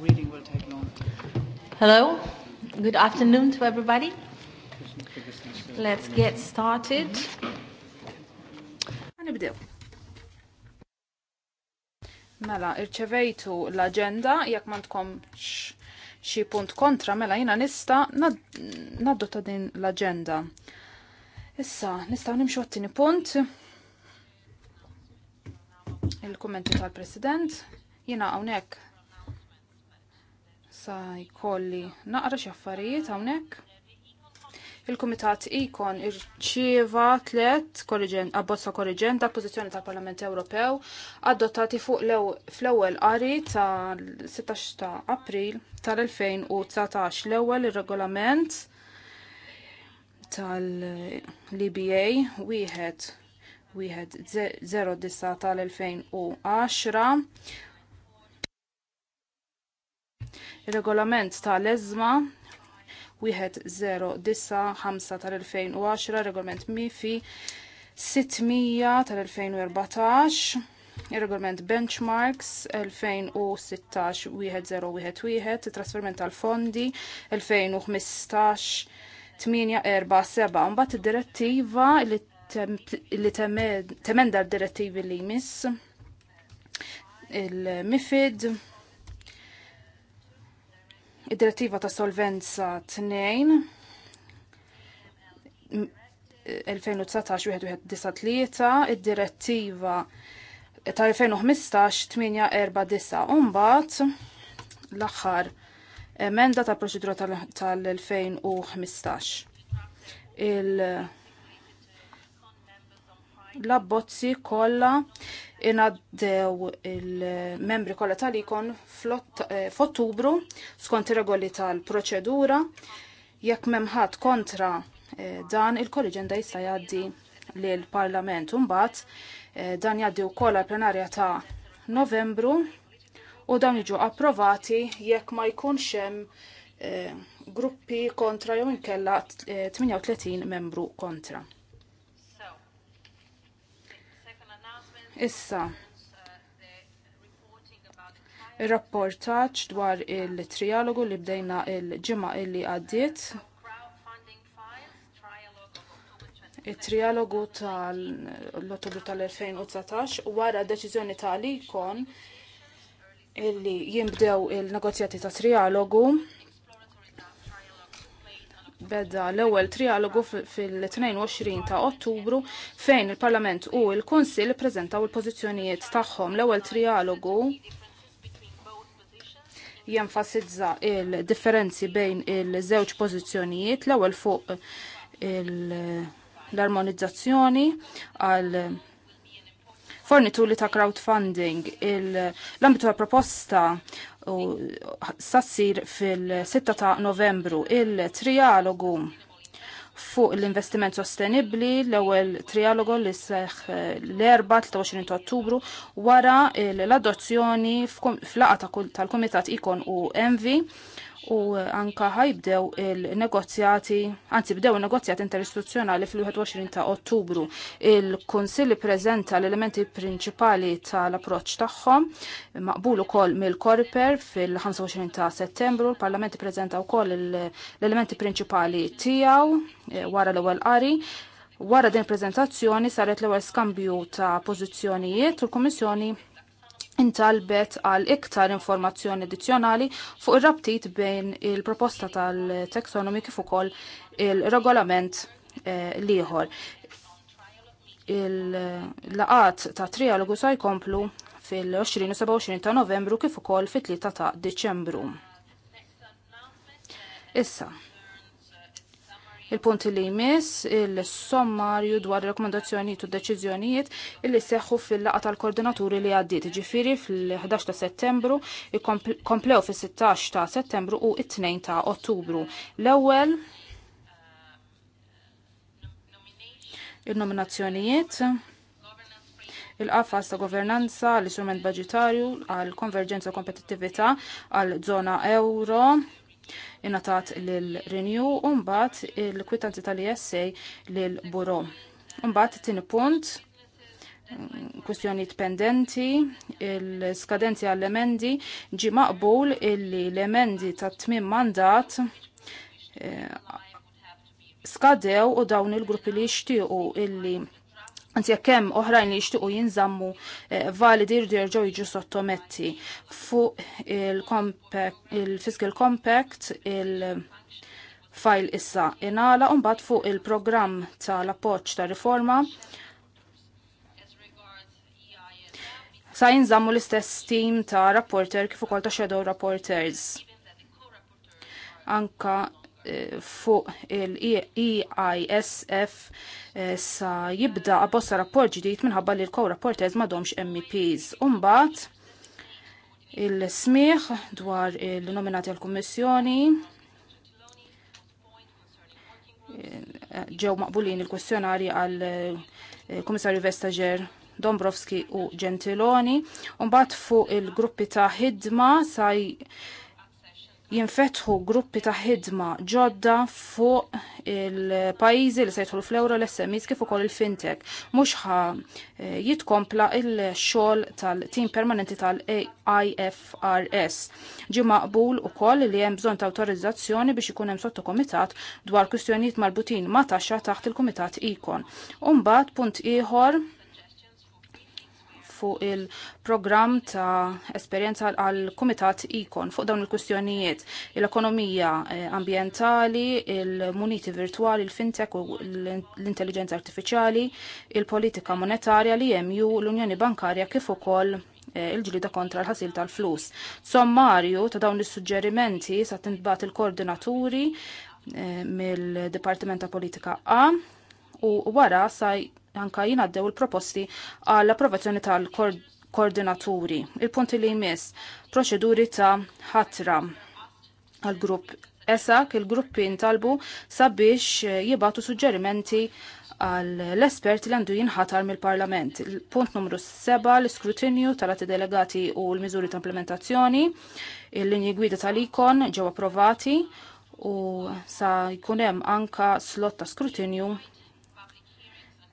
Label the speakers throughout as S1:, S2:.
S1: reading will take long.
S2: Hello, good afternoon to everybody.
S1: Let's get started.
S2: Nibdew.
S3: Mela, irċevejtu l-agenda, jekk tkom xi punt kontra, mela jina nista naddu ta' din l-agenda. Issa, nistaw nimxu għattini punt. Il-kommenti tal-president, jina għonek sa jkolli naqra xaffarijiet hawnhekk. Il-Kumitat ikon irċieva tlet korriġen, abbozza korriġen ta' pożizzjoni tal-Parlament Ewropew adottati fuq fl-ewwel qari ta' 16 ta' April tal-2019 l-ewwel ir-regolament tal-LBA wieħed wieħed 09 tal-2010 regolament tal lezma 1095 tal-2010, regolament MIFI 600 tal-2014, regolament benchmarks 2016-1011, trasferment tal-fondi 2015 847, mbagħad id-direttiva li li temenda d-direttivi li jmiss il-MIFID Id-direttiva ta' solvenza 2 2019-1993, id-direttiva tal-2015-849, umbat l axar emenda tal-proċedura tal-2015. Il- l-abbozzi kollha inaddew il-membri kollha tal-ikon eh, f'Ottubru skont ir-regoli tal-proċedura jekk memħat kontra eh, dan il-kolleġenda jista' jgħaddi lil parlament mbagħad eh, dan jgħaddi wkoll għall-plenarja ta' Novembru u dan jiġu approvati jekk ma jkunx hemm gruppi kontra jew inkella 38 membru kontra. Issa, il-rapportaċ dwar il-trialogu li bdejna il-ġimma illi għaddiet. Il-trialogu tal-ottobru tal-2019 wara deċiżjoni tal-ikon illi jimbdew il-negozjati ta' trialogu beda l-ewwel trialogu fil-22 ta' Ottubru fejn il-Parlament u l-Kunsill ippreżentaw il-pożizzjonijiet tagħhom. L-ewwel trialogu jenfasizza il-differenzi bejn il-żewġ pożizzjonijiet, l-ewwel fuq l-armonizzazzjoni għal fornituri ta' crowdfunding. L-ambitu proposta u sassir fil-6 ta' novembru il-trialogu fuq l-investiment sostenibli l-ewwel trialogu li seħ l-4-23 ta' Ottubru wara l-adozzjoni fl-laqa tal-Kumitat Ikon u Envi u anka ħajbdew il-negozjati, anzi bdew il-negozjati interistituzzjonali fil-21 ta' Ottubru. Il-Konsilli prezenta l-elementi prinċipali tal-approċ tagħhom, maqbul ukoll mill-Korper fil-25 ta' Settembru, l parlament u wkoll l-elementi prinċipali tiegħu eh, wara l-ewwel qari. Wara din prezentazzjoni saret l-ewwel skambju ta' pożizzjonijiet u l-Kummissjoni intalbet għal iktar informazzjoni addizzjonali fuq ir-rabtit bejn il-proposta tal-taxonomy kif ukoll il-regolament eh, liħor. Il-laqat ta' trialogu sa' jkomplu fil-27 ta' novembru kif ukoll fit-3 ta' deċembru. Issa, Il-punt li jmiss il-sommarju dwar rekomendazzjoni u deċiżjonijiet illi seħħu fil-laqa tal-koordinaturi li għaddiet ġifiri fil-11 ta' settembru, komplew fil-16 ta' settembru u it-2 ta' ottubru. L-ewwel il-nominazzjonijiet il-qafas ta' governanza, l-istrument budgetarju, għal konverġenza kompetittività, għal zona euro, inatat lil-Renew u mbagħad il-kwitanzi tal-ISA l buro Mbagħad tini punt mm, kwestjoni pendenti, il-skadenzi għall-emendi ġi maqbul illi l-emendi ta' tmim mandat eh, skadew u dawn il-gruppi li jixtiequ illi Anzi, jekk hemm oħrajn li jixtiequ jinżammu eh, validi jridu jirġu jiġu sottometti fuq il-Fiscal Compact, il fajl issa inala u mbagħad fuq il-programm tal-appoġġ ta' riforma sa jinżammu l-istess tim ta' rapporter kif ukoll ta' shadow rapporters. Anka fuq il-EISF eh, sa jibda abbossa rapport ġdid minħabba li l-co-rapporters madomx MEPs. Umbat, il-smiħ dwar il-nominati għal-Kommissjoni ġew maqbulin il-kwestjonari għal eh, komissarju Vestager Dombrovski u Gentiloni. Umbat fuq il-gruppi ta' ħidma saj jinfetħu gruppi ta' ħidma ġodda fuq il-pajizi li sejtħu l-flewra l-SMIs kif ukoll il-fintech. Mhux ħa eh, jitkompla il-xogħol tal-tim permanenti tal-AIFRS. Ġi maqbul ukoll li hemm bżonn ta' autorizzazzjoni biex ikun hemm komitat dwar kwistjonijiet marbutin ma' taxxa taħt il-kumitat ikon. Umbat punt ieħor fuq il-programm ta' esperjenza għal kumitat ikon fuq dawn il-kustjonijiet l-ekonomija eh, ambientali, il-muniti virtuali, il-fintech u l-intelligenza artificiali, il-politika monetarja li jemju l-Unjoni Bankarja kif ukoll eh, il-ġlida kontra l-ħasil tal-flus. Sommarju ta' dawn is-suġġerimenti sa' tintbat il-koordinaturi eh, mill-Dipartiment ta' Politika A u wara sa anka jinaddew il-proposti għall-approvazzjoni tal-koordinaturi. Il-punti li jmiss proċeduri ta' ħatra għal-grupp Esak il-gruppi intalbu sabiex jibatu suġġerimenti għall-espert li għandu jinħatar mill-Parlament. il Punt numru 7, l-iskrutinju tal-ati delegati u l-miżuri ta' implementazzjoni, il-linji gwida tal-ikon ġew approvati u sa jkunem anka slot ta' skrutinju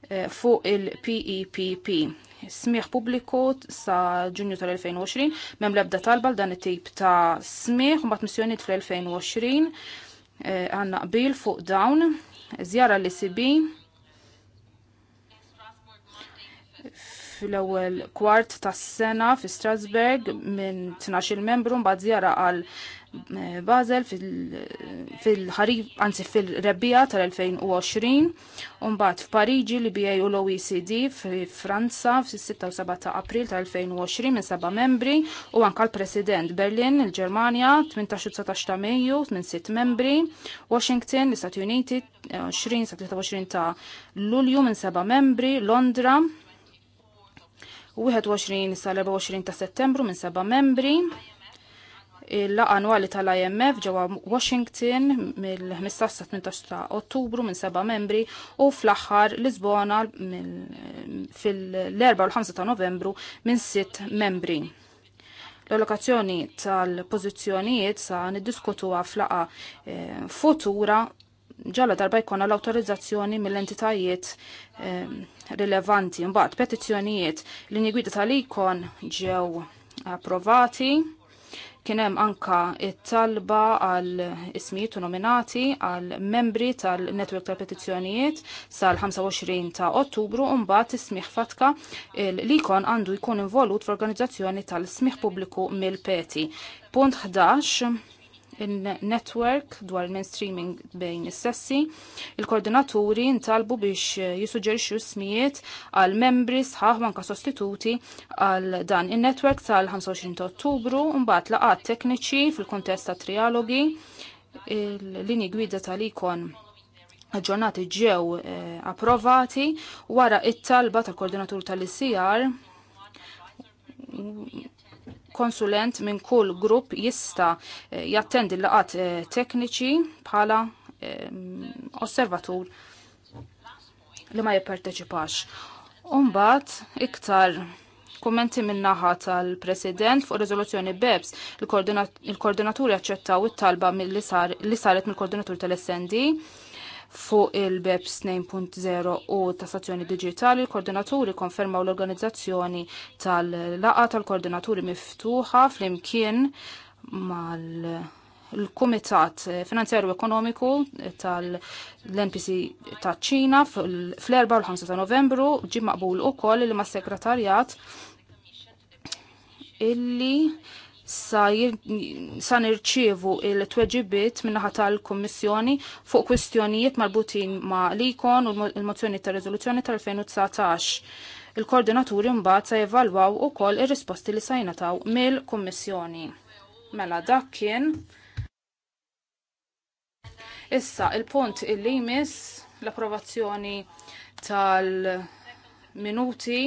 S3: Eh, fuq il-PEPP. Smiħ pubbliku sa ġunju tal-2020, mem lebda talba dan it-tip ta' smieħ u bat missjoniet fl-2020 eh, għanna qbil fuq dawn, zjara l-ICB fl-ewwel kwart tas-sena fi Strasburg minn 12 membru mbagħad zjara għal Basel fil-ħarif, anzi fil-rebbija tal-2020, unbat f'Pariġi li bija u l-OECD f'Franza f 6 ta' april tal-2020 minn seba' membri u anka l-President Berlin, il-Germania 18-19 ta' Mejju minn 6 membri, Washington, l-Istati Uniti 20-23 ta' Lulju minn seba' membri, Londra 21 sa' 24 ta' Settembru minn seba' membri, il-laqa annwali tal-IMF ġewwa Washington mill-15-18 ta' Ottubru minn seba' membri u fl-aħħar Lisbona fil-4 u 5 ta' Novembru minn sitt membri. L-allokazzjoni tal-pożizzjonijiet sa niddiskutuha fl-laqgħa eh, futura ġalla darba jkollna l-autorizzazzjoni mill-entitajiet eh, rilevanti. Mbagħad petizzjonijiet li nigwida tal-ikon ġew approvati Kien hemm anka it-talba għal ismijiet u nominati għal membri tal-Network tal Petizzjonijiet sal-25 ta' Ottubru u mbagħad ismiħ fatka li kon għandu jkun involut f'organizzazzjoni tal-smiħ pubbliku mill-Peti. Punt 11 il-network dwar mainstreaming bejn is-sessi. Il-koordinaturi ntalbu biex jisuġġerixxu smijiet għal membri sħaħ manka sostituti għal dan il-network tal-25 Ottubru mbagħad laqgħat tekniċi fil-kuntest ta' trialogi il-lini gwida tal-ikon ġurnati ġew eh, approvati wara it-talba tal-koordinatur tal-ICR konsulent minn kull grupp jista eh, jattendi laqat eh, tekniċi bħala eh, osservatur li ma jipparteċipax. Umbat, iktar kommenti minnaħa tal-President fuq rezoluzzjoni BEPS, il-koordinaturi aċċettaw it-talba li saret mill-koordinatur tal-SND fuq il-BEPS 2.0 u tassazzjoni digitali, il-koordinaturi konfermaw l-organizzazzjoni tal-laqa tal-koordinaturi miftuħa fl-imkien mal-Kumitat Finanzjeru Ekonomiku tal-NPC ta' ċina fl-4 u 5 ta' novembru ġi maqbul u koll il ma' segretarjat illi sa, nirċivu nirċievu il-tweġibiet minnaħa tal-Kommissjoni fuq kwistjonijiet marbutin ma' l u l-mozzjoni ta' rezoluzzjoni tal-2019. Il-koordinaturi mbagħad sa jevalwaw ukoll ir-risposti li sa jingħataw mill-Kummissjoni. Mela dak kien Issa il-punt illi jmiss l-approvazzjoni tal-minuti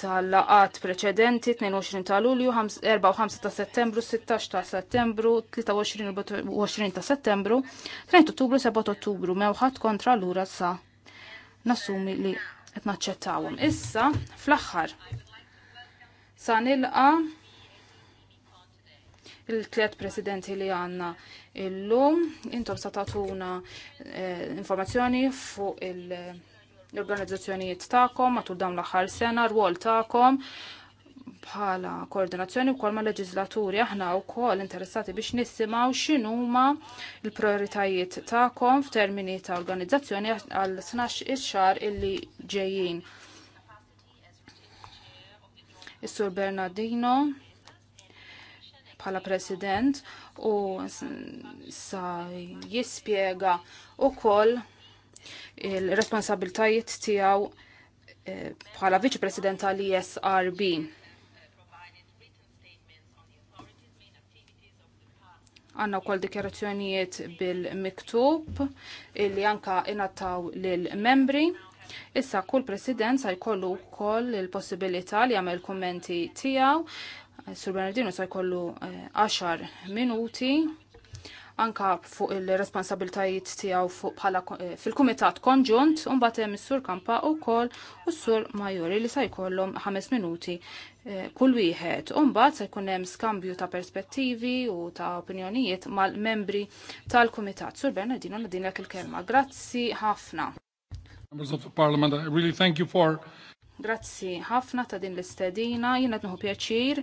S3: tal-laqat preċedenti 22 ta' Lulju, 4 ta' Settembru, 16 ta' Settembru, 23 ta' Settembru, 30 Ottubru, 7 Ottubru, mewħat kontra l-ura sa' nassumi li qed naċċettawhom. Issa fl-aħħar sa nilqa il-tliet presidenti li għanna illum intom sa tatuna eh, informazzjoni fuq il- l-organizzazzjonijiet tagħkom matul dawn l-aħħar sena, rwol tagħkom bħala koordinazzjoni wkoll kolma leġislaturi aħna wkoll interessati biex nissimgħu x'inhuma l-prioritajiet tagħkom f'termini ta' organizzazzjoni għal 12 ix-xahar illi ġejjin. Is-Sur Bernardino bħala president u sa jispjega u koll il-responsabiltajiet tiegħu eh, bħala viċi president tal-ISRB. Għanna u koll dikjarazzjonijiet bil-miktub illi anka inattaw lil-membri. Issa kull president sa jkollu koll il-possibilità li għamil kommenti tijaw. Sur Bernardino sa jkollu 10 eh, minuti anka fuq il-responsabiltajiet tiegħu fuq bħala eh, fil-kumitat konġunt u mbagħad hemm is-sur Kampa wkoll u s-sur Majori li se jkollhom ħames minuti eh, kull wieħed. u mbagħad se jkun hemm skambju ta' perspettivi u ta' opinjonijiet mal-membri tal-kumitat. Sur Bernardino nadin il-kelma. Grazzi ħafna.
S1: Members of the Parliament, I really thank you for
S3: Grazzi ħafna ta' din l-istedina, jien qed pjaċir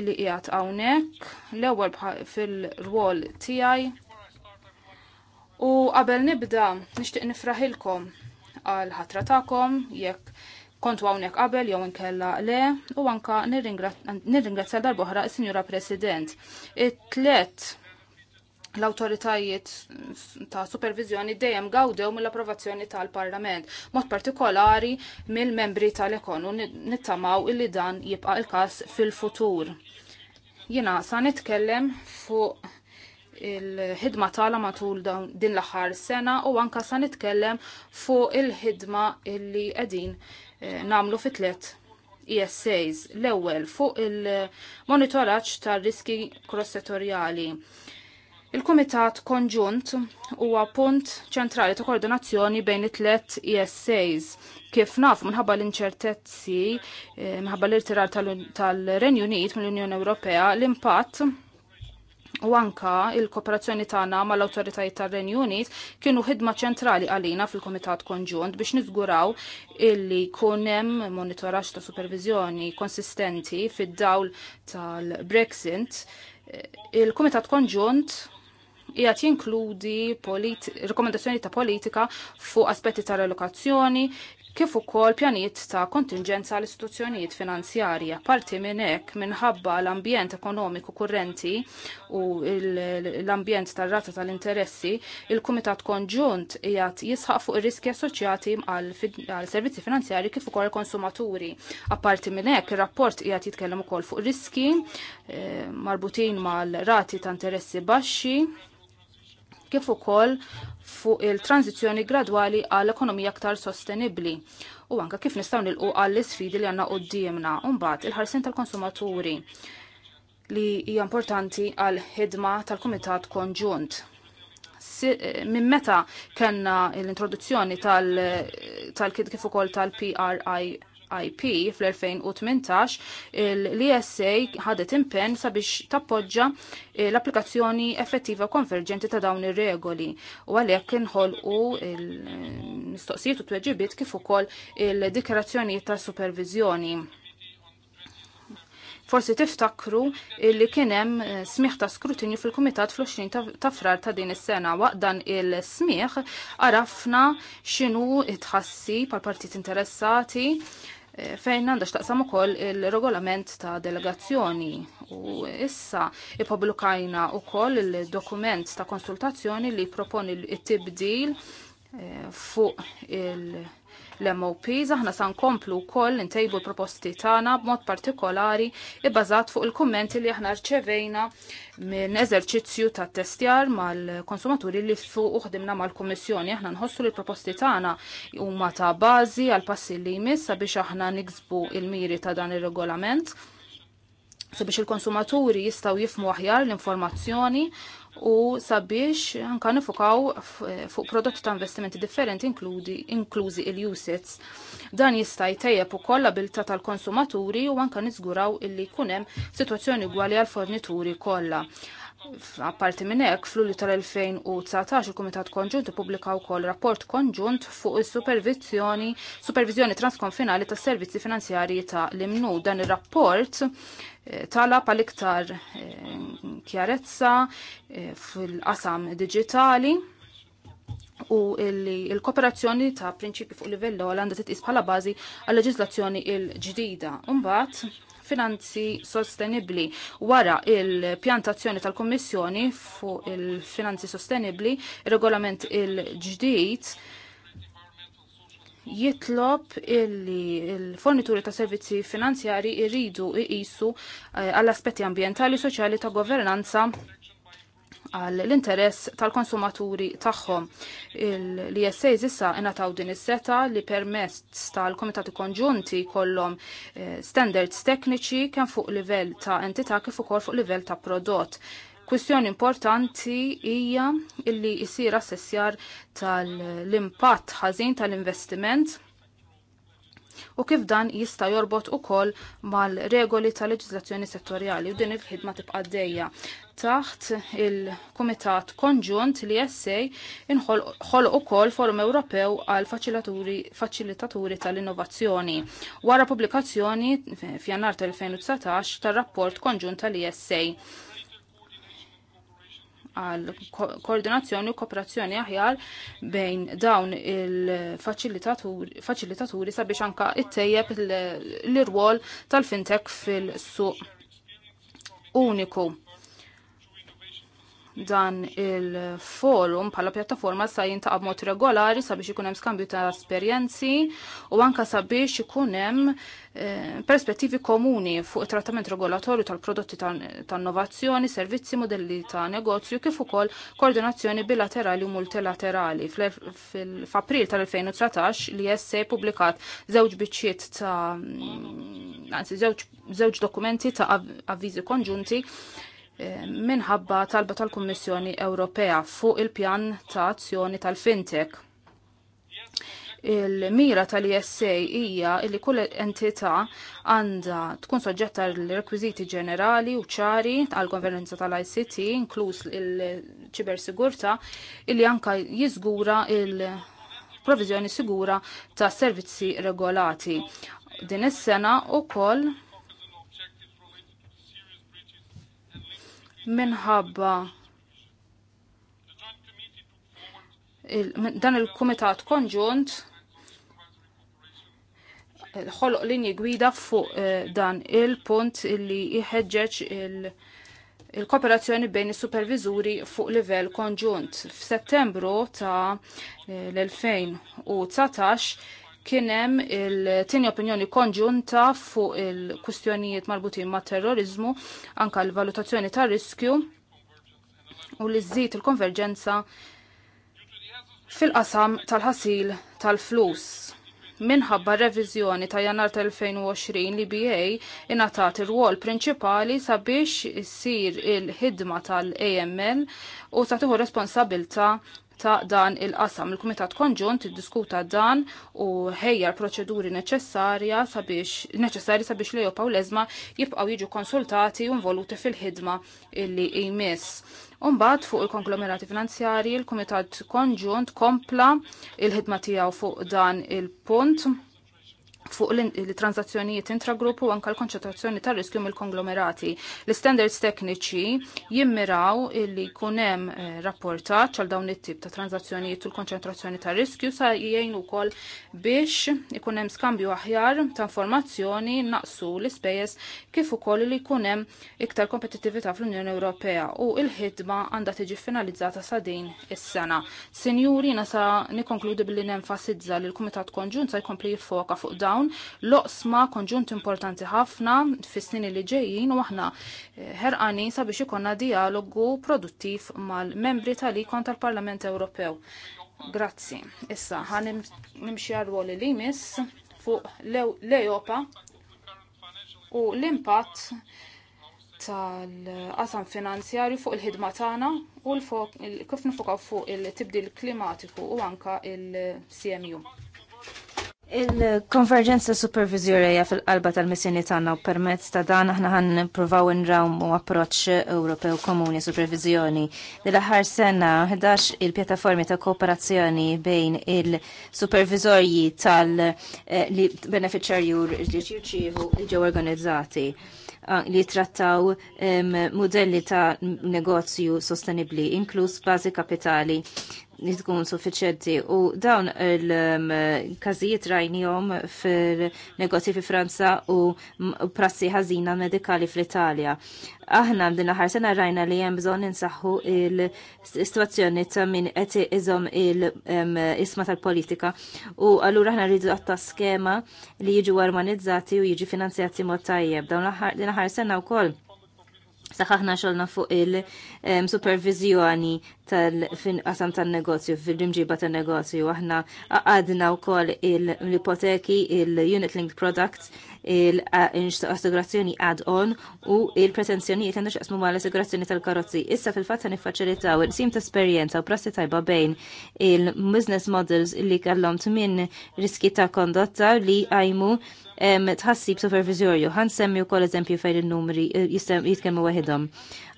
S3: illi jgħat hawnhekk l-ewwel fil-rwol tiegħi. U qabel nibda nixtieq nifraħilkom għal ħatra tagħkom jekk kontu hawnhekk qabel jew inkella le u anka nirringrazzja darba oħra il sinjura President. It-tlet l-autoritajiet ta' supervizjoni dejjem gawdew mill-approvazzjoni tal-Parlament, mod partikolari mill-membri tal-ekonu nittamaw illi dan jibqa' il-każ fil-futur. Jina sa' nitkellem fuq il-ħidma tala matul din l-aħħar sena u anka sa nitkellem fuq il-ħidma illi qegħdin eh, nagħmlu fit tliet ESAs. L-ewwel fuq il-monitoraġġ tar-riski cross-settorjali. Il-Kumitat Konġunt huwa punt ċentrali ta' koordinazzjoni bejn it-tlet ESAs. Kif naf minħabba l-inċertezzi, eh, minħabba l-irtirar tal-Renju Unit mill-Unjoni Ewropea, l-impatt u anka il-kooperazzjoni tagħna mal-awtoritajiet tar-Renju Unit kienu ħidma ċentrali għalina fil-Kumitat Konġunt biex niżguraw illi jkun hemm monitoraġġ ta' supervizjoni konsistenti fid-dawl tal-Brexit. Eh, Il-Kumitat Konġunt qiegħed jinkludi rekomendazzjoni ta' politika fuq aspetti ta' relokazzjoni kif ukoll pjanijiet ta' kontingenza għall istituzzjonijiet finanzjarji. Parti minn hekk minħabba l-ambjent ekonomiku kurrenti u l-ambjent tar-rata tal-interessi, il-Kumitat Konġunt qiegħed jisħaq fuq ir-riski assoċjati għal servizzi finanzjarji kif ukoll konsumaturi. Apparti minn hekk ir-rapport jgħat jitkellem ukoll fuq riski eh, marbutin mal-rati ta' interessi baxxi kif ukoll fuq il-tranzizjoni gradwali għall ekonomija aktar sostenibbli u anka kif nistgħu nilqu għall isfidi li għandna qudiemna u mbagħad il-ħarsien tal-konsumaturi li hija importanti għal ħidma tal-Kumitat Konġunt. Eh, minn meta kellna l-introduzzjoni tal-kif ukoll tal-PRI IP fl-2018 l-ESA ħadet impenn sabiex tappoġġa eh, l-applikazzjoni effettiva konverġenti ta' dawn ir-regoli u għalhekk inħolqu l-mistoqsijiet u tweġibiet kif ukoll il-dikjarazzjonijiet ta' supervizjoni. Forsi tiftakru li kien hemm eh, smieħ ta' skrutinju fil-Kumitat fl-20 ta' frar ta' din is-sena waqt dan il-smieħ arafna x'inhu tħassib għal partit interessati fejn xtaqsam taqsam ukoll il-regolament ta' delegazzjoni u issa ipablukajna ukoll il-dokument ta' konsultazzjoni li proponi il-tibdil eh, fuq il- l-MOPs, aħna san komplu koll intejbu l-proposti tagħna b'mod partikolari ibbażat fuq il-kummenti li aħna rċevejna minn eżerċizzju ta' testjar mal-konsumaturi li fuq uħdimna mal-Kummissjoni. Aħna nħossu li l-proposti tagħna huma ta' bażi għal passi li jmiss sabiex aħna niksbu il-miri ta' dan ir-regolament sabiex il-konsumaturi jistaw jifmu aħjar l-informazzjoni u sabiex anka nifukaw fuq prodotti ta' investimenti differenti inklużi il-usits. Dan jista' jtejjeb ukoll l-abilità tal-konsumaturi u anka niżguraw illi jkun hemm sitwazzjoni gwali għal fornituri kollha. Apparti minn hekk, fl-Ulju tal-2019 il-Kumitat Konġunt ippubblika wkoll rapport konġunt fuq is-supervizjoni supervizjoni transkonfinali tas servizzi finanzjarji ta' l-imnu. Dan ir-rapport eh, talab pal iktar kjarezza eh, eh, fil-qasam digitali u il-kooperazzjoni ta' prinċipi fuq livell għal għandha titqis bħala bażi għal leġizlazzjoni il-ġdida. Umbat, finanzi sostenibli. Wara il-pjantazzjoni tal-Kommissjoni fuq il-finanzi sostenibli, il-regolament il-ġdijt jitlob illi il-fornituri ta' servizzi finanzjari irridu iqisu eh, għall-aspetti ambientali, soċjali ta' governanza għal l-interess tal-konsumaturi tagħhom. L-ISAs issa ingħataw din is-seta li permezz tal-Komitati Konġunti kollhom eh, standards tekniċi kemm fuq livell ta' entità kif ukoll fuq livell ta' prodott. Kwistjoni importanti hija illi jsir assessjar tal-impatt ħażin tal-investiment u kif dan jista' jorbot ukoll mal-regoli tal-leġiżlazzjoni settorjali u din il-ħidma tibqa' dejja taħt il-Kumitat Konġunt li jessej inħol u kol Forum Ewropew għal faċilitaturi tal-innovazzjoni wara publikazzjoni f'jannar 2019 tal-rapport konġunt tal jessej għal koordinazzjoni u kooperazzjoni aħjar bejn dawn il-faċilitaturi sabiex anka it-tejjeb l-irwol tal-fintech fil-suq uniku dan il-forum bħala pjattaforma sa jintaqab mod regolari sabiex ikun hemm skambju ta' esperjenzi u anka sabiex ikun hemm eh, perspettivi komuni fuq it-trattament regolatorju tal-prodotti tal innovazzjoni, servizzi, modelli ta' negozju kif ukoll koordinazzjoni bilaterali u multilaterali. F'April tal-2013 li jesse publikat żewġ biċċiet ta' mm, anzi żewġ dokumenti ta' avviżi konġunti minħabba talba tal-Kummissjoni Ewropea fuq il-pjan ta' azzjoni tal-fintech. Il-mira tal-ISA hija li kull entità għandha tkun soġġetta l-rekwiżiti ġenerali u ċari għal-governanza tal-ICT, inkluż il-ċibersigurta, illi anka jiżgura il-provizjoni sigura ta' servizzi regolati. Din is-sena u koll minħabba dan il-Kumitat Konġunt ħolq linji gwida fuq eh, dan il-punt illi iħeġġeġ il-kooperazzjoni bejn is-supervizuri fuq livell konġunt. F'Settembru ta' eh, l-2019 kienem il-tini opinjoni konġunta fuq il-kustjonijiet marbutin ma' terrorizmu, anka l-valutazzjoni ta' riskju u li żżid il-konverġenza fil-qasam tal-ħasil tal-flus. Minħabba reviżjoni ta' jannar tal-2020 li BA inatat ir-rwol prinċipali sabiex issir il-ħidma tal-AML u sa tieħu responsabilta ta' dan il-qasam. Il-Kumitat Konġunt iddiskuta dan u ħejja l-proċeduri neċessarja sabiex neċessarji sabiex lejopa u leżma jibqgħu jiġu konsultati u involuti fil-ħidma illi jmiss. Umbagħad fuq il-konglomerati finanzjari, il-Kumitat Konġunt kompla il-ħidma tiegħu fuq dan il-punt fuq l-transazzjonijiet intragruppu u anka l-konċentrazzjoni ta' riskju mill-konglomerati. L-standards tekniċi jimmiraw li kunem eh, rapportat għal dawn it-tip ta' transazzjonijiet u l-konċentrazzjoni ta' riskju sa' jgħin u kol biex ikunem skambju aħjar ta' informazzjoni naqsu l-ispejjeż kif ukoll li kunem iktar kompetitività fl-Unjoni Ewropea u il-ħidma għandha tiġi finalizzata sa' din is-sena. Sinjuri nasa nikkonkludi billi nenfasizza li l-Kumitat Konġunt sa jkompli jiffoka fuq dawn dawn loqsma konġunt importanti ħafna fis-snin li ġejjin u aħna eh, ħerqani sabiex ikonna dialogu produttiv mal-membri tal-ikon tal-Parlament Ewropew. Grazzi. Issa, ħan nimxi għal wol li jmiss fuq l-Ejopa u l-impatt tal-qasam finanzjarju fuq il-ħidma tagħna u l- kif nifokaw fuq il-tibdil klimatiku u anka il-CMU.
S2: Il-konverġenza supervizjoreja fil-qalba tal-missjoni tagħna u permezz ta' dan aħna ħan nippruvaw inrawmu approċċ Ewropew Komuni Supervizjoni. Dil-aħħar sena 11 il-pjattaformi ta' kooperazzjoni bejn il-supervizorji tal-beneficjarju eh, li jirċievu ġew organizzati eh, li trattaw modelli ta' negozju sostenibli, inkluż bażi kapitali nitkun suffiċenti u dawn il-każijiet um, rajnijom fil-negozji fi Franza u prassi ħażina medikali fl-Italja. Aħna din ħarsena sena rajna li hemm bżonn insaħħu il istwazzjoni ta' min qed izom il-isma um, tal-politika u allura aħna rridu għatta skema li jiġu armonizzati u jiġi finanzjati mod tajjeb. Dawn din aħar sena wkoll Saħħaħna xolna fuq il-supervizjoni tal-qasam tal-negozju, fil-rimġiba tal-negozju. Aħna għadna u koll l-ipoteki, il-unit linked products, il-assigurazzjoni add-on u il-pretenzjoni li għandu xaqsmu ma l-assigurazzjoni tal-karozzi. Issa fil-fat għan iffaċilitaw il-sim ta' esperienza u prassi tajba bejn il-business models li kallom t-min riski ta' kondotta li għajmu tħassib supervizorju. Għan semmi u koll eżempju fejn il-numri eh, jitkemmu għahidom.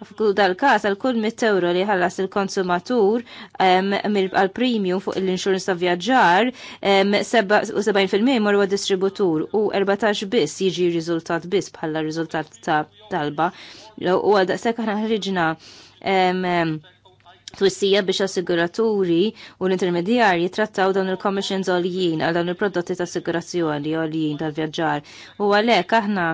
S2: F'kull dal-kas, għal-kull mit euro li ħallas il-konsumatur għal-premium fuq l-insurance ta' vjaġġar, 70% morru distributur u 14 biss jiġi riżultat biss bħalla riżultat ta' talba. U għal-daqsek ħana ħriġna twissija biex assiguraturi u l-intermedjarji trattaw dawn il-commissions għal-jien, għal dawn il-prodotti ta' assigurazzjoni għal-jien tal-vjaġġar. U għalek aħna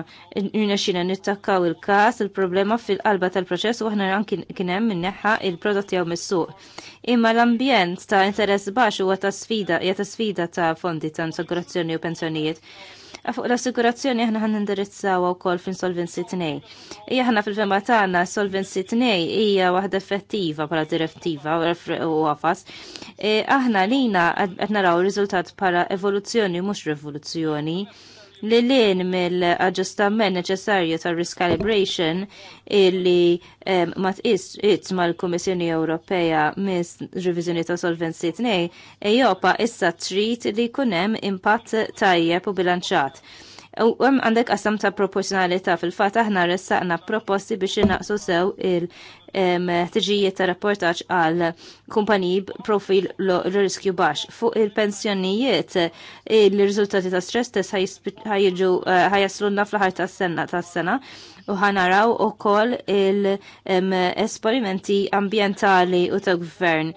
S2: rinaxina nittakkaw il-kas il-problema fil-qalba tal-proċess u aħna kienem minneħħa il-prodotti għaw mis-suq. Imma l-ambjent ta' interess baxu huwa ta' sfida, ta' sfida ta' fondi ta' assigurazzjoni u pensjonijiet. Fuq l-assigurazzjoni aħna ħan indirizzaw wkoll f'insolvency 2. Hija aħna fil-fema tagħna solvency 2 hija waħda effettiva bħala direttiva u għafas. E, aħna lina qed naraw riżultat bħala evoluzzjoni mhux revoluzzjoni li lin mill-aġġustament neċessarju tar risk calibration illi um, ma l-Komissjoni kummissjoni Ewropea mis riviżjoni ta' Solvency 2 Ejopa issa trid li jkun hemm impatt tajjeb u bilanċat. U hemm għandek qasam ta' proporzjonalità fil-fatt aħna ressaqna proposti biex inaqsu sew il- tiġijiet ta' rapportaġġ għal kumpaniji profil l-riskju baxx. Fuq il-pensjonijiet, il rizultati ta' stress test ħajġu eh, ħajaslunna fl-ħar ta' s-sena ta' s-sena u ħanaraw u koll il-esperimenti ambientali u ta' gvern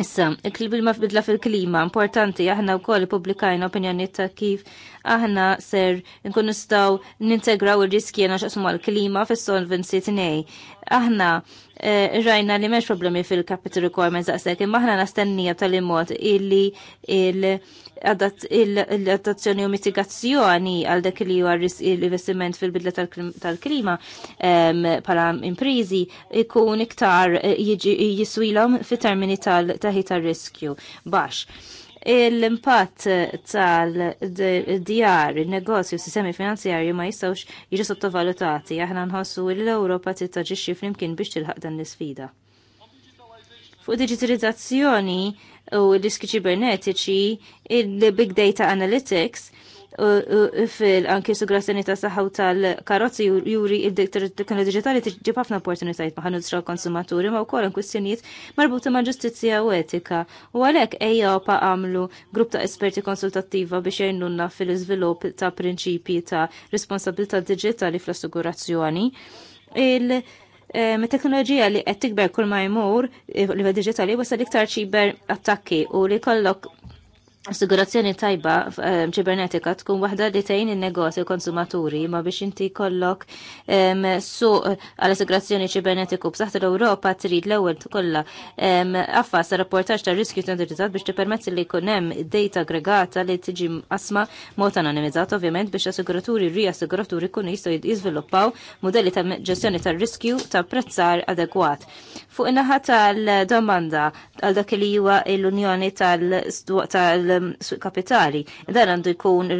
S2: Issa, il-klima f'bidla fil-klima, importanti, aħna u koll publikajna opinjoni ta' kif aħna ser nkun nistaw nintegraw il-riski għana xaqsum għal-klima fil-solvency t Aħna Eh, rajna li meċ problemi fil-capital requirements għasek, imma aħna nastennija tal immot illi l-adattazzjoni u mitigazzjoni għal dak li huwa l-investiment fil-bidla tal-klima bħala imprizi ikun iktar eh, jiswilhom fit-termini tal-taħi tal riskju baxx l-impatt tal-djar, il-negozju, s sistemi finanzjarji ma jistawx jiġu sottovalutati. Aħna nħossu l-Ewropa tittaġixxi flimkien biex tilħaq dan l-isfida. Fuq digitalizzazzjoni u l diski ċibernetiċi, il-big data analytics, fil anki sugra ta' saħħa tal-karozzi juri il-teknoloġija digitali tiġib ħafna opportunitajiet ma' ħanusra konsumaturi ma' wkoll kwistjonijiet marbuta ma' ġustizzja u etika. U għalhekk pa għamlu grupp ta' esperti konsultattiva biex jgħinulna fil-iżvilupp ta' prinċipji ta' responsabilità digitali fl-assigurazzjoni. Il- teknoloġija li qed tikber kull ma jmur eh, li digitali wasal iktar ċiber attakki u li kollok Assigurazzjoni tajba ehm, ċibernetika tkun waħda li tgħin in-negozju konsumaturi ma biex inti kollok ehm, suq għall assigurazzjoni ċibernetiku b'saħħ l-Ewropa trid l-ewwel kollha ehm, sa rapportaġġ ta' riskju standardizzat biex tippermetti li jkun hemm data aggregata li tiġi asma mod anonimizzat ovvjament biex assiguraturi riassiguraturi jkunu jistgħu jiżviluppaw modelli ta' ġestjoni tar-riskju ta' prezzar adekwat. Fuq in-naħa tal-domanda għal dak li huwa l-Unjoni tal-, tal Um, suq kapitali. Dan għandu jkun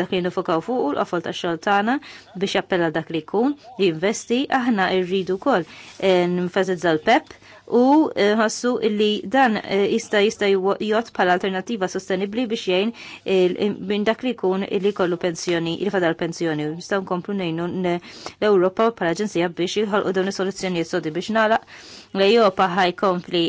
S2: dak li nifokaw fuq u l-qafol ta' xoltana biex jappella dak li jkun, jinvesti. aħna irridu kol. Eh, Nfazizza l-PEP, u eh, ħassu li dan eh, jista jista jgħot pal alternativa sostenibli biex jgħin minn dak li jkun li kollu pensjoni, li fadal pensjoni. Nistaw nkomplu nejnu l-Europa pal aġenzija biex jħolqu dawn il soluzzjonijiet sodi biex nala l-Europa ħajkompli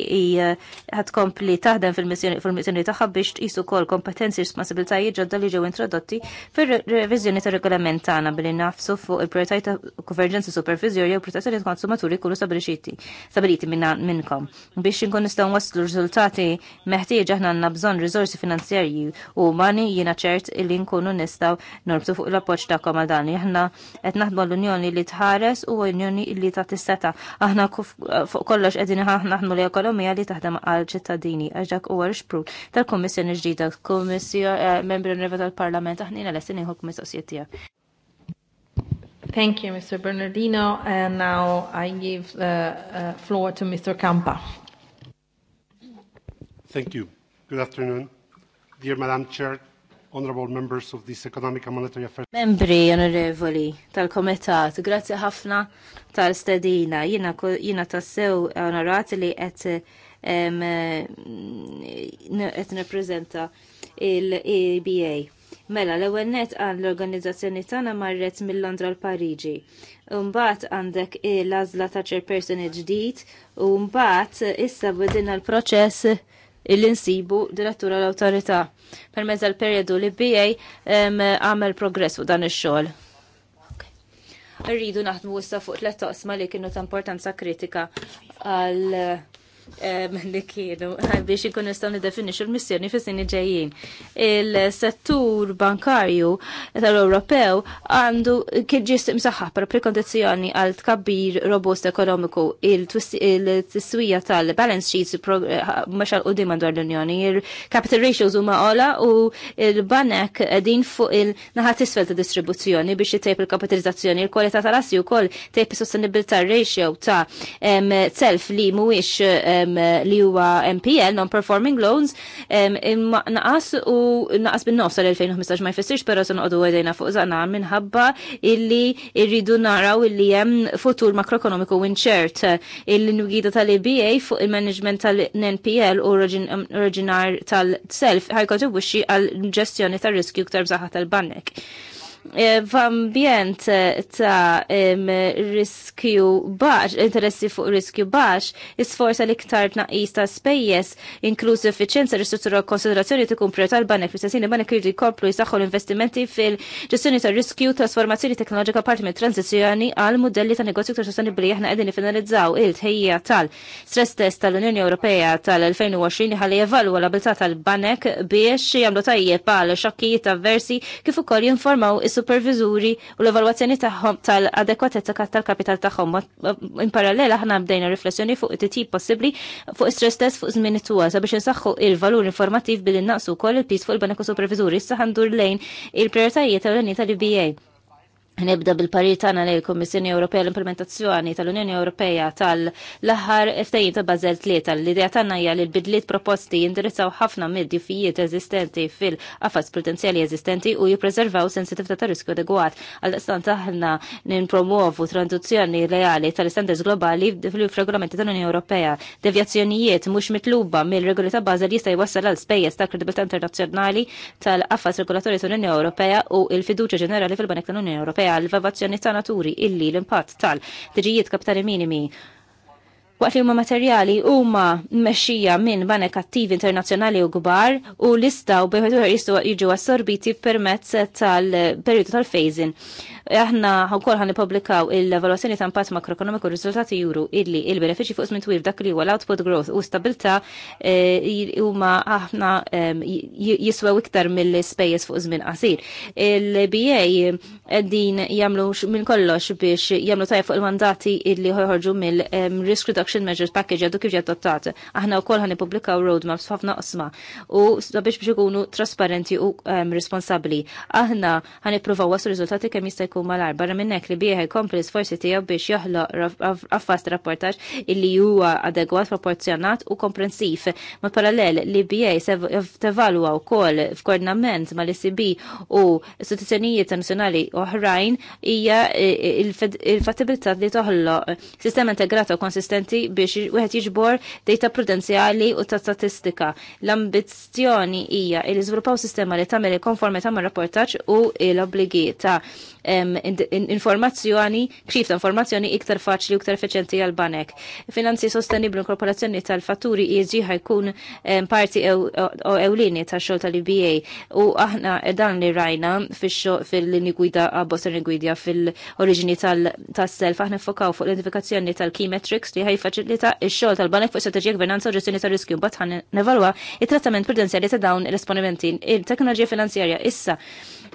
S2: ħatkompli taħdem fil-missjoni tagħha biex tqisu kol kompetenzi responsabilitajiet ġodda li ġew introdotti fir-reviżjoni tar-regolament tagħna billi nafsu fuq il-prioritajiet ta' konverġenza supervizjoni u protezzjoni konsumaturi kullu stabiliti minna minnkom. Biex inkun nistgħu waslu riżultati meħtieġ aħna għandna bżonn riżorsi finanzjarji u mani jiena ċert li nkunu nistgħu norbtu fuq l-appoġġ tagħkom għal dan. Aħna qed naħdmu l-Unjoni li tħares u Unjoni li ta' tistata. Aħna fuq kollox qegħdin naħdmu l-ekonomija li taħdem għal ċittadini għax dak huwa l-xprut tal-Kummissjoni ġdida, Kummissjoni eh, membri tal-Parlament aħna l-essin iħok mistoqsijiet tiegħek.
S3: Thank you, Mr. Bernardino. And now I give the uh, floor to Mr.
S1: Campa. Thank you. Good afternoon. Dear Madam Chair, honorable members of this Economic and Monetary Affairs. Membri
S2: onorevoli tal-Komitat, grazie ħafna tal-stedina. Jina, jina tassew onorat li et um, et neprezenta il-EBA. Mela, l ewwel net għan l-organizzazzjoni tagħna marret mill-Londra l pariġi Mbagħad għandek l-għażla ta' chairperson ġdid u mbagħad issa bdilna l-proċess il-insibu direttura l awtorità Permezz għal-periodu li BA għamel progress u dan ix-xogħol rridu naħdmu issa fuq tliet toqsma li kienu ta' importanza kritika għal Eh, li kienu biex ikun nistgħu niddefinixxu l-missjoni fis-sini ġejjin. Il-settur bankarju tal-Ewropew għandu kien ġis msaħħa, per prekondizzjoni għal tkabbir robust ekonomiku il-tiswija tal-balance sheets eh, mhux għal qudiem dwar l-Unjoni. Il-capital ratios huma għola u il-banek din fuq il-naħat isfel ta' distribuzzjoni biex jitejp il-kapitalizzazzjoni, il-kwalità tal-assi wkoll tejb is-sostenibilità ratio ta' self li mhuwiex li huwa MPL, non-performing loans, naqas u naqas bin nofs l 2015 ma jfessirx, pero se noqogħdu għedajna fuq zaqna minħabba illi irridu naraw illi hemm futur makroekonomiku winċert il-nwgida tal-EBA fuq il-management tal-NPL u oriġinar tal-self ħajkontribwixxi għal ġestjoni tar-riskju ktar bżaħat tal-bannek. Eh, f'ambjent eh, ta' riskju baħx, interessi fuq riskju baħx, isforza li ktar tnaqis ta' spejjes, inkluż effiċenza ristruttura konsiderazzjoni tikun priorità l-banek fl-istessini banek jridu jkomplu jisaxħu l-investimenti fil-ġestjoni ta' riskju, trasformazzjoni teknologika parti minn tranzizjoni għal modelli ta' negozju ktar sostenibli aħna qegħdin nifinalizzaw il-tħejja tal-stress test tal-Unjoni Ewropea tal-2020 ħalli jevalwa l-abilità tal-banek biex jagħmlu tajjeb għal xokkijiet avversi kif ukoll jinformaw Supervizuri u l-evalwazzjoni tagħhom tal-adekwatezza tal-kapital tagħhom. In parallela aħna bdejna riflessjoni fuq it-tip possibbli fuq stress test fuq żmien it sabiex insaħħu il-valur informattiv billi naqsu wkoll il-pis fuq il-banku supervizuri issa ħandur lejn il-prijoritajiet tal-linja tal-IBA Nibda bil għana li l-Kommissjoni Ewropea l-implementazzjoni tal-Unjoni Ewropea tal-laħar ftajin ta' Bazel tlieta l-idea tagħna hija li l-bidliet proposti jindirizzaw ħafna mid-diffijiet eżistenti fil-qafas potenzjali eżistenti u jippreservaw sensitività ta' risku adegwat. Għal-istan taħna ninpromuovu traduzzjoni reali tal-istandards globali fil-regolamenti tal-Unjoni Ewropea. Devjazzjonijiet mhux mitluba mill-regoli ta' Bazel jista' jwassal għal spejjeż ta' kredibilità internazzjonali tal-qafas regolatorji tal-Unjoni Ewropea u l-fiduċja ġenerali fil-Banek tal-Unjoni Ewropea Ewropea vavazzjoni ta' naturi illi l-impatt tal-tiġijiet kapitali minimi waqt li huma materjali huma mmexxija minn banek attivi internazzjonali u kbar u lista u bejħed jistgħu jiġu assorbiti permezz tal-perjodu tal fejzin Aħna wkoll ħan nippubblikaw il-evalwazzjoni ta' impatt makroekonomiku riżultati juru illi il-benefiċċji fuq żmien twil dak li huwa l-output growth u stabilità eh, huma aħna jiswew iktar mill-spejjeż fuq żmien qasir. Il-BA eh, din jagħmlu minn kollox biex jagħmlu tajjeb fuq il-mandati illi ħorġu mill-risk reduction action measures package għadu kif jadottat. Aħna wkoll ħan ippubblikaw roadmaps ħafna qosma u sabiex biex ikunu trasparenti u um, responsabbli. Aħna ħani provaw għasu riżultati kemm jista' jkun malar. Barra minnek li bieħe jkompli forsi tiegħu biex joħloq affast rapportax illi huwa adegwat, proporzjonat u komprensiv. Ma parallel li BA tevalwa wkoll f'koordinament li sibi u istituzzjonijiet nazzjonali oħrajn hija e, e, il-fattibilità li toħloq sistema integrata u konsistenti importanti biex wieħed jiġbor data prudenzjali u ta' statistika. L-ambizzjoni hija li żviluppaw sistema li tagħmel konformi ta' rapportaġġ u l-obbligi ta' informazzjoni, kxif ta' informazzjoni iktar faċli u iktar efficienti għal banek. Finanzi sostenibli u korporazzjoni tal-fatturi ESG ħajkun parti ewlini ta' xogħol tal-IBA u aħna dan li rajna fil-lini gwida għabbos gwida fil-oriġini tal-self aħna fokaw fuq l-identifikazzjoni tal-key metrics li ħaj jiffaċilita x-xogħol tal-banek fuq strateġija gvernanza u ġestjoni tar-riskju mbagħad ħan nevalwa it-trattament prudenzjali ta' dawn l-esponimenti. Il-teknoloġija finanzjarja issa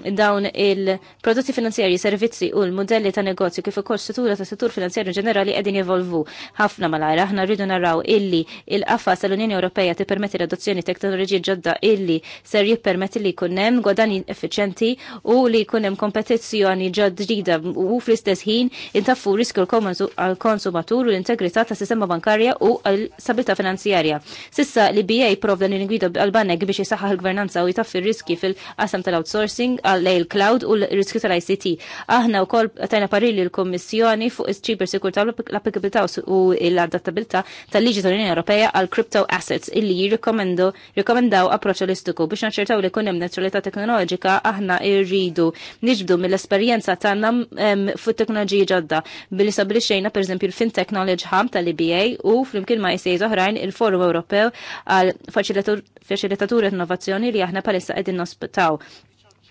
S2: dawn il-prodotti finanzjarji, servizzi u l-modelli ta' negozju kif ukoll struttura ta' settur finanzjarju ġenerali qegħdin jevolvu ħafna malajr. Aħna rridu naraw illi il-qafas tal-Unjoni Ewropea tippermetti l-adozzjoni teknoloġiji ġodda illi ser jippermetti li jkun hemm gwadani effiċenti u li jkun hemm kompetizzjoni ġodda u fl-istess ħin intaffu riskju għall konsumatur u l-integrità ta' sistema bankarja u l-stabilità finanzjarja. Sissa li BA provda il ingwida għal-banek biex jisaxħa l-gvernanza u jitaffi riski fil-qasam tal-outsourcing għal il-cloud u l-riskju tal-ICT. Aħna u kol tajna parilli l-Kommissjoni fuq il-ċiber sikurta l-applikabilità u l-adattabilità tal-liġi tal-Unjoni Ewropea għal crypto assets illi jirrekomendu rekomendaw approċċ biex naċċertaw li kunem neutralità teknoloġika aħna irridu niġbdu mill-esperjenza tagħna fuq teknoloġiji ġodda billi sabilixxejna pereżempju l-Fintech Knowledge Hub tal-IBA u flimkien ma jsejż oħrajn il-Forum Ewropew għal faċilitaturi innovazzjoni li aħna palissa qegħdin nospitaw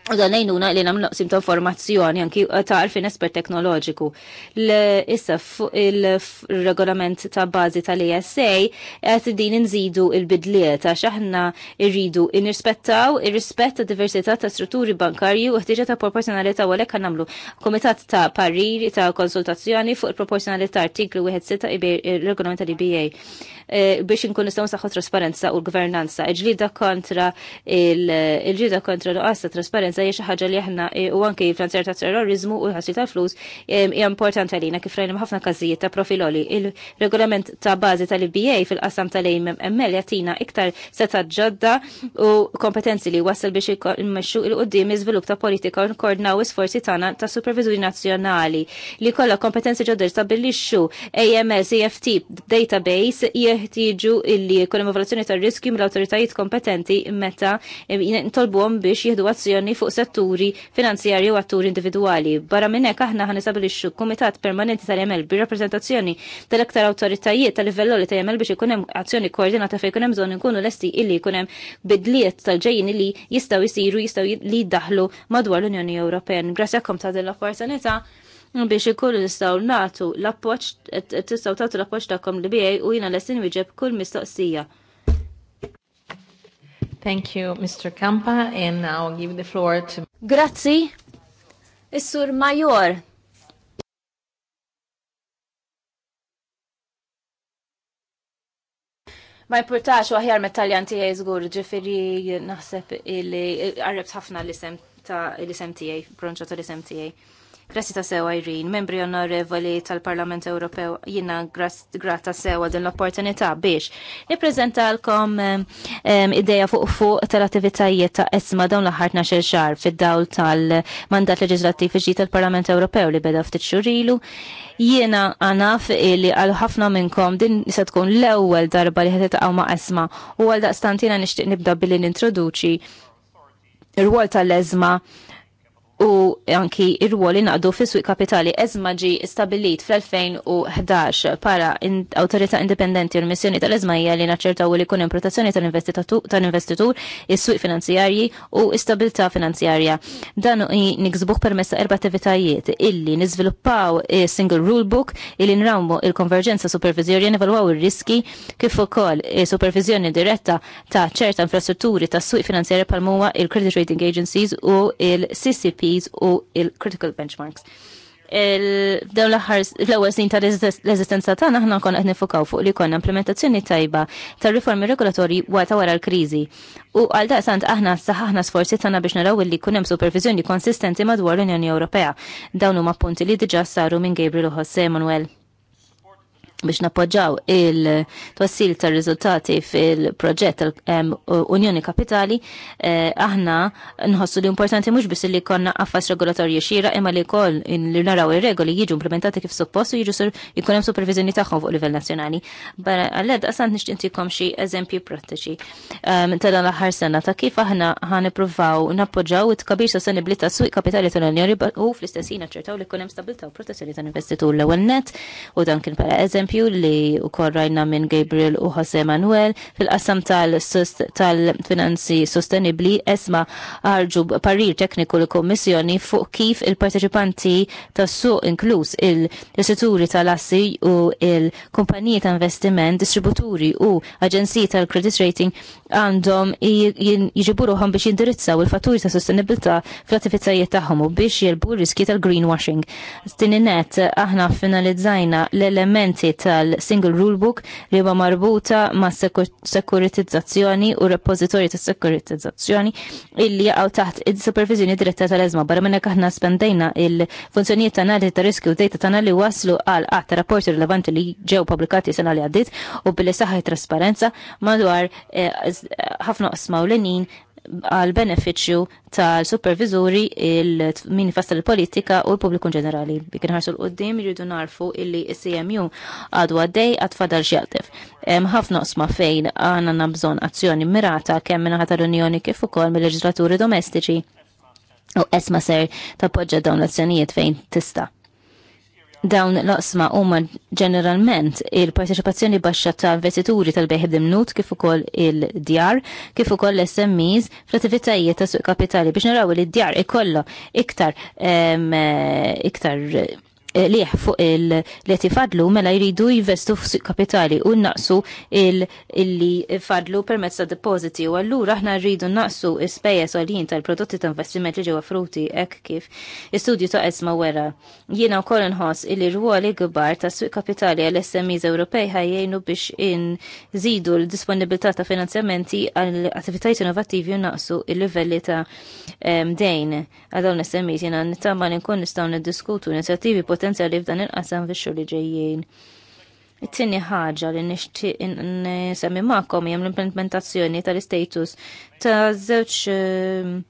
S2: U dan nejnuna li namlu qsim ta' informazzjoni anki ta' għarfin esper teknoloġiku. Issa il-regolament ta' bazi tal-ESA għet din nżidu il-bidliet għax aħna irridu nirrispettaw il-rispet ta' diversità ta' strutturi bankarji u ħtiġa ta' proporzjonalità u għalek namlu komitat ta' parir ta' konsultazzjoni fuq il-proporzjonalità artiklu 1.6 regolament tal-IBA Eh, biex nkun nistgħu saħħu trasparenza u l-gvernanza. Iġlida kontra il-ġlida kontra l ta' trasparenza hija xi ħaġa li aħna eh, u anke finanzjar ta' terrorizmu u ħassi ta' flus eh, hija importanti għalina kif rajna ħafna każijiet ta' profiloli. Il-regolament ta' bażi tal-IBA fil-qasam tal-AML jagħtina iktar seta' ġodda u kompetenzi li wassal biex immexxu il-qudiem iżvilupp ta' politika u nkordnaw isforzi tagħna ta' supervizuri nazzjonali li kollha kompetenzi ġodda stabbilixxu AML CFT database e jeħtieġu illi jkun evaluazzjoni tar-riskju mill-awtoritajiet kompetenti meta ntolbuhom biex jieħdu azzjoni fuq setturi finanzjarji u atturi individwali. Barra minn hekk aħna ħanisabilixxu kumitat permanenti tal-ML bi rappreżentazzjoni tal iktar awtoritajiet tal-livell li tal-ML e biex ikun hemm azzjoni koordinata fejn ikun hemm bżonn inkunu lesti illi jkun hemm bidliet tal-ġejjin li jistgħu jsiru jistgħu li jdaħlu madwar l-Unjoni Ewropea. Grazzi għakom ta' din l-opportunità biex ikun nistgħu nagħtu l appoċ tistaw tagħtu l-appoġġ tagħkom li bijaj u jiena essin wieġeb kull mistoqsija. Thank you, Mr. Kampa, and now I'll give the floor to... Grazzi, Is-Sur Major. Ma importax waħjar met-taljan tiegħi żgur, ġifieri naħseb li eh, għarrebt ħafna l-isem ta' l-isem tiegħi, pronċa ta' l-isem tiegħi. Grazzi ta' sewa Irin, membri onorevoli tal-Parlament Ewropew, jina grata sewa din l-opportunità biex niprezentalkom ehm, ideja fuq fuq tal-attivitajiet ta' esma dawn l-ħartna xil xar fid-dawl tal-mandat leġislattiv iġi tal-Parlament Ewropew li beda ftit xurilu. Jiena għanaf li għal ħafna minnkom din se tkun l-ewwel darba li ħetet ma' esma u għal daqstantina nixtieq nibda billi nintroduċi ir-rwol tal-ezma u anki ir-ruoli naqdu fis suq kapitali Eżma ġi stabilit fl-2011 para autorita indipendenti u l-missjoni tal-ezmajja li naċċertaw li kunem protezzjoni tal-investitur, is-suq finanzjarji u istabilta finanzjarja. Dan niksbuħ permessa erba' attivitajiet illi niżviluppaw single rule book illi nrawmu il-konverġenza supervizjoni nevalwaw ir-riski kif ukoll supervizjoni diretta ta' ċerta infrastrutturi tas-suq finanzjarja pal-muwa il-credit rating agencies u il-CCP MPs u il-critical benchmarks. Dawn l-ewwel snin ta' reżistenza tagħna aħna konna qed nifukaw fuq li konna implementazzjoni tajba tar riformi regolatorji wara wara l-kriżi. U għal sant aħna saħħaħna sforzi tagħna biex naraw li jkun hemm supervizjoni konsistenti madwar l-Unjoni Ewropea. Dawn huma punti li diġà saru minn Gabriel u Jose Manuel biex napoġġaw il-twassil ta' riżultati fil-proġett tal-Unjoni Kapitali, eh, aħna nħossu li importanti mhux biss li konna affas regolatorji xira imma li kol li naraw ir-regoli jiġu implementati kif suppost u jiġu jkun hemm supervizjoni tagħhom fuq livell nazzjonali. Għalled qasant nixtieq intikom xi eżempji prattiċi um, ta' dan l-aħħar sena ta' kif aħna napoġġaw nappoġġaw it-kabir sostenibli ta' suq kapitali tal-Unjoni u fl istessina ċertaw li jkun hemm stabilta u protezzjoni tal-investitur l-ewwel net u dan kien bħala eżempju eżempju li u korrajna minn Gabriel u Jose Manuel fil qasam tal-finanzi sostenibli esma ħarġu parir tekniku l-Kommissjoni fuq kif il-parteċipanti tas-suq inkluż il resituri tal-assi u il-kumpaniji ta' investiment, distributuri u aġenziji tal-credit rating għandhom jiġiburuhom biex jindirizzaw il-fatturi ta' sostenibilità fl-attivitajiet tagħhom u biex jelbu riski tal-greenwashing. Tini aħna finalizzajna l-elementi tal-Single Rulebook li huwa marbuta ma' sekuritizzazzjoni u repożitorji ta' sekuritizzazzjoni illi jaqgħu taħt id-supervizjoni diretta tal-eżma barra minnek aħna spendejna il-funzjonijiet ta' analiżi ta' riskju u data tagħna li waslu għal qatt rapporti rilevanti li ġew pubblikati sena li għaddiet u billi saħħi trasparenza madwar eh, ħafna qsma u għal beneficju tal-supervizuri il-min fasta l-politika u l-publiku ġenerali. Bikin ħarsu l-qoddim jridu narfu illi CMU għadu għaddej għad fadal ġjaltif. ħafna osma fejn għana nabżon azzjoni mirata kemm minna ħata l-Unjoni kif ukoll mill-leġislaturi domestiċi u esma ser poġġa dawn l-azzjonijiet fejn tista' dawn l-osma huma ġeneralment il-parteċipazzjoni baxxa ta' investituri tal-beħ dimnut kif ukoll il-djar, kif ukoll l-SMEs fl-attivitajiet ta' suq kapitali biex naraw li d-djar ikollu iktar eh, iktar liħ fuq il-li fadlu mela jridu jivestu fuq kapitali u naqsu il-li fadlu permezz ta' depositi u allura aħna rridu naqsu ispejjeż għalijin tal-prodotti ta' investiment li ġewa fruti ek kif istudju ta' esma wera. Jiena wkoll inħoss il rwoli gbar ta' suq kapitali għal-SMEs Ewropej ħajjejnu biex inżidu l-disponibilità ta' finanzjamenti għal attivitajiet innovattivi u naqsu il-livelli ta' ehm, dejn għal dawn SMEs jiena nittama li nkun nistgħu niddiskutu inizjattivi potenzjali potenzjali f'dan il-qasam fi xogħol ġejjin. It-tieni ħaġa li nixtieq nsemmi magħkom hemm l-implementazzjoni tal-istatus ta' żewġ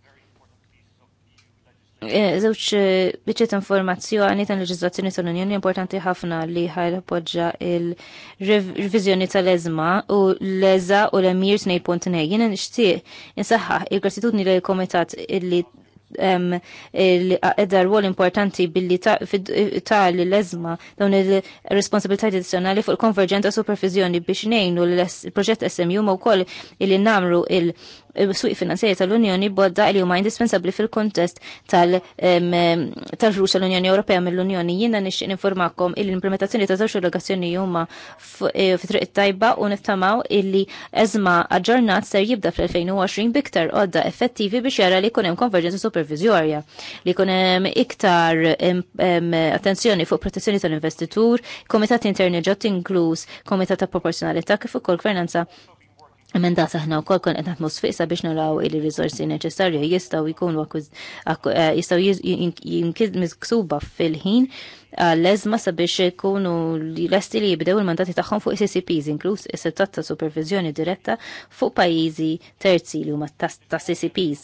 S2: Zewċ eh, eh, biċċiet informazzjoni tal leġizzazzjoni tal-Unjoni importanti ħafna li ħajl appoġġa il-revizjoni tal-ezma u l-eza u l-emir 2.2. Jena nixtieq insaħħaħ il-gratitudni li komitat illi edha rwol importanti billi ta' l lezma dawn il-responsabilità tradizjonali fuq il konverġenta supervizjoni biex nejnu l-proġett SMU ma' wkoll il-namru il- suq finanzjari tal-Unjoni bodda li huma indispensabbli fil-kontest tal-flus tal-Unjoni Ewropea mill-Unjoni. Jiena nixtieq informakkom li l-implementazzjoni ta' żewġ delegazzjoni huma e, fitriq tajba u niftamaw illi eżma aġġornat ser jibda fl-2020 biktar għodda effettivi biex jara li jkun hemm konverġenza supervizjorja, li jkun hemm iktar attenzjoni fuq protezzjoni tal-investitur, komitat interni ġot inkluż, komitat ta' proporzjonalità kif ukoll gvernanza Emenda saħna u kol kon edna t-musfisa biex naraw il-rizorsi neċessarju jistaw jikunu eh, jistaw jinkizmizksuba fil-ħin eh, l-ezma sabiex jkunu l-esti li jibdew il-mandati tagħhom fuq CCPs, inkluż is-settat ta' supervizjoni diretta fuq pajjiżi terzi li huma ta' CCPs.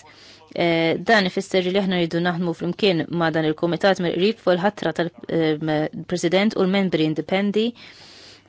S2: Eh, dan ifisser li aħna rridu naħdmu flimkien ma' dan il-Kumitat mill-qrib fuq il-ħatra tal-President u l-membri indipendi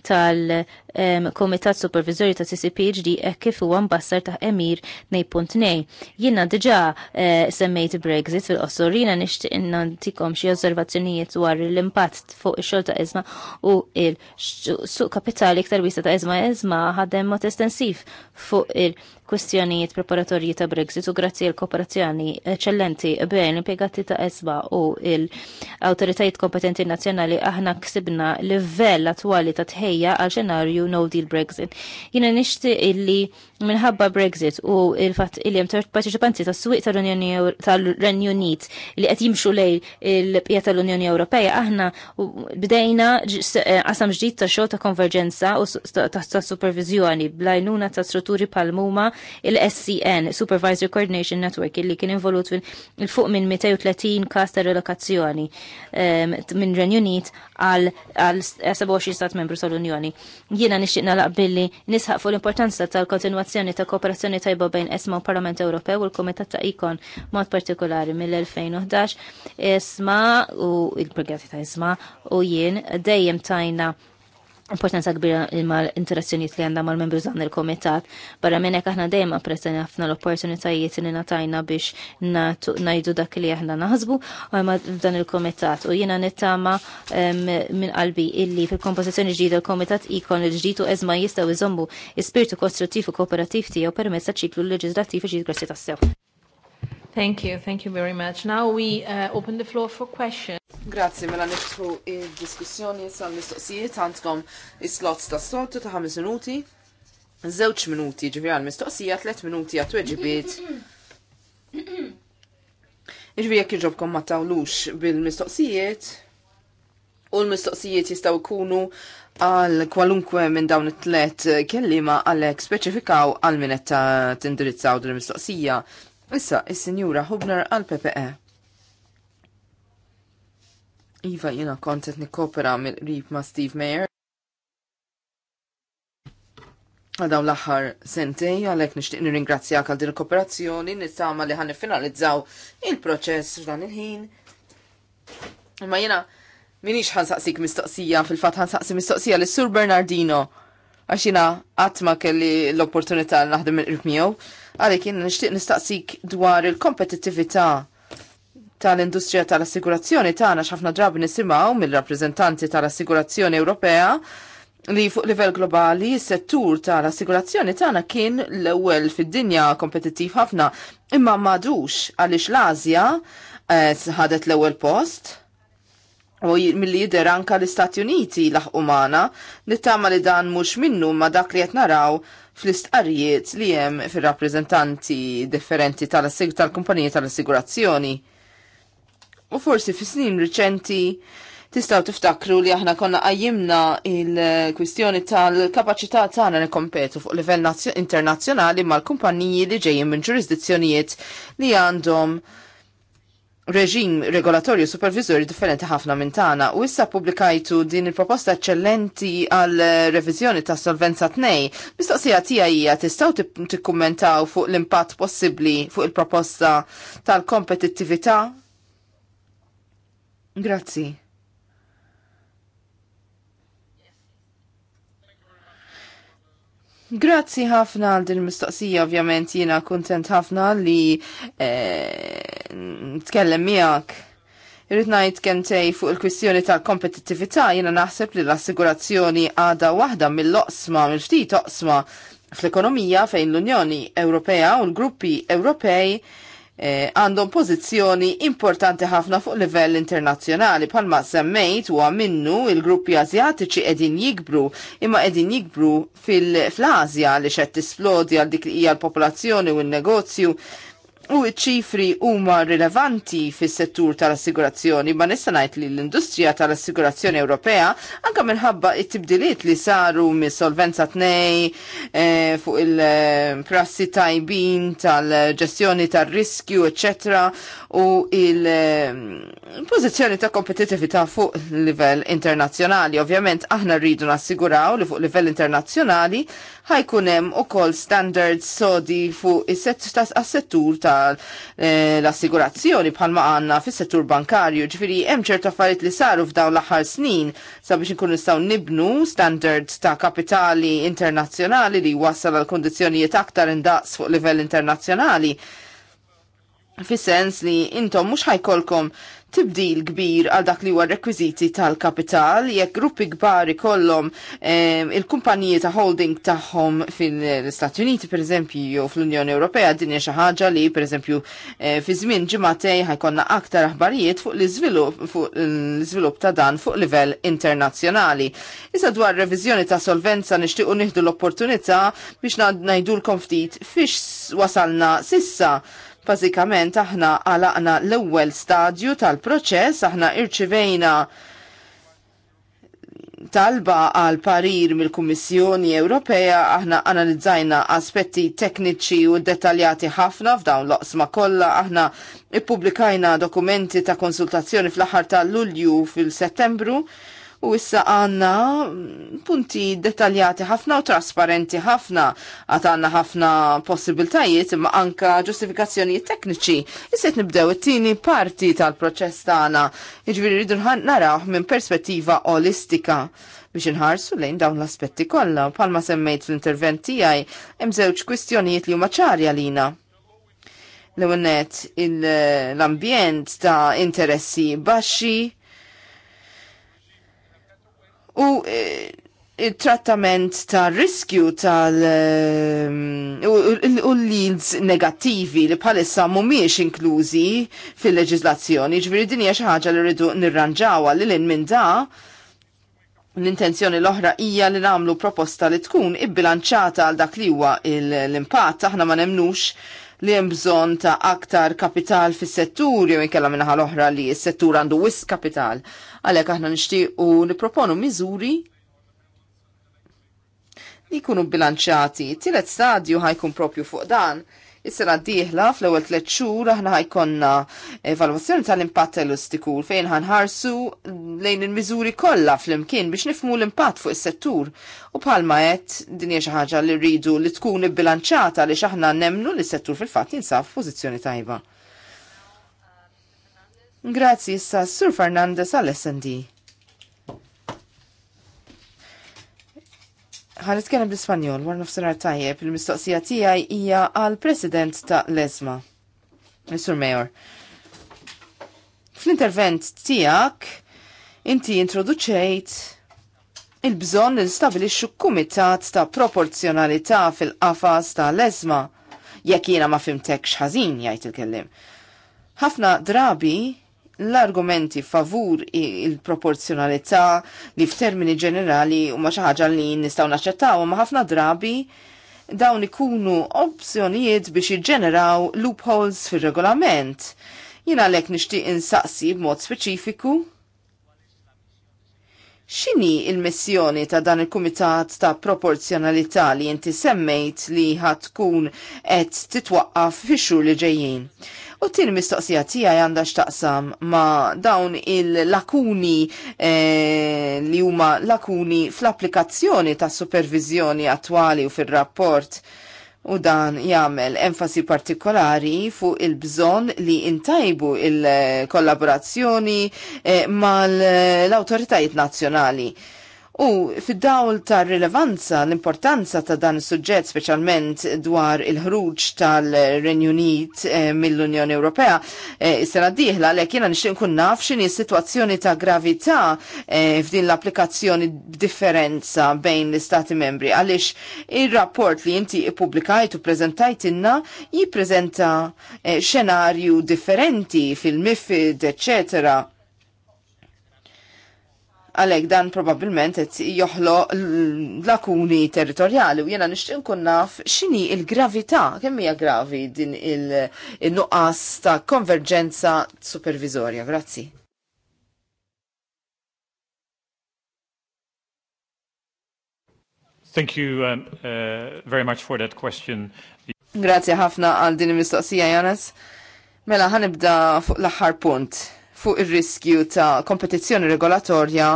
S2: tal-Komitat Supervizorju ta' CCPHD e kif huwa mbassar ta' Emir 2.2. Jiena diġà eh, semmejt Brexit fil-qosor, jiena nixtieq nantikom xi osservazzjonijiet dwar l-impatt fuq ix-xogħol ta' ezma u il-suq kapitali iktar wisa ta' ezma ezma ħadem mod estensiv fuq il- kwistjonijiet preparatorji ta' Brexit u grazzi l kooperazzjoni eccellenti bejn l-impjegati ta' ESBA u l-autoritajiet kompetenti nazzjonali aħna ksibna livell attwali ta' tħejja għal xenarju no deal Brexit. Jiena nishti illi minħabba Brexit u il-fatt illi jem parteċipanti tas-swieq tal-Unjoni tal-Renju Unit li qed jimxu lej il-bqija tal-Unjoni Ewropea aħna bdejna eh, qasam ġdid ta' xogħol ta' konverġenza u ta' supervizjoni blajnuna ta' strutturi palmuma il-SCN, Supervisor Coordination Network, illi kien involut il-fuq minn 230 kas ta' relokazzjoni ehm, minn Renjunit għal 27 stat membru sal-Unjoni. Jiena nixtieq nalaq nisħaq fuq l-importanza tal-kontinuazzjoni ta' kooperazzjoni tajba bejn ESMA u Parlament Ewropew u l-Komitat ta' Ikon mod partikolari mill-2011 ESMA u il-Brigati ta' ESMA u jien dejjem tajna importanza kbira mal interazzjonijiet li għandha mal-membru dan il-komitat. Barra minn hekk aħna dejjem apprezzani ħafna l-opportunitajiet li natajna biex ngħidu dak li aħna naħsbu ma f'dan il-komitat. U jiena nittama minn qalbi illi fil-kompożizzjoni ġdida l-komitat ikon il-ġdid u eżma jistgħu iżommu ispirtu kostruttiv u kooperattiv tiegħu permezz ta' ċiklu leġislattiv ġid grassi tassew. Thank you, thank you very much. Now we uh, open the floor for questions. Grazie, mela nifthu
S4: il-diskussjoni sal-mistoqsijiet għandkom is-slots ta' soltu ta' 5 minuti, żewġ minuti ġifi għal-mistoqsija, 3 minuti għat weġibiet. Iġvi jekk iġobkom ma tawlux bil-mistoqsijiet, u l-mistoqsijiet jistaw ikunu għal kwalunkwe minn dawn it-tlet kellima għalek speċifikaw għal qed tindirizzaw din mistoqsija Issa, il-Sinjura Hubner għal-PPE. Iva jina kontet nikopera mill-rib ma' Steve Mayer. Għadaw l-axar sentej, għalek nishtiq nir ingrazzja għal din kooperazzjoni, nittama li għan finalizzaw il-proċess f'dan il-ħin. Ma jina, minix għan saqsik mistoqsija, fil-fat għan saqsi mistoqsija l-Sur Bernardino, għax jina għatma kelli l-opportunità naħdem il-rib miegħu għalek jenna nixtieq nistaqsik dwar il-kompetittività tal-industrija tal-assigurazzjoni tagħna x'ħafna drabi nisimgħu mill-rappreżentanti tal-assigurazzjoni Ewropea li fuq livell globali s-settur tal-assigurazzjoni tagħna kien l-ewwel fid-dinja kompetittiv ħafna imma m'għadux għaliex l-Asja eh, ħadet l-ewwel post. U mill-li jider anka l-Istati Uniti laħqu magħna nittama li dan mhux minnu ma dak li qed naraw fl istqarijiet li hemm fir-rappreżentanti differenti tal-kumpaniji tal-assigurazzjoni. U forsi fi snin riċenti tistaw tiftakru li aħna konna għajimna il-kwistjoni tal-kapacità tagħna li fuq livell internazzjonali mal-kumpaniji li ġejjin minn ġurisdizzjonijiet li għandhom reġim regolatorju supervizorju differenti ħafna minn tagħna u issa pubblikajtu din il-proposta eċċellenti għal reviżjoni ta' Solvenza 2. Mistoqsija tiegħi hija tistgħu tikkummentaw fuq l-impatt possibbli fuq il-proposta tal-kompetittività? Grazzi. Grazzi ħafna għal din mistoqsija ovvjament jiena kuntent ħafna li eh, tkellem miegħek. Irrid ngħid kentej fuq il-kwistjoni tal-kompetittività jiena naħseb li l-assigurazzjoni għada waħda mill-oqsma mill-ftit oqsma fl-ekonomija fejn l-Unjoni Ewropea u l-gruppi Ewropej Eh, għandhom pozizjoni pożizzjoni importanti ħafna fuq livell internazzjonali bħalma semmejt u minnu il-gruppi Azjatiċi qegħdin jikbru imma edin jikbru fil azja li xed tisplodi għal dik hija l-popolazzjoni u n-negozju U ċifri huma rilevanti fis-settur tal-assigurazzjoni ma nista' ngħid li l-industrija tal-assigurazzjoni Ewropea anke minħabba t-tibdiliet li saru mis solvenza tnej eh, fuq il-prassi tajbin tal-ġestjoni tar-riskju, eċetera, u il-pożizzjoni eh, ta' kompetitività fuq livell internazzjonali. Ovvjament aħna rridu nassiguraw li fuq livell internazzjonali ħajkunem hemm ukoll standards sodi fuq is-settur tal-assigurazzjoni eh, bħalma għandna fis-settur bankarju, ġifiri hemm ċertu affarijiet li saru f'dawn l-aħħar snin sabiex nkun nistgħu nibnu standards ta' kapitali internazzjonali li wassal għal kondizzjonijiet aktar indaqs fuq livell internazzjonali fis sens li intom mhux ħajkolkom tibdil kbir għal dak li huwa rekwiżiti tal-kapital jekk gruppi kbar ikollhom il-kumpaniji ta' holding tagħhom fil istati Uniti pereżempju jew fl-Unjoni Ewropea din hija xi ħaġa li pereżempju eh, fi żmien ġimagħtej ħajkonna aktar aħbarijiet fuq l-iżvilupp fuq l-iżvilupp ta' dan fuq livell internazzjonali. Issa dwar reviżjoni ta' solvenza nixtiequ nieħdu l-opportunità biex ngħidulkom ftit fiex wasalna sissa Bażikament aħna għalaqna l-ewwel stadju tal-proċess, aħna irċivejna talba għal parir mill-Kummissjoni Ewropea aħna analizzajna aspetti tekniċi u dettaljati ħafna f'dawn l-oqsma kollha aħna ippubblikajna dokumenti ta' konsultazzjoni fl-aħħar ta' Lulju fil-Settembru U issa għanna punti detaljati ħafna u trasparenti ħafna, għat għanna ħafna possibiltajiet imma anka ġustifikazzjonijiet tekniċi. Iset nibdew it-tini parti tal-proċess tagħna, jiġifieri rridu naraw minn perspettiva olistika biex inħarsu lejn dawn l-aspetti kollha palma semmejt fl-intervent tiegħi hemm żewġ kwistjonijiet li huma ċari għalina l unnet l-ambjent ta' interessi baxxi U eh, il-trattament ta' riskju tal ehm, u l-leads negattivi li bħalissa mumiex inklużi fil-leġizlazzjoni, ġviri dinja xaħġa li rridu nirranġawa li l-in minn da l-intenzjoni l-oħra hija li namlu proposta li tkun ibbilanċata għal dak li huwa l-impatt aħna ma nemnux li hemm bżonn ta' aktar kapital fis-settur jew inkella minnaħa l-oħra li s-settur għandu wis kapital Għalhekk aħna nixtiequ nipproponu miżuri li jkunu bilanċati. Tielet stadju ħajkun propju fuq dan. Is-sena dieħla fl-ewwel tliet xhur aħna ħajkonna evalwazzjoni tal-impatt elustiku fejn ħanħarsu lejn il-miżuri kollha flimkien biex nifmu l-impatt fuq is-settur. U bħalma qed din hija xi ħaġa li rridu li tkun ibbilanċata għaliex aħna nemmnu li s-settur fil-fatt jinsab f'pożizzjoni tajba. Grazzi issa Sur Fernandez għall-SND. ħan itkellem bl-Ispanjol war nofsinhar tajjeb il-mistoqsija tiegħi hija għal President ta' Lesma. Sur Mayor. Fl-intervent tiegħek inti introduċejt il-bżonn li stabilixxu kumitat ta' proporzjonalità fil-qafas ta' Lesma. Jekk jiena ma fimtek ħażin jgħid il-kellim. Ħafna drabi l-argumenti favur il-proporzjonalità li f'termini ġenerali u ma ħaġa li nistgħu naċċettaw ma ħafna drabi dawn ikunu opzjonijiet biex jiġġeneraw loopholes fir-regolament. Jien għalhekk nixtieq insaqsi b'mod speċifiku X'inhi il-missjoni ta' dan il-Kumitat ta' Proporzjonalità li inti semmejt li ħatkun qed titwaqqaf fix-xhur li ġejjin? U t-tini mistoqsija tiegħi għandha x'taqsam ma' dawn il-lakuni eh, li huma lakuni fl-applikazzjoni ta' supervizjoni attwali u fir-rapport. U dan jagħmel enfasi partikolari fuq il-bżonn li intajbu il-kollaborazzjoni eh, mal-awtoritajiet nazzjonali. U fid-dawl ta' rilevanza l-importanza ta' dan is-suġġett speċjalment dwar il-ħruġ tal-Renju Unit eh, mill-Unjoni Ewropea, eh, sena diħla dieħla jiena nixtieq nkun naf x'inhi s-sitwazzjoni ta' gravità eh, f'din l-applikazzjoni differenza bejn l-Istati membri għaliex ir-rapport li inti ippubblikajt u preżentajt inna jippreżenta eh, xenarju differenti fil-MIFID, eċċetera għalek dan probabilment qed joħlo lakuni territorjali u jena nixtieq nkun naf x'inhi l-gravità kemm hija gravi din il-nuqqas ta' konverġenza supervizorja. Grazzi.
S1: Thank you um, uh, very much for that question.
S4: Grazie ħafna għal din il-mistoqsija, Jonas. Mela, ħanibda fuq l-aħħar punt fuq ir-riskju ta' kompetizzjoni regolatorja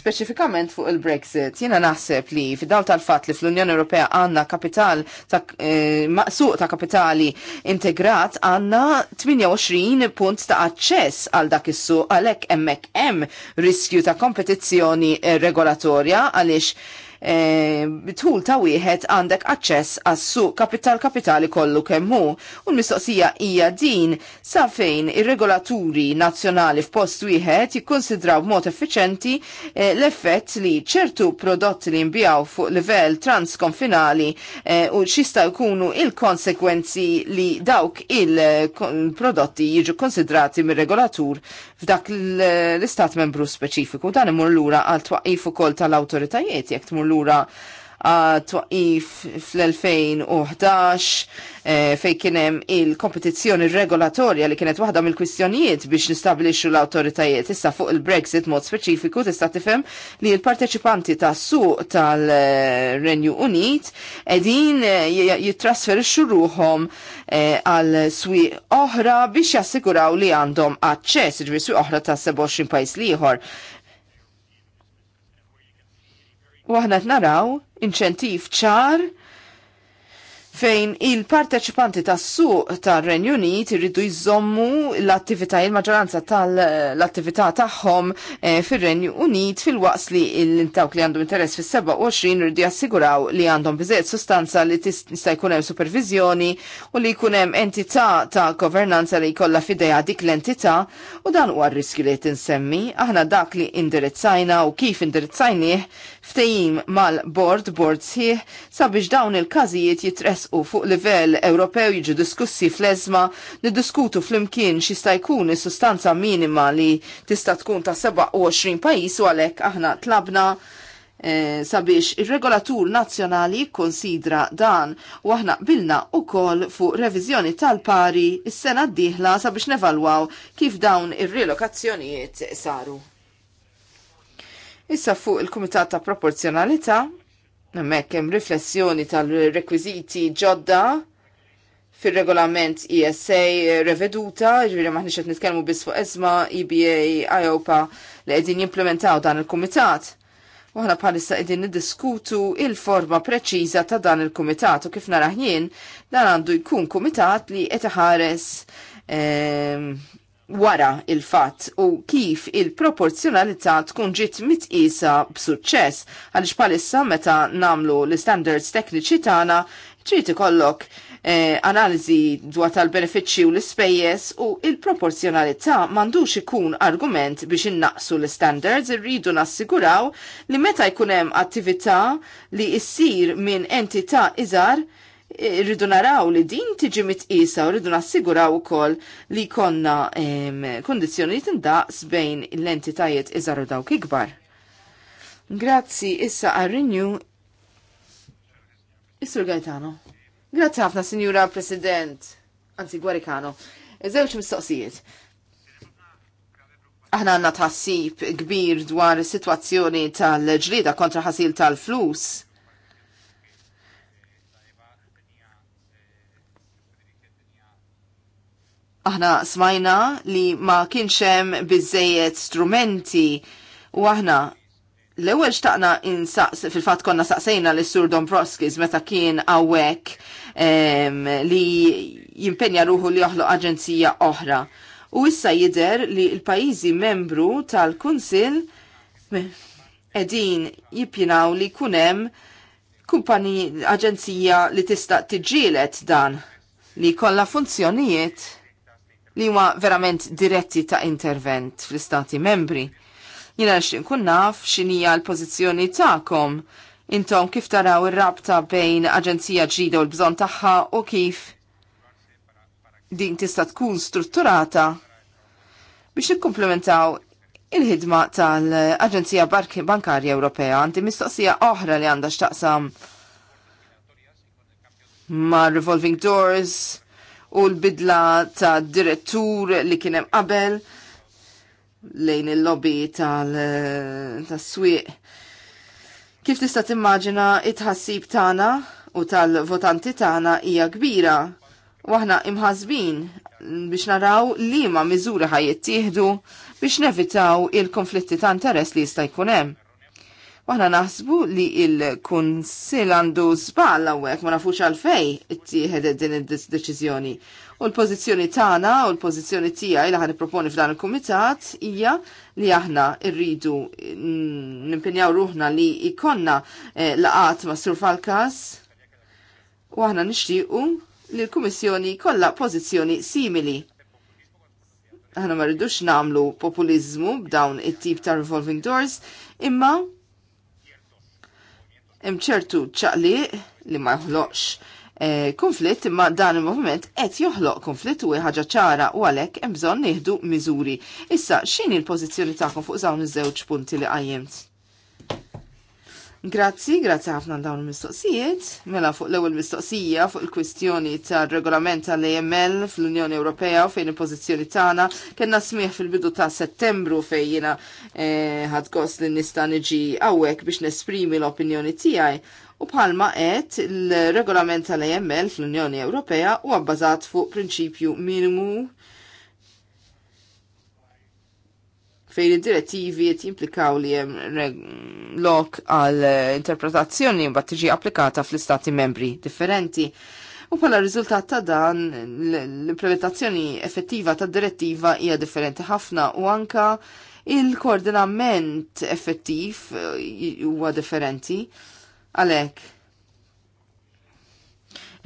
S4: speċifikament fuq il-Brexit, jena naħseb li fid tal-fat li fl-Unjoni Ewropea għanna kapital ta' e, eh, maqsuq ta' kapitali integrat għanna 28 punt ta' aċċess għal dak is-suq għalhekk hemmhekk hemm riskju ta' kompetizzjoni eh, regolatorja għaliex Eh, tul ta' wieħed għandek aċċess għas-suq kapital kapitali kollu kemm hu. U l-mistoqsija hija din sa fejn ir-regolaturi nazzjonali f'post wieħed jikkonsidraw b'mod effiċenti eh, l-effett li ċertu prodotti li nbijaw fuq livell transkonfinali eh, u xista jkunu il-konsekwenzi li dawk il-prodotti jiġu konsidrati mir-regolatur f'dak l-istat membru speċifiku. Dan imur lura għal twaqif ukoll tal-awtoritajiet jekk tmur lura twaqif fl-2011 eh, fej kienem il-kompetizzjoni regolatorja li kienet waħda mill-kwistjonijiet biex nistabilixu l-autoritajiet. Issa fuq il-Brexit mod speċifiku tista' tifhem li l-parteċipanti ta' suq tal-Renju Unit edin eh, jitrasferixxu ruhom eh, għal swieq oħra biex jassiguraw li għandhom aċċess ġifieri swieq oħra ta' 27 pajjiż ieħor. Waħna naraw inċentiv ċar fejn il-parteċipanti tas-suq tar-Renju Unit irridu jżommu l-attività il-maġġoranza tal-attività tagħhom eh, fir-Renju Unit fil-waqs li l-intawk li għandu interess fis-27 irridu jassiguraw li għandhom biżejjed sustanza li tista' jkun hemm supervizjoni u li jkun hemm entità ta' governanza li jkollha f'idejha dik l-entità u dan huwa r riskju li tinsemmi aħna dak li indirizzajna u kif indirizzajnieh ftejim mal-bord, bord sħiħ, sabiex dawn il-kazijiet jitresqu fuq livell Ewropew jiġu diskussi fl-ezma, niddiskutu fl-imkien xista jkun is-sustanza minima li tista tkun ta' 27 pajis u għalek aħna tlabna eh, sabiex il-regolatur nazzjonali konsidra dan u aħna bilna u koll fuq revizjoni tal-pari is-sena d-dihla sabiex nevalwaw kif dawn ir-relokazzjonijiet saru. Issa fuq il-Kumitat ta' Proporzjonalità, hemmhekk hemm riflessjoni tal-rekwiżiti ġodda fil-regolament ESA reveduta, ġviri maħniċ qed nitkellmu biss fuq ezma, EBA, IOPA li qegħdin jimplementaw dan il-Kumitat. U ħana bħalissa qegħdin niddiskutu il-forma preċiża ta' dan il-Kumitat u kif naraħ jien dan għandu jkun Kumitat li qed iħares ehm, wara il-fatt u kif il-proporzjonalità tkun ġiet mitqisa b'suċċess għaliex bħalissa meta namlu l-standards tekniċi tagħna trid ikollok eh, analiżi dwar tal-benefiċċji u l-ispejjeż u il-proporzjonalità m'għandux ikun argument biex innaqsu l-standards irridu nassiguraw li meta jkun hemm attività li issir minn entità iżgħar rridu naraw li din tiġi mitqisa u rridu nassiguraw ukoll li konna kondizjoni tindaqs bejn l-entitajiet iżaru dawk ikbar. Grazzi issa għarrinju Isur Gaetano. Grazzi ħafna, Sinjura President, anzi Gwarikano. Eżewċ mistoqsijiet. Aħna għanna tħassib kbir dwar situazzjoni tal-ġlida kontra ħasil tal-flus Aħna smajna li ma kienx hemm biżejjed strumenti u aħna l-ewwel xtaqna insaqs fil-fatt konna saqsejna l sur Don Dombrovskis meta kien hawnhekk li jimpenja ruħu li joħloq aġenzija oħra. U issa jidher li l-pajjiżi membru tal kunsil qegħdin jippjinaw li jkun hemm kumpani aġenzija li tista' tiġġielet dan li kollha funzjonijiet li huma verament diretti ta' intervent fl-istati membri. Jina xin kun naf xinija l-pozizjoni ta'kom intom kif taraw ir-rabta bejn aġenzija ġdida u l-bżon tagħha u kif din tista' tkun strutturata biex nikkumplementaw il-ħidma tal-Aġenzija Bankarja Ewropea għandi mistoqsija oħra li għandha x'taqsam ma' revolving doors, u l-bidla ta' direttur li kienem qabel lejn il-lobby tal-swieq. Kif tista' timmaġina it-ħassib tagħna u tal-votanti tagħna hija kbira u aħna imħazbin biex naraw li ma miżura tieħdu biex nevitaw il-konflitti ta' interess li jista' jkun hemm. Waħna naħsbu li il-kunsil għandu zbal għawek, ma nafux għalfej tieħed din id-deċizjoni. U l-pozizjoni tagħna u l-pozizjoni tiegħi li ħan proponi f'dan il-kumitat hija li aħna rridu nimpinjaw ruħna li ikonna eh, laqat ma' Sur Falkas u aħna nixtiequ li l komissjoni kolla pożizzjoni simili Aħna ma rridux namlu populizmu b'dawn it-tip ta' revolving doors, imma hemm ċertu li ma joħloqx eh, konflitt imma dan il-moviment qed joħloq konflitt u ħaġa ċara u għalhekk hemm bżonn nieħdu miżuri. Issa x'inhi l-pożizzjoni tagħkom fuq dawn iż-żewġ punti li qajjimt? Grazzi, grazzi ħafna dawn il-mistoqsijiet. Mela fuq l-ewwel mistoqsija fuq il-kwistjoni tar-regolament tal-AML fl-Unjoni Ewropea u fejn il-pożizzjoni tagħna Kenna smih fil-bidu ta' Settembru fejn jiena eh, ħadd gost li nista' niġi hawnhekk biex nesprimi l-opinjoni tiegħi. U bħalma qed il-regolament tal-AML fl-Unjoni Ewropea huwa bbażat fuq prinċipju minimu fejn id-direttivi jt jimplikaw li hemm lok għal interpretazzjoni mbatt tiġi applikata fl-istati membri differenti. U pala riżultat ta' dan l-implementazzjoni effettiva ta' direttiva hija differenti ħafna u anka il-koordinament effettiv eh, huwa differenti għalhekk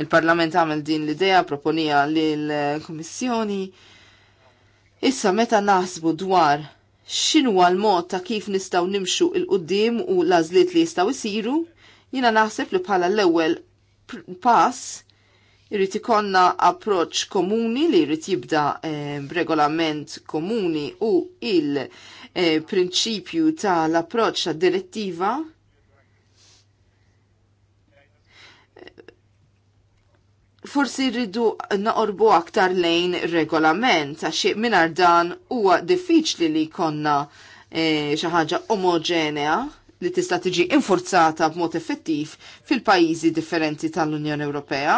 S4: il-Parlament għamel din l-idea, proponija l-Komissjoni. Issa meta naħsbu dwar xinu għal-mod ta' kif nistaw nimxu il-qoddim u lażliet li jistaw isiru, jina naħseb li bħala l-ewwel pass irrid ikonna approċ komuni li jrid jibda eh, regolament komuni u il-prinċipju eh, tal-approċ tad-direttiva forsi rridu naqorbu aktar lejn regolament, għax minar dan huwa diffiċli li konna e, xi ħaġa omogenea li tista' tiġi infurzata b'mod effettiv fil-pajjiżi differenti tal-Unjoni Ewropea.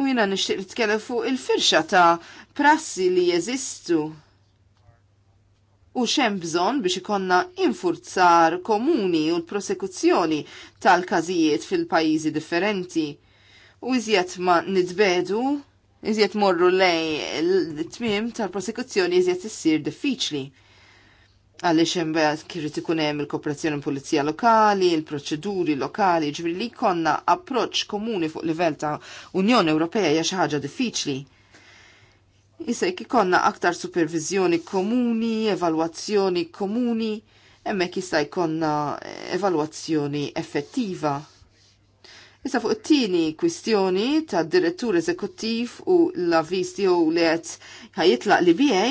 S4: U jiena nixtieq nitkellem fuq il-firxa ta' prassi li jeżistu u xem bżon biex ikonna infurzar komuni u l-prosekuzzjoni tal-kazijiet fil-pajizi differenti. U iżjed ma nitbedu, iżjed morru lej l-tmim tal-prosekuzzjoni iżjed issir diffiċli. Għalli imbagħad kirrid ikun hemm il-kooperazzjoni pulizija lokali, il-proċeduri lokali, ġifieri li jkollna approċċ komuni fuq livell ta' Unjoni Ewropea hija xi ħaġa diffiċli Jisek ikonna aktar supervizjoni komuni, evalwazzjoni komuni, emmek jista jkonna evalwazzjoni effettiva. Issa fuq it-tieni kwistjoni ta' direttur eżekuttiv u l-avviz tiegħu li qed ħajitlaq li BA.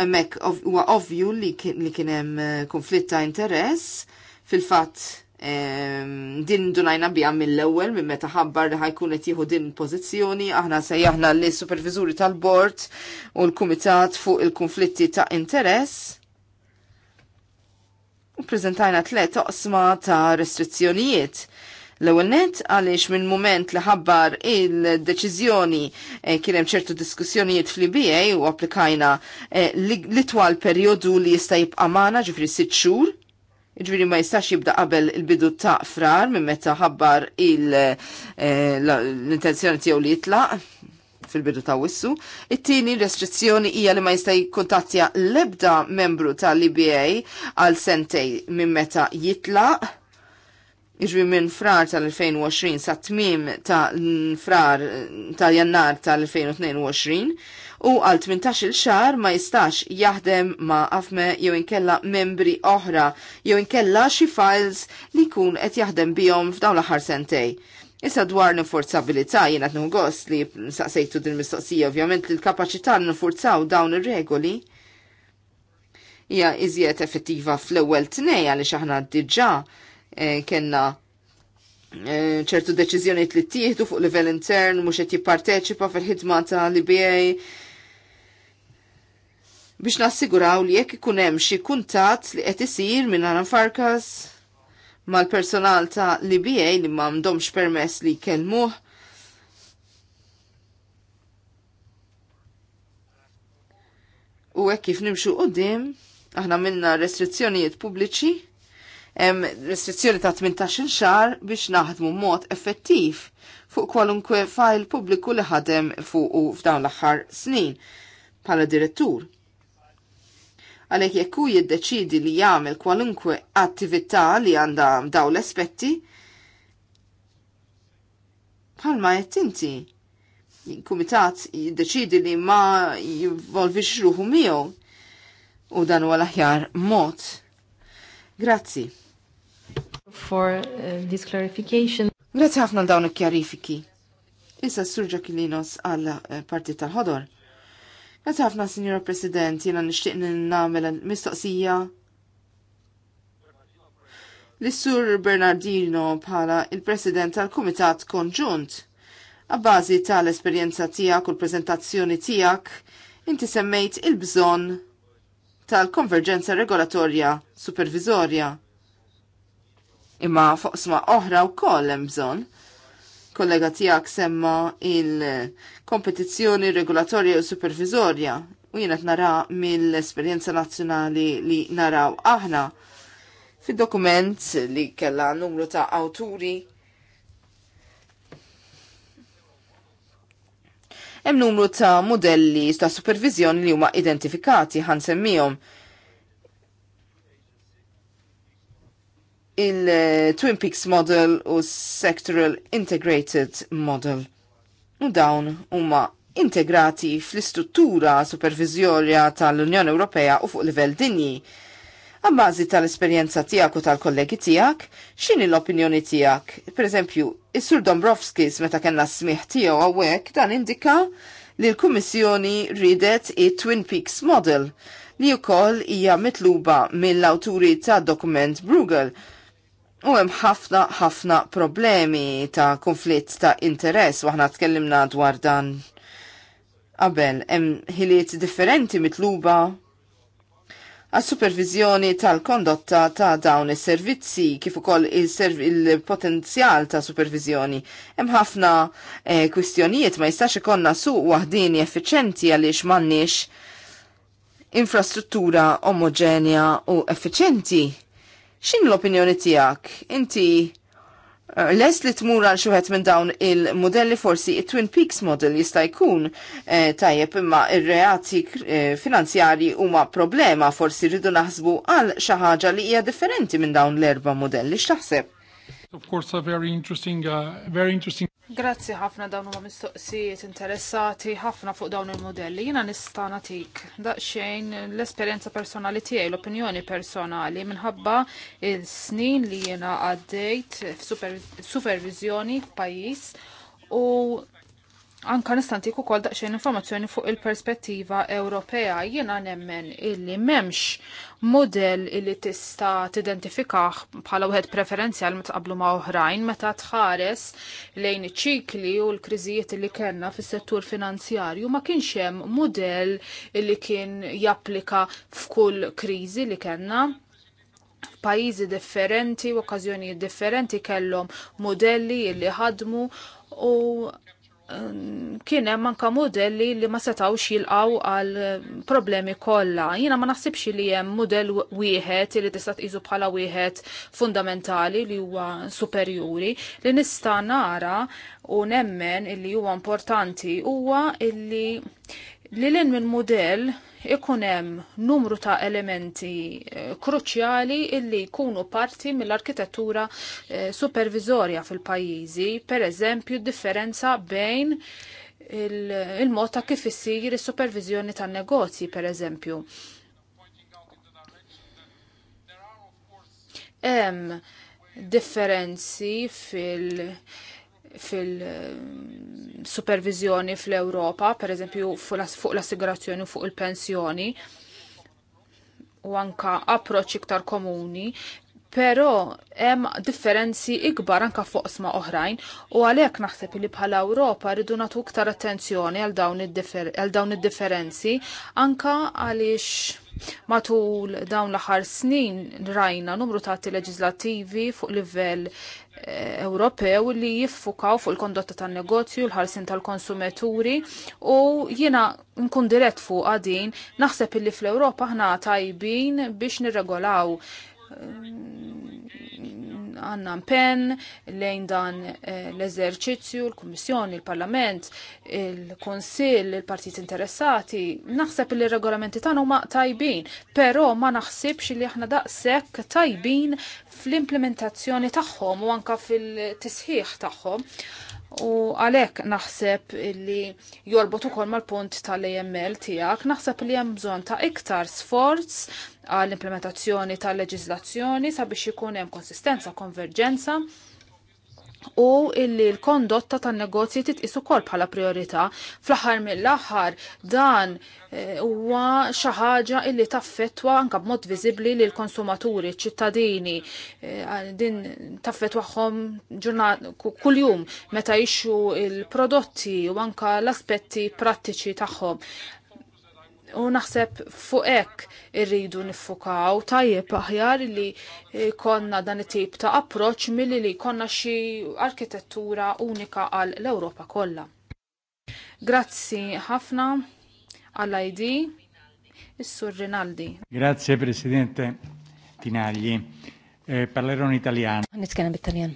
S4: Hemmhekk huwa ovvju li kien hemm eh, konflitt ta' interess fil-fatt din dunajna bija mill-ewwel minn meta ħabbar li ħajkun qed jieħu din pożizzjoni aħna se jaħna l superviżuri tal-bord u l-kumitat fuq il-konflitti ta' interess. U preżentajna tliet oqsma ta' restrizzjonijiet. L-ewwel net għaliex minn mument li ħabbar il-deċiżjoni eh, kien hemm ċertu diskussjonijiet fl-IBA u applikajna eh, l-itwal perjodu li jista' jibqa' magħna ġifri sitt xhur Ġviri ma jistax jibda qabel il-bidu ta' frar minn meta ħabbar eh, l-intenzjoni tiegħu li jitlaq fil-bidu ta' wissu. It-tieni restrizzjoni hija li ma jista' jikkuntattja l-ebda membru tal-IBA għal sentej minn meta jitlaq. Iġri minn frar tal-2020 sa' tmim ta' frar tal-jannar tal-2022 u għal 18 xar ma jistax jaħdem ma' afme jew inkella membri oħra jew inkella xi files li kun qed jaħdem bihom f'dawn l-aħħar sentej. Issa dwar n-forzabilità jenat n-għos li saqsejtu din mistoqsija ovvjament li l-kapacità n-forzaw dawn ir-regoli hija iżjed effettiva fl-ewwel tnej għaliex aħna diġà eh, kellna eh, ċertu deċiżjonijiet li ttieħdu fuq livell intern mhux qed jipparteċipa fil-ħidma ta' LBA biex nassiguraw li jekk ikun hemm xi kuntatt li qed isir minn Aran Farkas mal-personal ta' LBA li m'għandhomx permess li jkellmuh. U hekk kif nimxu qudiem, aħna minna restrizzjonijiet pubbliċi, hemm restrizzjoni ta' 18 xahar biex naħdmu mod effettiv fuq kwalunkwe fajl pubbliku li ħadem fuq u f'dawn l-aħħar snin bħala direttur għalhekk jekk hu jiddeċidi li jagħmel kwalunkwe attività li għandha daw l-aspetti, bħalma qed inti kumitat jiddeċidi li ma jivolvix ruħu miegħu u dan huwa l-aħjar mod. Grazzi. For uh, this clarification. Grazzi ħafna dawn il-kjarifiki. Issa s-surġa kilinos għal eh, parti tal-ħodor. Għet ħafna, Signora President, jena nishtiq n-namel mistoqsija l-Sur Bernardino bħala il-President tal-Kumitat Konġunt. Għabbażi tal-esperjenza tijak u l-prezentazzjoni tijak, inti semmejt il-bżon tal-konverġenza regolatorja supervizorja. Imma foqsma oħra u kollem hemm bżonn kollega tijak semma il-kompetizjoni regolatorja u supervizorja u jenet nara mill-esperienza nazzjonali li naraw aħna fid dokument li kella numru ta' awturi hemm numru ta' modelli ta' supervizjoni li huma identifikati ħansemmihom. il-Twin Peaks Model u Sectoral Integrated Model. U dawn huma integrati fl-istruttura supervizjorja tal-Unjoni Ewropea u fuq livell dinji. Għabbażi tal-esperienza tijak u tal-kollegi tijak, xini l-opinjoni tijak? Per eżempju, il-Sur Dombrovskis meta kena smiħ tijaw għawek dan indika li l-Kummissjoni ridet i Twin Peaks Model li u koll hija mitluba mill-awturi ta' dokument Bruegel u hemm ħafna ħafna problemi ta' konflitt ta' interess u aħna tkellimna dwar dan qabel hemm ħiliet differenti mitluba għas supervizjoni tal-kondotta ta' dawn is-servizzi kif ukoll il-potenzjal ta' supervizjoni. Hemm ħafna eh, kwistjonijiet ma jistax ikollna suq waħdini effiċenti għaliex m'għandniex infrastruttura omogenja u effiċenti Xin l-opinjoni tijak? Inti eh, Les li tmur għal xuħet minn dawn il-modelli forsi il-Twin Peaks model jista' jkun eh, tajjeb imma ir-reati eh, finanzjari huma problema forsi rridu naħsbu għal xi ħaġa li hija differenti minn dawn l-erba' modelli x'taħseb?
S1: Of course, a very interesting, uh, very interesting.
S3: Grazzi ħafna dawn huma mistoqsijiet interessati ħafna fuq dawn il-modelli. Jiena nista' nagħtik daqsxejn l-esperjenza personali tiegħi, l-opinjoni personali minħabba il-snin li jiena għaddejt f'supervizjoni f'pajjiż u Anka ku kol daqsxejn informazzjoni fuq il-perspettiva Ewropea jiena nemmen illi m'hemmx model illi tista' t-identifikax bħala wieħed preferenzjal meta ma' oħrajn meta tħares lejn iċ-ċikli u l-kriżijiet li kellna fis-settur finanzjarju ma kienx hemm model illi kien japplika f'kull kriżi li kellna pajizi differenti, u okkażjonijiet differenti kellhom modelli li ħadmu u Ehm, kien hemm modelli li ma setgħux jilqgħu għal problemi kollha. Jiena ma naħsibx li hemm mudell wieħed li tista' tqisu bħala wieħed fundamentali li huwa superjuri li nista' nara u nemmen li huwa importanti huwa illi li lin minn mudell ikun hemm numru ta' elementi eh, kruċjali illi jkunu parti mill-arkitettura eh, supervizorja fil-pajjiżi, per eżempju differenza bejn il-mod ta' kif issir is-supervizjoni tan-negozji, per eżempju. Hemm differenzi fil- fil-supervizjoni fl-Europa, per eżempju fuq l-assigurazzjoni u fuq il-pensjoni, u anka approċ iktar komuni, pero hemm differenzi ikbar anka sma oħrajn u għalhekk naħseb li bħala Ewropa rridu nagħtu iktar attenzjoni għal dawn id-differenzi anka għaliex matul dawn l-aħħar snin rajna numru ta' leġislattivi fuq livell Ewropew li jiffukaw fuq il-kondotta tan-negozju, l-ħarsin tal-konsumaturi u jiena nkun dirett fuq għadin naħseb illi fl-Ewropa ħna tajbin biex nirregolaw għanna pen lejn dan eh, l-eżerċizzju, l-Kummissjoni, il-Parlament, il-Konsil, il-Partit interessati. Naħseb li regolamenti tagħna huma tajbin, però ma naħsibx li aħna daqshekk tajbin fl-implementazzjoni tagħhom u anka fil-tisħiħ tagħhom. U għalek naħseb li jorbot ukoll mal-punt tal-AML tijak, naħseb li hemm bżonn ta' iktar sforz għall-implementazzjoni tal-leġizlazzjoni sabiex ikun hemm konsistenza, konverġenza u illi l-kondotta tan negozji titqis kol bħala priorità. Fl-aħħar mill-aħħar dan eh, huwa xi ħaġa illi taffettwa anke b'mod viżibbli lil konsumaturi, ċittadini, eh, din taffettwahom kuljum meta jixxu il-prodotti u anke l-aspetti prattiċi tagħhom. U naħseb fuq hekk irridu niffukaw tajjeb aħjar li eh, konna dan it-tip ta' approċ milli li konna xi arkitettura unika għal l-Ewropa kollha. Grazzi ħafna għall-ID is-Sur Rinaldi.
S1: Grazie Presidente Tinagli. Eh, parlerò in Italjan.
S2: Nitkellem bit-Taljan.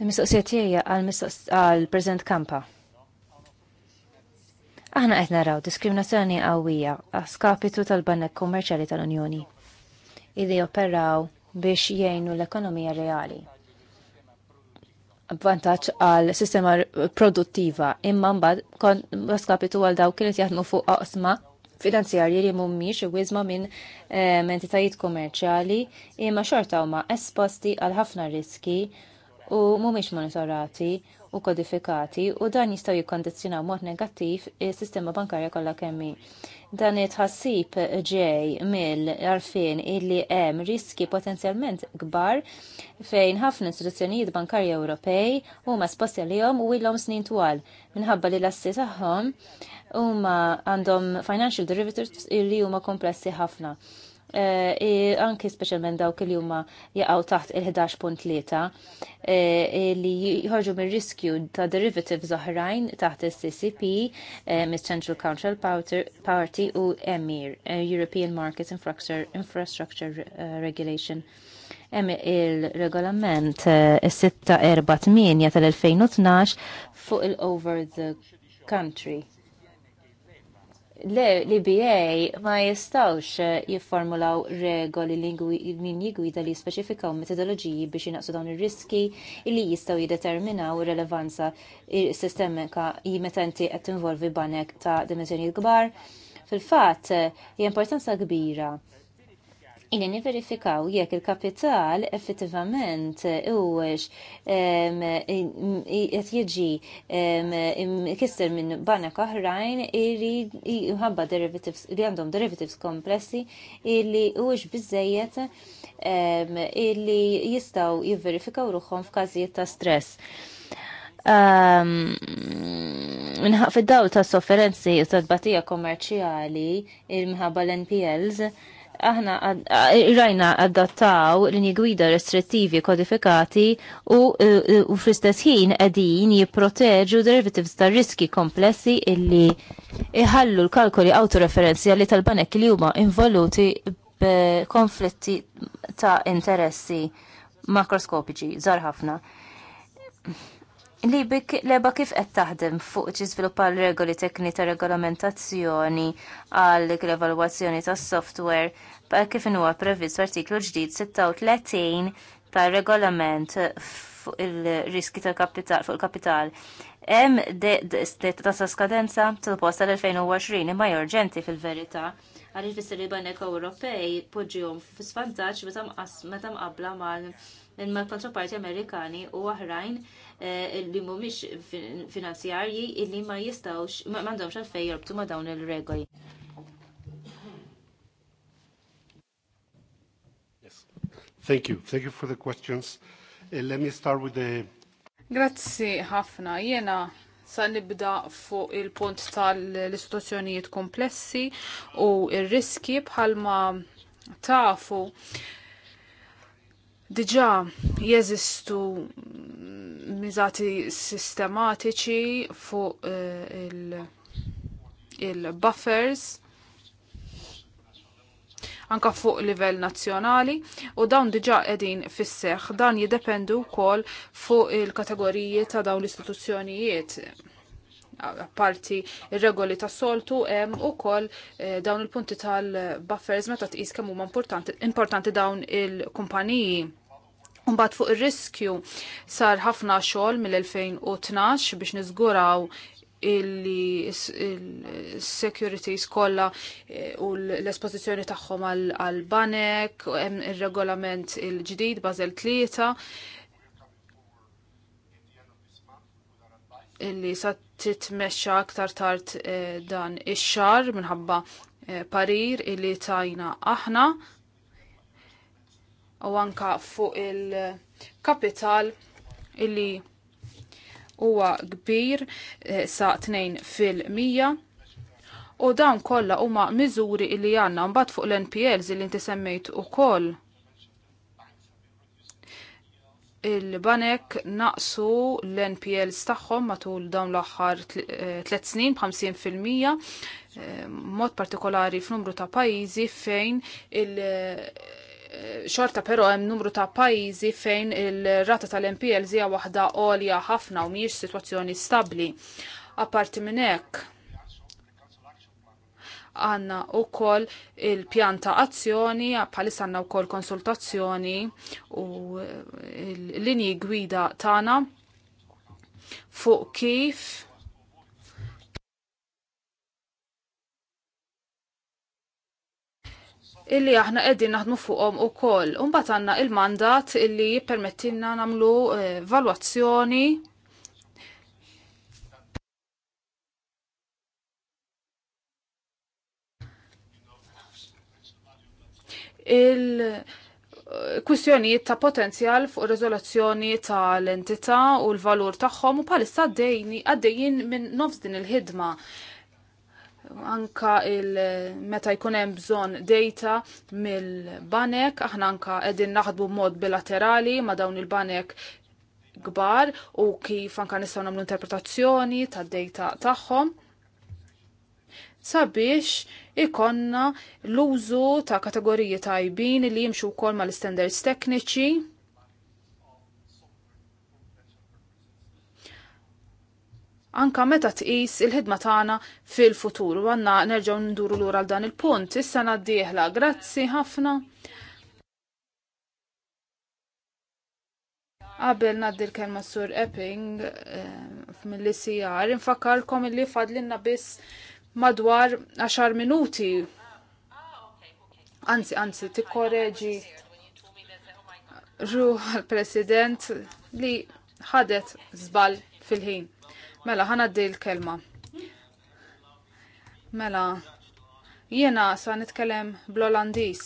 S2: Il-mistoqsija tiegħi għal-President Kampa. Aħna qed naraw diskriminazzjoni qawwija skapitu tal-banek kummerċjali tal-Unjoni illi operaw biex jgħinu l-ekonomija reali. Vantaġġ għal sistema produttiva imma mbagħad skapitu għal dawk kienet jaħdmu fuq oqsma finanzjarji li mhumiex wizma minn eh, entitajiet kummerċjali imma xorta huma esposti għal ħafna riski u mhumiex monitorati u kodifikati u dan jistgħu jikkondizzjonaw mod negattiv is-sistema bankarja kollha kemm hi. Dan it-ħassib ġej mill-arfin illi hemm riski potenzjalment kbar fejn ħafna istituzzjonijiet bankarji Ewropej huma sposti għalihom u ilhom snin twal minħabba li l-assi tagħhom huma għandhom financial derivatives illi huma komplessi ħafna Eh, anki specialment dawk li huma jaqgħu taħt il-11.3 eh, li jħorġu mir riskju ta' derivatives oħrajn taħt il-CCP eh, mis Central Council Party u EMIR, European Market Infrastructure Regulation. Hemm il-regolament 648 tal-2012 fuq il-over the country l-IBA ma jistawx jifformulaw regoli li min jigwida li jispeċifikaw metodoloġiji biex jinaqsu dawn ir-riski li jistaw jideterminaw relevanza sistemika jimetenti qed involvi banek ta' dimensjoni kbar. Fil-fatt, hija importanza kbira inni niverifikaw jekk il-kapital effettivament eh, uwex qed jiġi kisser minn banek oħrajn li jħabba derivatives li għandhom derivatives komplessi illi uwex biżejjed illi jistgħu jivverifikaw ruħhom f'każijiet ta' stress. Minħaq fid-dawl ta' sofferenzi u tad-batija kommerċjali il-mħabba l-NPLs aħna rajna adattaw linji gwida restrittivi e kodifikati u, e, e, u fl-istess ħin qegħdin jipproteġu derivatives ta' riski komplessi illi iħallu l-kalkoli autoreferenzjali tal-banek li huma involuti b'konflitti ta' interessi makroskopiċi, żar ħafna li bik leba kif qed taħdem fuq ġiżviluppa regoli tekni ta' regolamentazzjoni għal l-evalwazzjoni tas software pa' kif huwa previst artiklu ġdid 36 ta' regolament fuq il-riski ta' kapital fuq il-kapital. Hemm ta' sa skadenza tal-post tal-2020 imma jorġenti fil-verità għaliex fissi li banek Ewropej poġġihom f'svantaġġ meta mqabla mal-kontraparti Amerikani u oħrajn Eh, li mhumiex finanzjarji illi ma jistgħux m'għandhomx għalfejn jorbtu ma' dawn il-regoli.
S1: Yes. Thank you. Thank you for the questions. Eh, let me start with the
S3: Grazzi ħafna. Jena sa nibda fuq il-punt tal-istituzzjonijiet komplessi u ir-riski bħalma tafu Diġà jeżistu miżati sistematiċi fuq uh, il-buffers il anka fuq livell nazzjonali u dawn diġà qegħdin fisseħ dan jidependu wkoll fuq il-kategoriji ta' dawn l-istituzzjonijiet apparti il regoli ta' soltu hemm ukoll eh, dawn il-punti tal-buffers meta tqis kemm huma importanti, importanti dawn il-kumpaniji Mbagħad fuq ir-riskju sar ħafna xogħol mill-2012 biex niżguraw illi securities kolla eh, u l-esposizjoni tagħhom għal banek hemm ir-regolament il-ġdid Basel tlieta illi sa titmexxa aktar tard eh, dan ix-xar minħabba eh, parir illi tajna aħna u anka fuq il-kapital illi huwa kbir eh, sa 2 fil-mija u dawn kollha huma miżuri illi għandna mbagħad fuq l-NPLs illi inti semmejt ukoll il-banek naqsu l-NPLs tagħhom matul dawn l-aħħar 3 eh, snin fil-Mija, eh, mod partikolari f'numru ta' pajjiżi fejn il- xorta però hemm numru ta' pajjiżi fejn il-rata tal mpl zija waħda għolja ħafna u mhijiex sitwazzjoni stabbli. Apparti minn hekk għanna u koll il-pjan ta' azzjoni, bħalis għanna u koll konsultazzjoni u l-linji gwida tana fuq kif illi aħna qegħdin naħdmu fuqhom ukoll. Imbagħad għandna il-mandat illi jippermettilna nagħmlu eh, valwazzjoni il- eh, kwistjonijiet ta' potenzjal fuq ta' tal-entità u l-valur tagħhom u palissa għaddejjin minn nofs din il-ħidma anka il meta jkun hemm bżonn data mill-banek, aħna anka qegħdin naħdmu b'mod bilaterali ma' dawn il-banek kbar u kif anka nistgħu nagħmlu interpretazzjoni tad-data tagħhom sabiex ikonna l-użu ta' kategoriji tajbin li jimxu wkoll mal-standards tekniċi anka meta tqis il-ħidma tagħna fil-futur u għandna nerġgħu nduru lura għal dan il-punt. Issa ngħaddieħla grazzi ħafna. Qabel naddi l-kelma sur Epping eh, mill-ICR, infakkarkom li fadlinna biss madwar 10 minuti. Anzi, anzi, tikkoreġi ruħ għal-president li ħadet zbal fil-ħin. Mela, ħana d kelma Mela, jiena sa nitkellem bl-Olandis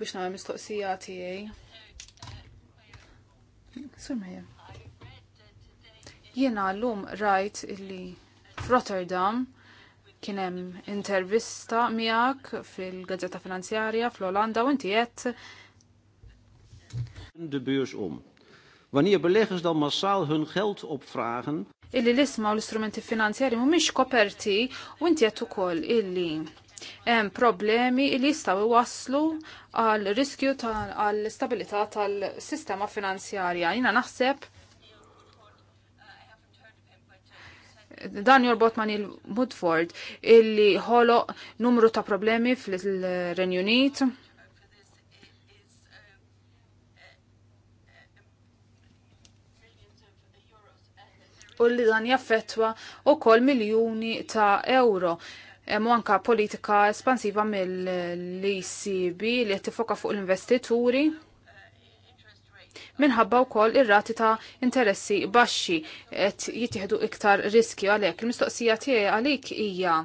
S3: biex nagħmel mistoqsija tijaj. Sur Mejer. Jiena llum rajt illi f'Rotterdam kien hemm intervista miegħek fil-Gazzetta Finanzjarja fl-Olanda u inti qed.
S1: biex um. Wanneer beleggers dan massaal hun geld opvragen.
S3: Illi lisma u l-istrumenti finanzjari mhumiex koperti u inti qed ukoll illi hemm problemi li jistgħu iwasslu għal riskju għall-istabilità tal-sistema finanzjarja. Jina naħseb dan jorbot ma' Neil Woodford illi ħoloq numru ta' problemi fil-Renju Unit u li dan jaffettwa wkoll miljuni ta' euro. Hemm anka politika espansiva mill-ECB li qed tifoka fuq l-investituri minħabba wkoll ir-rati ta' interessi baxxi qed jittieħdu iktar riskju għalhekk. Il-mistoqsija tiegħi għalik hija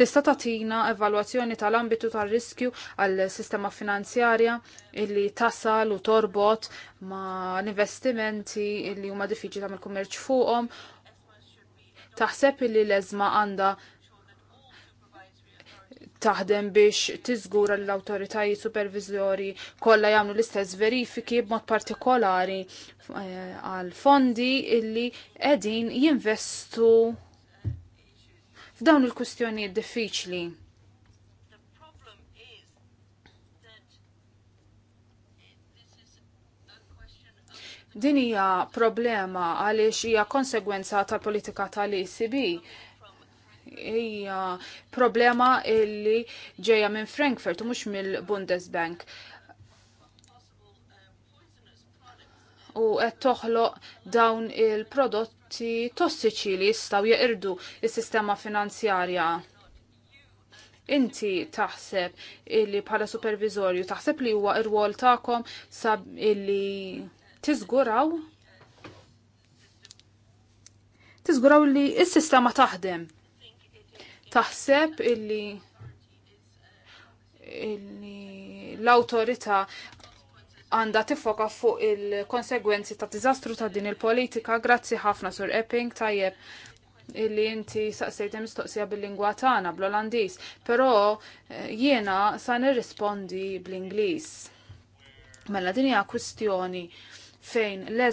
S3: Tista' tagħtina evalwazzjoni tal-ambitu tar-riskju għal sistema finanzjarja illi tasal u torbot ma' investimenti illi huma diffiċli tagħmel kummerċ fuqhom. Taħseb illi l-eżma għandha taħdem biex tiżgura l-autoritajiet supervizjori kollha jagħmlu l-istess verifiki b'mod partikolari eh, għal fondi illi qegħdin jinvestu f'dawn il-kustjonijiet diffiċli. Din hija problema għaliex hija konsegwenza tal-politika tal-ECB hija problema illi ġeja minn Frankfurt u mhux mill-Bundesbank. u qed toħloq dawn il-prodotti tossiċi li jistgħu jeqirdu is-sistema finanzjarja. Inti taħseb illi bħala supervizorju taħseb li huwa ir-wol tagħkom sab illi tiżguraw tiżguraw li s-sistema taħdem. Taħseb illi illi l-autorita għanda tifoka fuq il-konsegwenzi ta' dizastru ta' din il-politika. Grazzi ħafna sur Epping, tajjeb illi inti saqsejt mistoqsija bil-lingwa tagħna bl-Olandiż, però eh, jiena sa nirrispondi bl-Ingliż. Mela din hija kwistjoni fejn l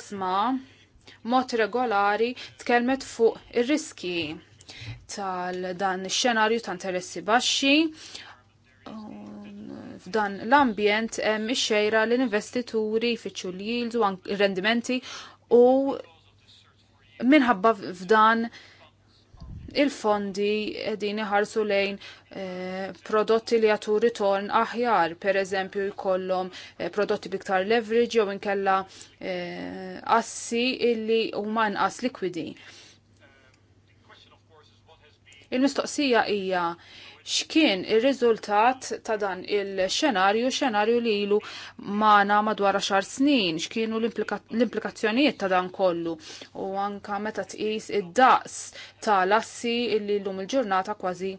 S3: mod regolari tkellmet fuq ir-riski tal dan ix-xenarju ta' interessi baxxi f'dan l-ambjent hemm ix-xejra l-investituri jfittxu l-yield u rendimenti u minħabba f'dan il-fondi din iħarsu lejn eh, prodotti li jagħtu ritorn aħjar, pereżempju jkollhom eh, prodotti biktar leverage jew inkella eh, assi illi huma inqas likwidi. Il-mistoqsija hija x'kien ir-riżultat ta' dan il-xenarju, xenarju li ilu maħna madwar xar snin, x'kienu l-implikazzjonijiet ta' dan kollu u anka meta tqis id-daqs ta' lassi illi lum il-ġurnata kważi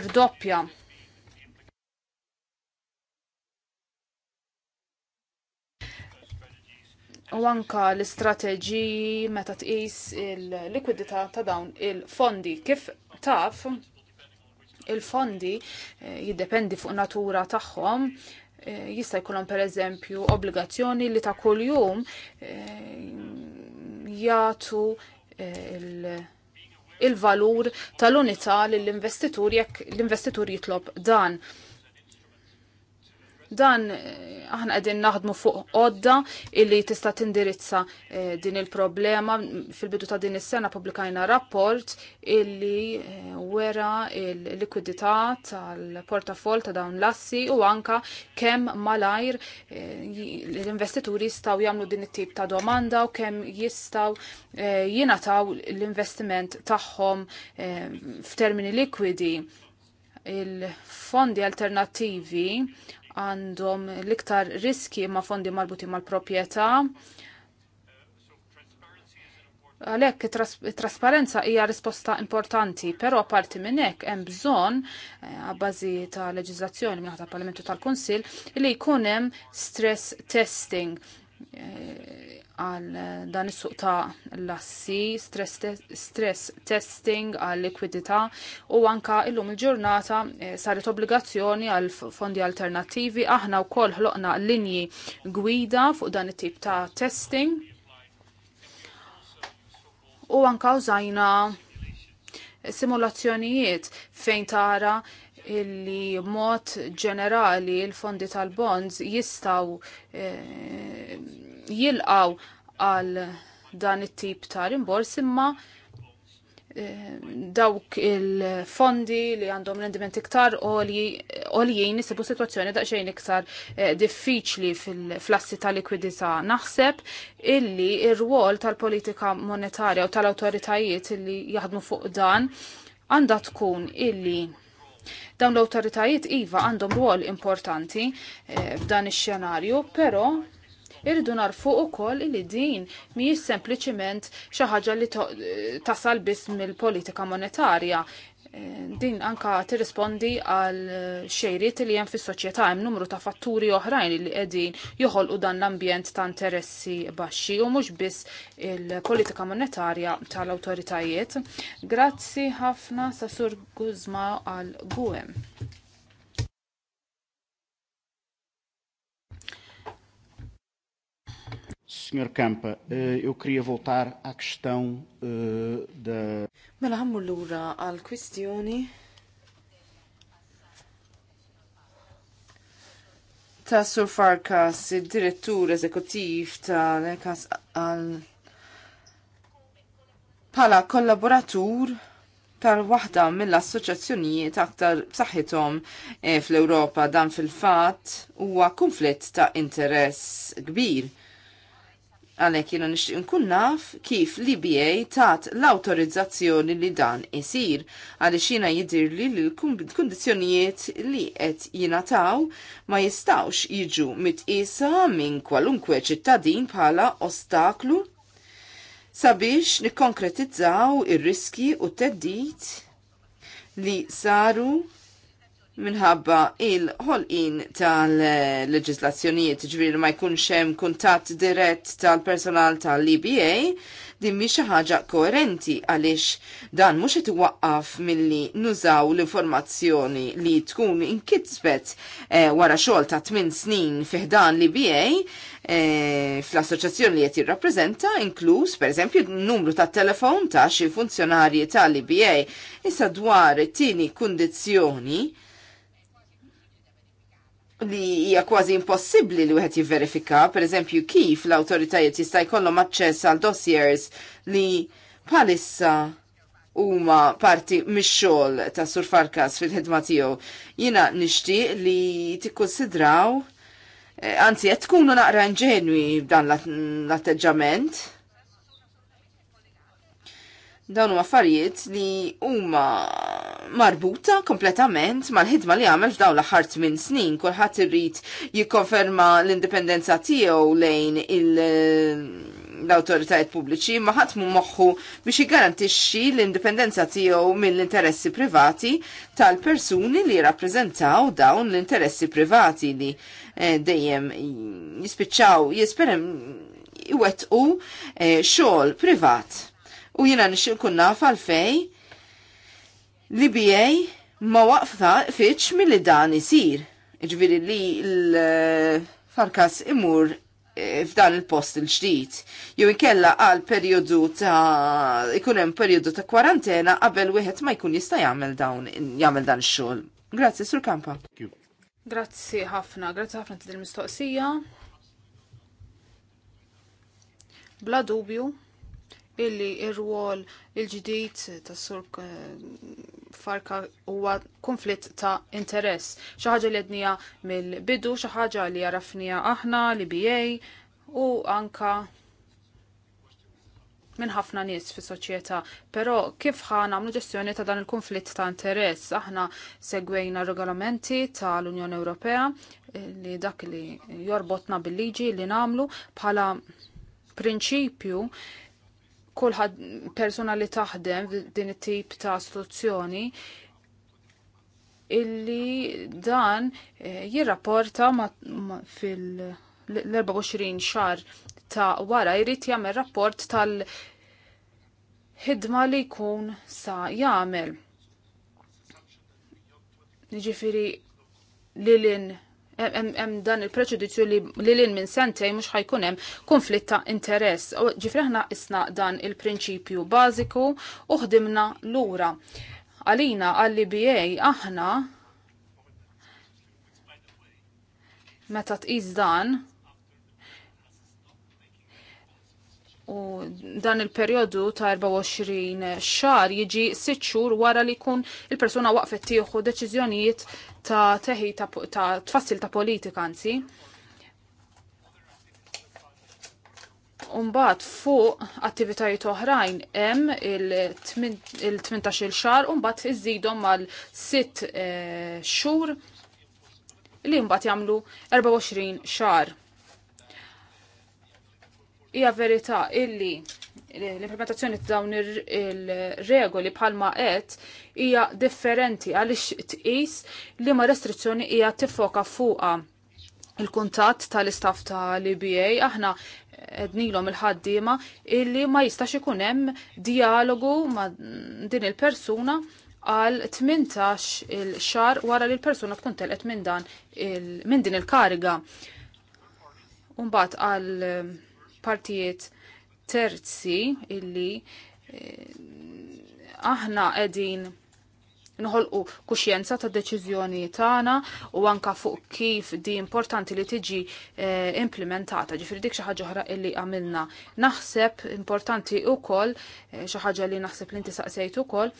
S3: irdoppja. u anka l istrateġi meta tqis il-likwidità ta' dawn il-fondi kif taf il-fondi eh, jiddependi fuq natura tagħhom eh, jista' jkunhom pereżempju obbligazzjoni li ta' kuljum eh, jagħtu il-valur tal-unità lill-investitur jekk l-investitur jitlob dan. Dan eh, aħna qegħdin naħdmu fuq għodda illi tista' tindirizza eh, din il-problema. Fil-bidu ta' din is-sena pubblikajna rapport illi eh, wera il-likwidità tal-portafol ta' dawn l-assi u anka kemm malajr l-investituri jistgħu jagħmlu din it-tip ta' domanda u kemm jistgħu jingħataw l-investiment tagħhom f'termini likwidi il-fondi alternativi għandhom l-iktar riski ma' fondi marbuti mal-propieta. Għalek, trasparenza hija risposta importanti, pero parti minn hekk hemm bżonn eh, għabbażi ta' leġiżlazzjoni minħata tal-Parlamentu tal-Kunsill li jkun hemm stress testing eh, għal dan is-suq ta' lassi, stress, te stress testing għal likwidità u anka illum il-ġurnata eh, saret obbligazzjoni għal fondi alternattivi. Aħna wkoll ħloqna linji gwida fuq dan it-tip ta' testing. U anka użajna simulazzjonijiet fejn tara illi mod ġenerali il-fondi tal-bonds jistaw e jilqaw għal dan it-tip ta' rimbors imma eh, dawk il-fondi li għandhom rendiment iktar oljien nisibu situazzjoni daqxejn iktar eh, diffiċli fil-flassi ta' likwidità. Naħseb illi ir-rwol tal-politika monetarja u tal-autoritajiet illi jaħdmu fuq dan għandha tkun illi dawn l-autoritajiet iva għandhom rwol importanti eh, f'dan ix-xenarju, però irridu narfu koll li din mhijiex sempliciment xi ħaġa li tasal biss mill-politika monetarja. Eh, din anka tirrispondi għal xejriet li hemm fis-soċjetà hemm numru ta' fatturi oħrajn li qegħdin joħolqu dan l-ambjent ta' interessi baxxi u mhux biss il-politika monetarja tal-awtoritajiet. Grazzi ħafna sa' Sur Guzma għal Guem.
S1: Sr. Kampa, eh, eu queria voltar à questão eh, da...
S4: Mela ħammu l-ura kwistjoni ta' Sr. Farkas, il-direttur eżekutiv ta' Lekas al. pala kollaboratur tal-waħda mill assoċazzjonijiet aktar b'saħħithom eh, fl-Ewropa dan fil-fatt huwa konflitt ta' interess kbir Għalek jina nishtiq nkun naf kif l-IBA tat l-autorizzazzjoni li dan isir għalix jina jidir li l-kondizjonijiet li qed taw ma jistawx jiġu isa minn kwalunkwe ċittadin bħala ostaklu sabiex nikkonkretizzaw ir-riski u t-teddit li saru minħabba il-ħolqin tal-leġislazzjonijiet ġviri ma jkunx hemm kuntatt dirett tal-personal tal-EBA din mhi xi ħaġa koerenti għaliex dan mhux qed iwaqqaf milli nużaw l-informazzjoni li tkun inkitbet eh, wara xogħol ta' 8 snin fiħdan li l e, eh, fl-assoċjazzjoni li qed jirrappreżenta inkluż pereżempju n-numru ta' telefon ta' xi funzjonarji tal-IBA issa dwar it-tieni kundizzjoni li hija kważi impossibbli li wieħed jivverifika, pereżempju kif l-awtoritajiet jista' jkollhom aċċess għal dossiers li palissa huma parti mix-xogħol ta' Sur Farkas fil-ħidma tiegħu. Jiena nixtieq li tikkunsidraw eh, anzi qed tkunu naqra inġenwi b'dan l-atteġġament. Dawn huma affarijiet li huma marbuta kompletament mal-ħidma li għamel f'dawn l-aħħar minn snin kulħadd irrid jikkonferma l-indipendenza tiegħu lejn il- l-autoritajiet pubbliċi ma ħadd mu moħħu biex jiggarantixxi l-indipendenza tiegħu mill-interessi privati tal-persuni li jirrappreżentaw dawn l-interessi privati li eh, dejjem jispiċċaw jisperem iwettqu eh, xogħol privat u jina nixil kunna għalfej li BA ma waqfa fitx mill-li dan isir. Iġviri li l-farkas imur eh, f'dan il-post il-ġdid. Jow inkella għal periodu ta' ikun hemm periodu ta' kwarantena qabel wieħed ma jkun jista' jagħmel dawn dan ix-xogħol. Grazzi sur kampa.
S3: Grazzi ħafna, grazzi ħafna dil mistoqsija. Bla dubju, illi ir-rwol il-ġdid ta' sur eh, farka huwa konflitt ta' interess. Xi ħaġa li għednija mill-bidu, xi ħaġa li jarafnija aħna, li BA u anka minn ħafna nies fis soċjetà però kif ħa nagħmlu ġestjoni ta' dan il-konflitt ta' interess aħna segwejna regolamenti tal-Unjoni Ewropea eh, li dak li jorbotna bil-liġi li nagħmlu bħala prinċipju kulħadd persona li taħdem din it-tip ta' istituzzjoni illi dan eh, jirrapporta fil-24 xar ta' wara jrid jagħmel rapport tal-ħidma li jkun sa jagħmel. Jiġifieri lilin hemm dan il-preġudizzju li lil minn sentej mhux ħajkun hemm konflitt ta' interess. Ġifri aħna isna dan il-prinċipju bażiku u ħdimna lura. Għalina għalli BA aħna meta tqis dan U dan il periodu ta' 24 xar jiġi 6 xhur wara li kun il-persuna waqfet tieħu deċiżjonijiet ta' teħi ta', ta tfassil ta' politika anzi. Umbat fuq attivitajiet oħrajn hemm il-18 xar umbat mbagħad iżidhom mal-6 eh, xhur li mbagħad jagħmlu 24 xar hija verità illi l-implementazzjoni ta' dawn ir-regoli bħalma qed hija differenti għaliex tqis li ma restrizzjoni hija tifoka fuqha il-kuntatt tal-istaff tal-IBA aħna ednilom il-ħaddima illi ma jistax ikun hemm dialogu ma' din il-persuna għal 18 il-xar wara li l-persuna tkun telqet minn dan din il-kariga. Umbat għal partijiet terzi illi eh, aħna edin nħolqu kuxjenza ta' deċiżjoni tagħna u anka fuq kif di importanti li tiġi eh, implementata. Ġifieri dik xi ħaġa oħra illi għamilna. Naħseb importanti wkoll eh, xi ħaġa li naħseb li inti saqsejt ukoll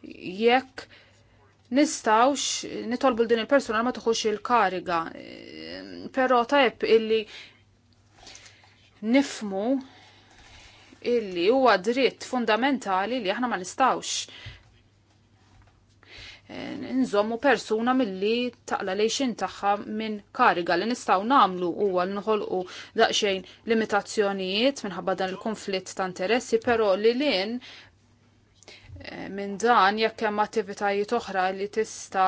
S3: jekk nistawx nitolbu din il-persuna ma tuħux il-kariga. Eh, Pero tajb illi nifmu illi huwa dritt fundamentali li aħna ma nistawx eh, nżommu persuna milli taqla lejxin tagħha minn kariga li nistgħu nagħmlu huwa li nħolqu daqsxejn limitazzjonijiet minħabba dan il-konflitt ta' interessi, però li lin Eh, minn dan jekk hemm attivitajiet oħra li tista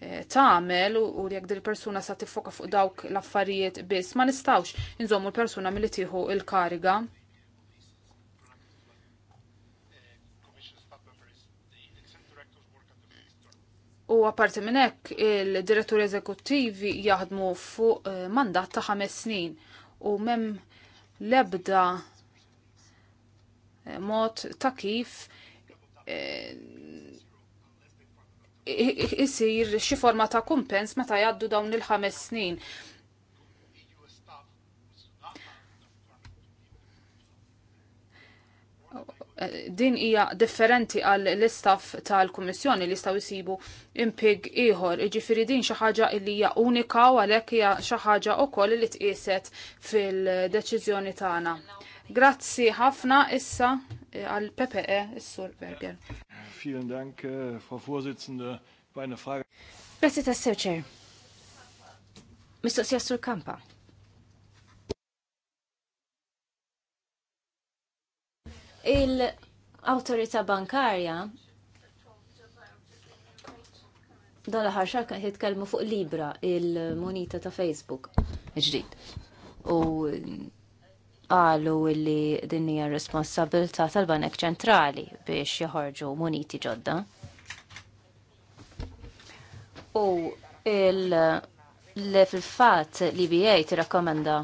S3: eh, tagħmel u jekk il persuna sa tiffoka fuq dawk l-affarijiet biss ma nistgħux inżommu l-persuna milli tieħu il-kariga. U apparti minn hekk il-diretturi eżekuttivi jaħdmu fuq eh, mandat ta' ħames snin u mem lebda mod ta' kif jisir eh, xi forma ta' kumpens meta jgħaddu dawn il-ħames snin. Din hija differenti għal l-istaff tal-Kummissjoni li staw jisibu impig ieħor, jiġifieri din xi ħaġa li hija unika u għalhekk hija xi ħaġa wkoll li tqiset fil-deċiżjoni tagħna. Grazzi ħafna issa al PPE is-Sur Berger.
S2: Vielen Dank, äh, Frau Vorsitzende, bei einer Frage. Grazie tassew, Chair. Mistoqsija Sur Kampa. Il-autorita bankarja dan ħarxa ħar kan jitkellmu fuq Libra, il-monita ta' Facebook, ġdid. U qalu li din hija responsabilità tal-Banek Ċentrali biex joħorġu muniti ġodda. U il fil-fatt li BA tirrakkomenda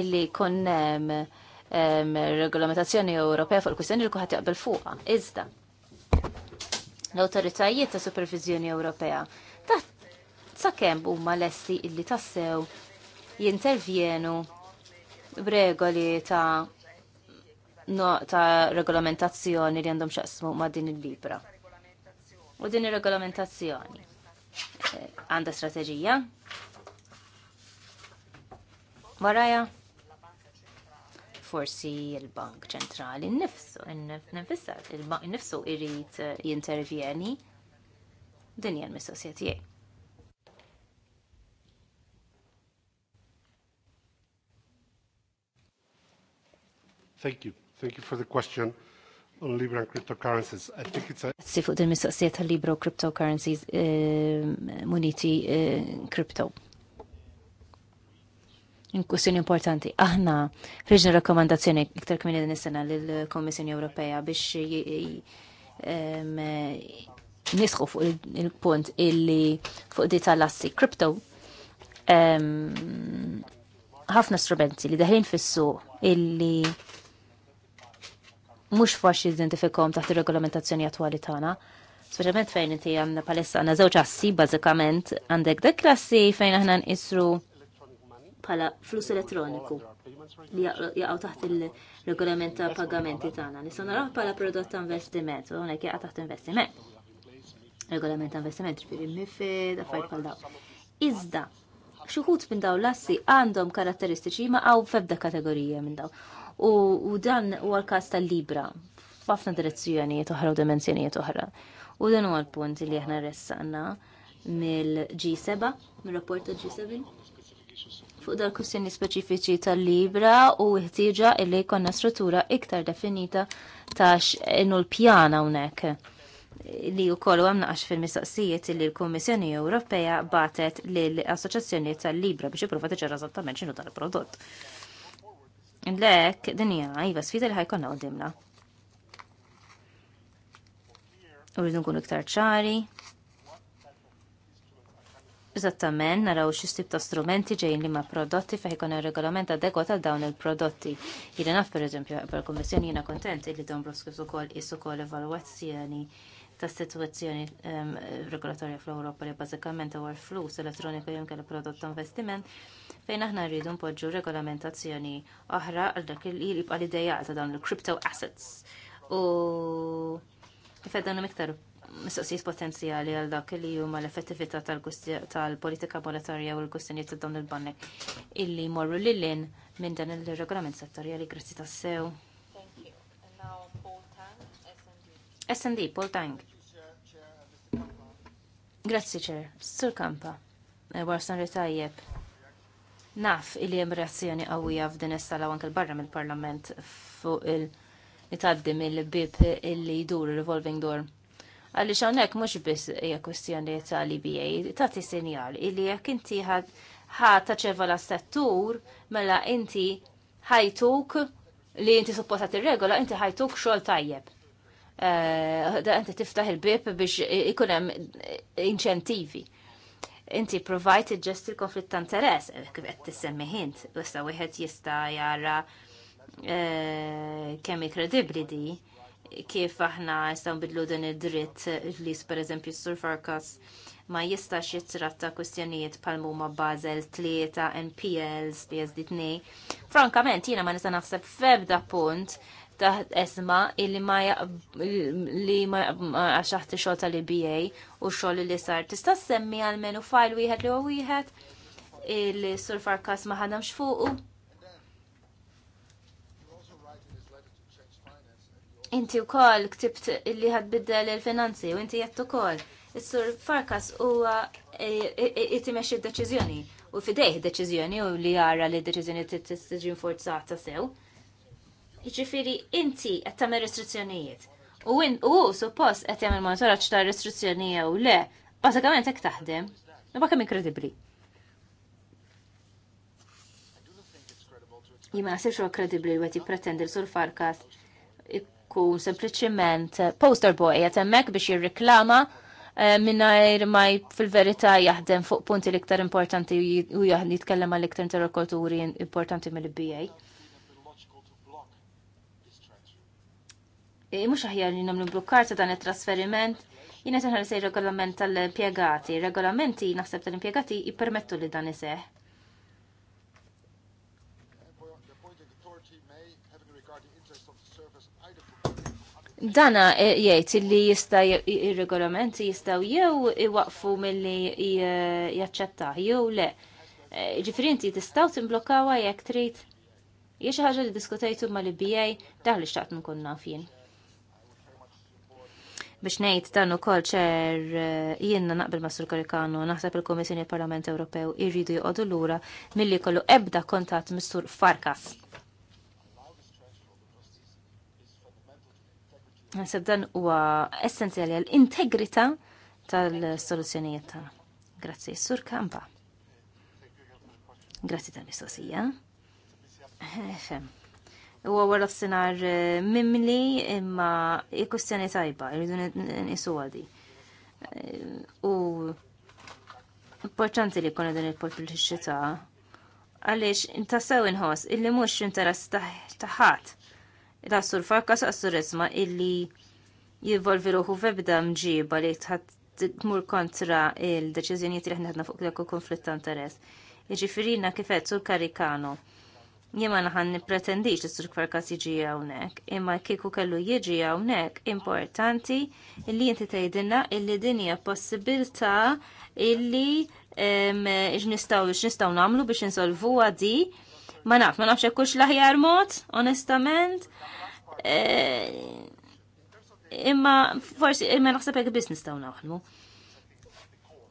S2: illi konnem regolamentazzjoni Ewropea fuq il-kwistjoni li kuħat jaqbel fuqa. Iżda, l-autoritajiet ta' supervizjoni Ewropea ta' sakemm huma lesti illi tassew jintervjenu regoli ta' no, ta' regolamentazzjoni li għandhom xaqsmu ma' din il-libra. U din il-regolamentazzjoni eh, għanda strategija? Waraja? Forsi il-Bank ċentrali nifsu, nifissa, il-Bank nifsu irrit eh, jintervjeni din jen mis-sosjetijaj.
S1: Thank you. Thank you for the question on Libra and cryptocurrencies. I think it's a...
S2: Si fuq din mistoqsija ta' libra u cryptocurrencies ehm, muniti eh, crypto. Kwestjoni importanti. Aħna ħriġna rakkomandazzjoni iktar kmini din is-sena lill-Kommissjoni Ewropea biex ehm, nisħu fuq il-punt illi fuq di tal-assi crypto ehm, ħafna strumenti li daħlin fis-suq illi mhux faċli identifikhom taħt ir-regolamentazzjoni attwali tagħna. Speċjalment fejn inti għandna palissa għandna żewġ assi bażikament għandek dak klassi fejn aħna nqisru bħala flus elettroniku li jaqgħu taħt il-regolament ta' pagamenti tagħna. Nista' naraw bħala prodott ta' investiment, u hawnhekk jaqa' taħt investiment. Regolament ta' investiment ġifieri mifid, affarijiet bħal dawn. Iżda, xuħut minn daw assi għandhom karatteristiċi ma għaw febda kategorija minn daw u, dan huwa l-każ tal-libra f'ħafna direzzjonijiet oħra u dimensjonijiet oħra. U dan huwa l-punt li aħna ressanna mill-G7, mill-rapport ta' G7 fuq dal kussjoni speċifiċi tal-libra u ħtieġa illi jkollna struttura iktar definita tax innu l-pjana hawnhekk li u kollu għamnaqax fil-mistaqsijiet li l-Kommissjoni Ewropea batet l assoċazzjoni tal-Libra biex iprofa tiċer zattament x'inhu tal-prodott. Lek, din hija iva sfida li ħajkonna qoddimna. Uridu nkunu iktar ċari. Eżattament, naraw stib ta' strumenti ġejjin li ma' prodotti fejn ir regolament adegwat għal dawn il-prodotti. Jiena naf pereżempju per kummissjoni jiena kontent li Dombrovskis ukoll is sukoll evalwazzjoni ta' situazzjoni um, regolatorja fl-Ewropa li bażikament huwa flus elettroniku jumke inkella prodott ta' investiment fejn aħna rridu npoġġu regolamentazzjoni oħra għal dak li jibqa' l-idea ta' dawn il-crypto assets. U ifeddanu miktar mistoqsijiet potenzjali għal dak li huma l-effettività tal-politika monetarja u l-kustinijiet ta' dawn il-bannek illi morru lilin minn dan il-regolament settorjali grazzi tassew. sew. SND, Paul Tang. Grazzi ċer, Sur Kampa, eh, warsan ritajjeb. Naf il-li reazzjoni għawija f'din is-sala anke barra mill-Parlament fuq il- nitaddi mill-bib illi jidur revolving door. Għalli xawnek mux biss hija kwestjoni ta' LBA, ta' ti sinjal, illi jekk inti ħata ċeva la settur, mela inti ħajtuk li inti supposta regola inti ħajtuk xol tajjeb. Eh, da inti tiftaħ il-bib biex ikun hemm inċentivi. Inti provajt iġġest il-konflitt ta' interess, eh, kif qed hint. ħint, sta' wieħed jista' jara eh, kemm kredibbli di kif aħna jistgħu bidlu din id-dritt li pereżempju s-sur Farkas ma jistax jitratta' kwistjonijiet palmu ma Basel 3, NPLs, PSD 2. Frankament, jiena ma nista' naħseb febda punt taħt esma illi ma li ma għaxaħt xogħol tal-IBA u xogħol li sar. Tista' semmi għal menu fajl wieħed li huwa wieħed il-sur farkas ma ħadamx xfuqu. Inti wkoll ktibt ħad biddel il-finanzi u inti jett ukoll. Is-sur farkas huwa e, e, e, meċi d-deċiżjoni u d deċiżjoni u li jara li d t tiġi forzata sew. Jiġifieri inti qed tagħmel restrizzjonijiet. U win u suppost qed jagħmel monitoraġġ ta' restrizzjoni jew le, bażikament hekk taħdem. Ma kemm inkredibbli. Jien ma nasibx huwa kredibbli li wieħed jippretendi sur farkas ikun sempliċement poster boy qed hemmhekk biex jirriklama eh, minnajr ma fil-verità jaħdem fuq punti l-iktar importanti u jaħdem jitkellem għal iktar interlokuturi importanti mill-BA. Eh, mhux aħjar li nagħmlu blukkar ta' dan it-trasferiment jiena tinħar se regolament tal-impjegati. Regolamenti naħseb tal-impjegati jippermettu li dan iseħ. Dana eh, jgħid li jista' ir-regolamenti jistgħu jew iwaqfu milli jaċċettaħ jew le. Eh, ġifieri inti tistgħu timblokkawa jekk trid. Hija xi ħaġa li diskutejtu mal-BA daħli xtaqt nkun nafjien biex ngħid dan ukoll ċer eh, jiena naqbel ma' Sur Korikano naħseb il-Kummissjoni Parlament Ewropew irridu l-ura lura milli kollu ebda kontatt mis-Sur Farkas. Naħseb dan huwa essenzjali għall integrità tal-soluzzjonijiet tagħna. Grazzi, Sur Kampa. Grazzi tal-mistoqsija. Fem u għawar l-sinar eh, mimli imma kustjoni tajba, irridu nisu għadi. Eh, u importanti li kuna din il-politiċità għalix intassaw inħoss illi mux interess taħat ta' sur farkas assurizma illi jivolvi ruħu febda mġiba li tmur kontra il-deċizjoniet li ħna fuq l konflitt ta' interess. Iġifirina kifet sur karikano Jema naħan nipretendix li Sur Kvarkas jiġi hawnhekk, imma kieku kellu jiġi għawnek, importanti li inti tgħidilna illi din hija possibilità illi x'nistgħu x'nistgħu nagħmlu biex insolvuha di ma naf, ma nafx ekkux laħjar mod, onestament. Eh, imma forsi, imma naħseb jek business taw naħnu.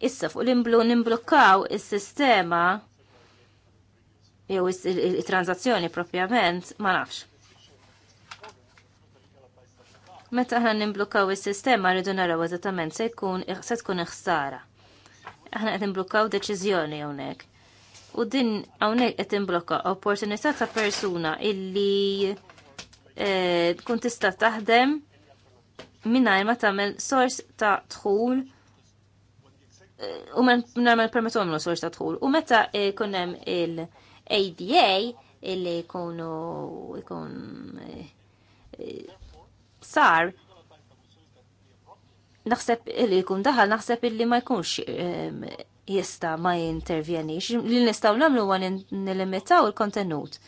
S2: Issa fuq l-imblu nimblokkaw il-sistema jew il-transazzjoni propjament ma nafx. Meta ħan nimblukkaw is-sistema rridu naraw eżattament se jkun se tkun iħsara. Aħna qed nimblukkaw deċiżjoni hawnhekk. U din hawnhekk qed imblokka opportunità ta' persuna illi e, tkun tista' taħdem mingħajr ma tagħmel sors ta' dħul e, u minn permettu sors ta' dħul. U meta e, kunem il- ADA illi jkunu jkun eh, sar naħseb illi jkun daħal naħseb illi ma jkunx eh, jista ma jintervjenix. Li nistaw namlu għan nilimitaw il-kontenut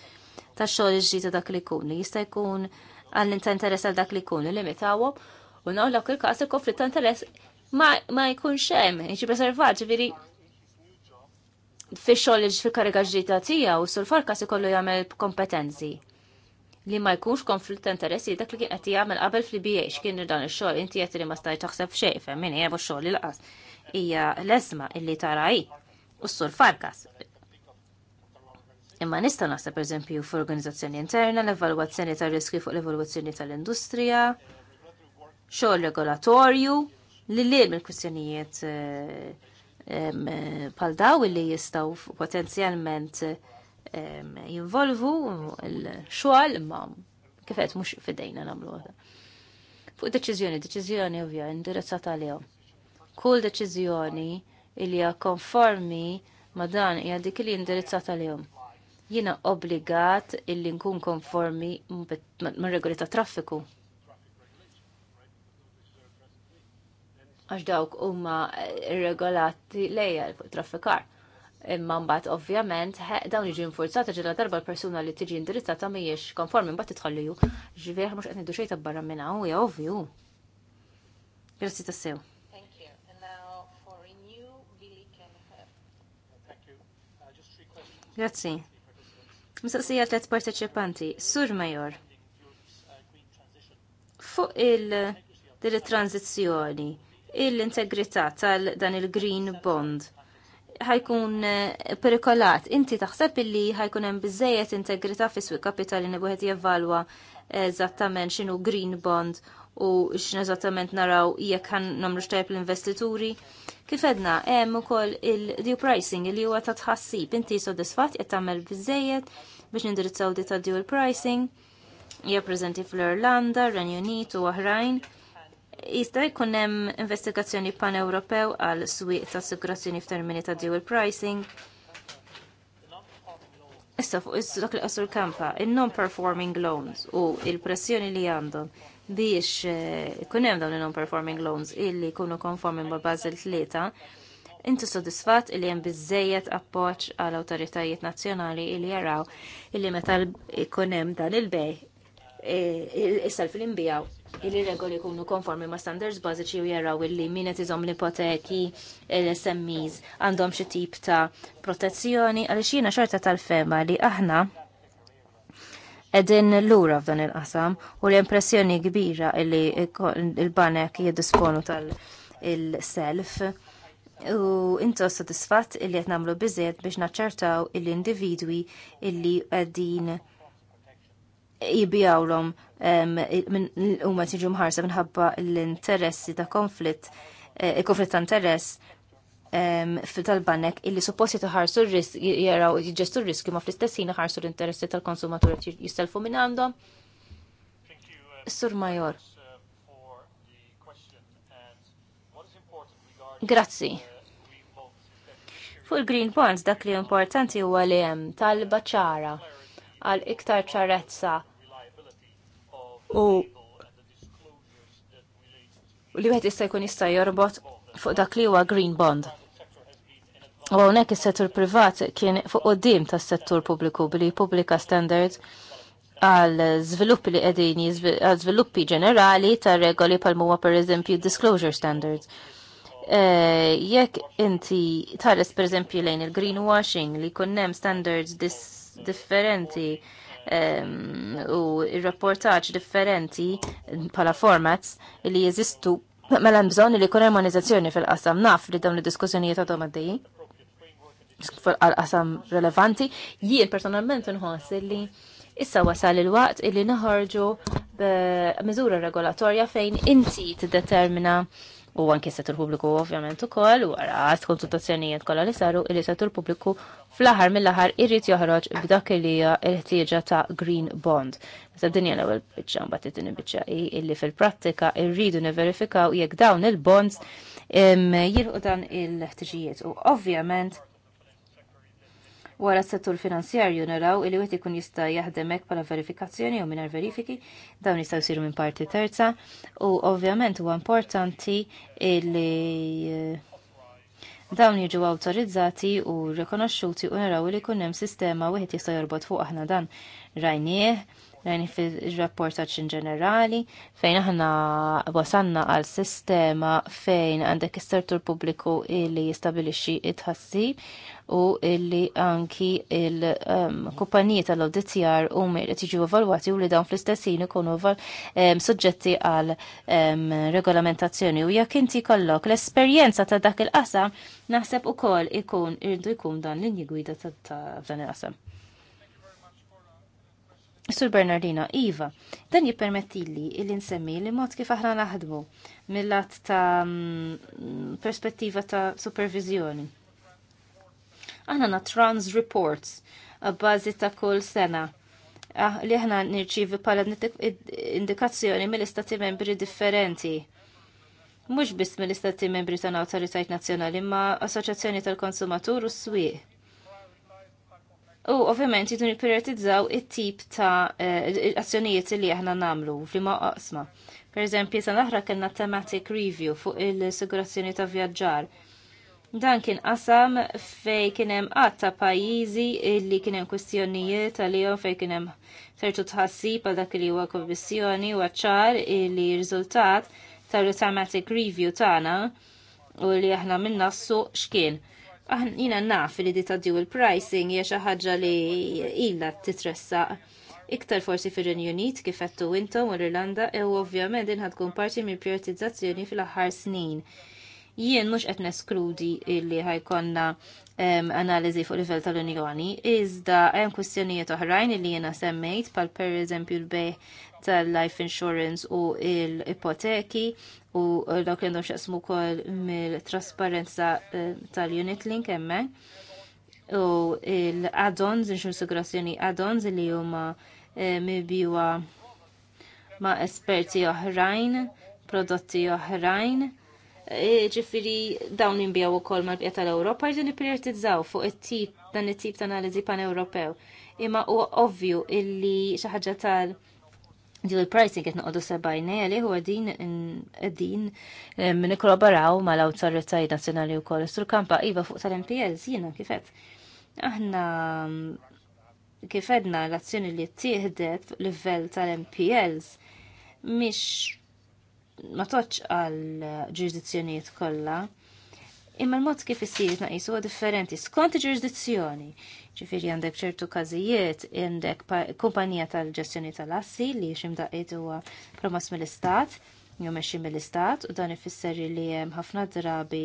S2: ta' xogħol ġdid dak li jkun. Jista' jkun għall ta' interess għal dak li jkun limitawhom u nawlak il-każ il-konflitt ta' interess ma jkunx hemm, jiġi preservat, ġifieri fi xogħol fil-kariga ġdida tiegħu sur farkas ikollu jagħmel kompetenzi li ma jkunx konflitt ta' interessi dak li kien qed jagħmel qabel fil ba x'kien dan ix-xogħol inti qed li ma stajt taħseb xejn femmin hija x-xogħol li hija l-esma illi hi, u s-sur farkas. Imma nista' naħseb eżempju f'organizzazzjoni interna, l-evalwazzjoni tar riski fuq l-evalwazzjoni tal-industrija, xogħol regolatorju, li l mill-kwistjonijiet eh, Eh, pal daw li jistaw potenzjalment jinvolvu l-xogħol imma kif qed mhux fidejna għada. Fuq deċiżjoni, deċiżjoni ovvja indirizzata għalihom. Kull deċiżjoni li hija konformi ma dan hija dik li indirizzata għalihom. Jiena obbligat illi nkun konformi mar regoli ta' traffiku għax dawk huma regolati lejja fuq traffikar. Imma mbagħad ovvjament dawn jiġu infurzati ġela darba l-persuna li tiġi indirizzata mhijiex konformi mbagħad titħallu ju. Ġifier mhux qed ngħidu xejn tabbarra minn hawn hija ovvju. Grazzi tassew. Grazzi. Mistaqsija tliet parteċipanti. Sur Major. Uh, fuq il it-transizzjoni l-integrità tal dan il-Green Bond ħajkun eh, perikolat. Inti taħseb illi ħajkun hemm biżejjed integrità fis swieq kapitali li wieħed jevalwa eh, eżattament x'inhu Green Bond u eżattament naraw jekk ħan nagħmlu xtajb l-investituri. Kif edna, hemm ukoll il-due pricing li huwa ta' tħassib. Inti sodisfatt qed tagħmel biżejjed biex nindirizzaw di ta' due pricing. Hija preżenti fl-Irlanda, Renju Unit u oħrajn. Jista' jkun hemm investigazzjoni pan-Ewropew għal swieq ta' assigurazzjoni f'termini ta' dual pricing. Issa fuq dak li qasur kampa, il-non-performing loans u il-pressjoni li għandhom biex eh, ikun hemm dawn il-non-performing loans illi jkunu konformi ma' Basel tlieta, inti sodisfatt illi hemm biżejjed appoġġ għal awtoritajiet nazzjonali illi jaraw illi meta ikun hemm dan il-bej issa l fil illi regoli jkunu konformi ma' standards bażiċi u jaraw illi min qed iżhom l-ipoteki l-SMEs għandhom xi tip ta' protezzjoni għaliex jiena xorta tal-fema li aħna Edin l-ura f'dan il-qasam u l-impressjoni kbira illi il-banek jiddisponu tal-self u intu soddisfatt illi qed nagħmlu biżiet biex naċċertaw il-individwi illi qegħdin jibjawlom u ma tiġu mħarsa minħabba l-interessi ta' konflitt, eh, konflitt ta' interess fil banek illi supposti taħarsu r-risk, jaraw jġestu r risk ma fl istessina ħarsu l-interessi tal-konsumatur jistelfu minn għandhom. Sur Major. Grazzi. Fu l green Bonds dak li importanti huwa li hemm tal ċara għal iktar ċarezza u li wieħed jista' jkun jista' jorbot fuq dak li huwa green bond. U hawnhekk is-settur privat kien fuq qudiem tas-settur pubbliku billi pubblika standards għal żviluppi li qegħdin għal żviluppi ġenerali ta' regoli pal huwa pereżempju disclosure standards. E, jekk inti tħares pereżempju lejn il-greenwashing li jkun hemm standards dis differenti ehm, u il-rapportaċ differenti pala formats li jeżistu mela bżon li kun armonizzazzjoni fil-qasam naf li dawn id-diskussjonijiet għadhom għaddejjin għal-qasam relevanti jien personalment nħoss li issa wasal il-waqt illi naħarġu b'miżura regolatorja fejn inti tiddetermina determina u għanki settur pubbliku ovvjament ukoll u wara konsultazzjonijiet kollha li saru il settur pubbliku fl-aħħar mill-aħħar irrit joħroġ b'dak li hija l-ħtieġa ta' green bond. Meta dinja l-ewwel bieċa, mbagħad it-tieni biċċa illi fil-prattika rridu niverifikaw jekk dawn il-bonds jirħu dan il-ħtiġijiet u ovvjament Wara s-settur finanzjarju naraw li wieħed ikun jista' jaħdem hekk bħala verifikazzjoni u mingħajr verifiki dawn jistgħu jsiru minn parti terza u ovvjament huwa importanti li eh, dawn jiġu awtorizzati u rikonoxxuti u naraw li jkun hemm sistema wieħed jista' jorbot fuq aħna dan rajnieh Rajni fil-rapport ta' ġenerali fejn aħna wasanna għal sistema fejn għandek is-sertur pubbliku illi jistabilixxi it-ħassib u illi anki il-kumpaniji ehm, tal-auditjar u qed jiġu evalwati u li dawn fl-istessin ikunu ehm, suġġetti għal ehm, regolamentazzjoni u jekk inti kollok l-esperjenza ta' dak il-qasam naħseb ukoll ikun irdu jkun dan l-inji gwida ta' dan il-qasam. Sur Bernardino, Iva, dan jippermetti li il-insemmi li mod kif aħna naħdmu mill-lat ta' mm, perspettiva ta' supervizjoni. Aħna na trans reports bazi ta' kull sena ah, li aħna nirċivi pala indikazzjoni mill-istati membri differenti. Mux biss mill-istati membri ta' autoritajt nazjonali ma' assoċjazzjoni tal-konsumatur u s-swieq U ovvjament jidun jiprioritizzaw it-tip ta' eh, azzjonijiet li aħna namlu f'lima qasma. Per eżempju, sa' naħra kellna thematic review fuq il-sigurazzjoni ta' vjaġġar. Dan kien qasam fej kien hemm qatt ta' pajjiżi li kien hemm kwistjonijiet għalihom fej kien hemm ċertu tħassib għal dak li huwa kommissjoni u ċar li riżultat tal-thematic review tagħna u li aħna minna s-suq xkien. Aħna naf li di taddiw il pricing hija xi ħaġa li illa titressaq iktar forsi fir-Renju Unit kif għattu intom u l-Irlanda ew ovvjament din ħadkun parti mill prioritizzazzjoni fl-aħħar snin. Jien mhux qed neskludi li ħajkonna analiżi fuq livell tal-Unjoni, iżda hemm kwistjonijiet oħrajn li jiena semmejt bħal pereżempju l bej tal-life insurance u l-ipoteki u eh, dawk li għandhom xaqsmu kol mill-trasparenza eh, tal-unit link emme u l-add-ons, inxun addons add-ons li huma eh, mibjuwa ma' esperti oħrajn, prodotti oħrajn. Ġifiri dawn nbijaw u kol mal-bqiet tal-Europa jġu niprioritizzaw fuq it-tip dan it-tip ta' analizi pan-Ewropew. Imma u ovvju illi xaħġa tal- Dil il-pricing qed noqogħdu sebajni għalih huwa din qegħdin eh, nikkolaboraw mal-awtoritajiet nazzjonali wkoll. Sur kampa iva fuq tal-MPLs jiena kifet. Aħna mm, kif edna l-azzjoni li tieħdet livell tal-MPLs mhix ma toċ għal ġurisdizzjonijiet kollha imma l-mod kif isir naqis huwa differenti skont ġurisdizzjoni ċifiri għandek ċertu kazijiet, għandek kumpanija tal-ġestjoni tal-assi li ximdaqiet huwa promoss mill-istat, jew xim mill-istat, u dan ifisser li hemm ħafna drabi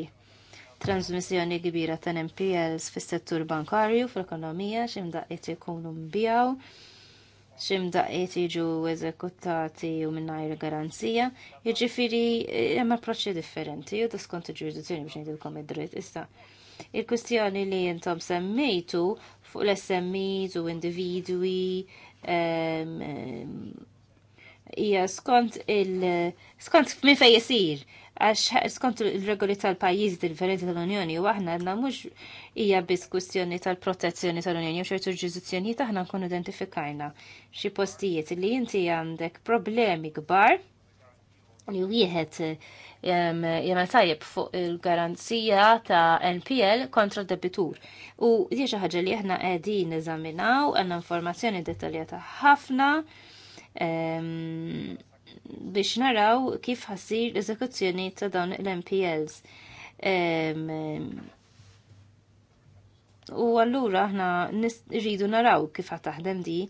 S2: transmissjoni kbira ta' NPLs fis-settur bankarju fl-ekonomija daqqiet ikunu mbijaw daqqiet jiġu eżekutati u minnajr garanzija, jiġifiri hemm approċċi differenti u diskonti ġurisdizzjoni biex nidilkom id-dritt issa. Il-kustjoni li jintom semmejtu fuq l-SMEs u individwi hija skont il skont minn fejn isir għax skont il-regoli tal-pajjiż differenti tal-Unjoni u aħna għandna mhux hija biss kwistjoni tal-protezzjoni tal-Unjoni u ċertu ġurisdizzjonijiet aħna nkunu identifikajna xi postijiet li inti għandek problemi kbar li wieħed jemel tajjeb fuq il-garanzija ta' NPL kontra debitur. U di ħagġa ħaġa li aħna qegħdin eżaminaw għanna informazzjoni dettaljata ħafna biex naraw kif ħassir l ezekuzzjoni ta' dawn l-NPLs. U allura aħna rridu naraw kif ħataħdem di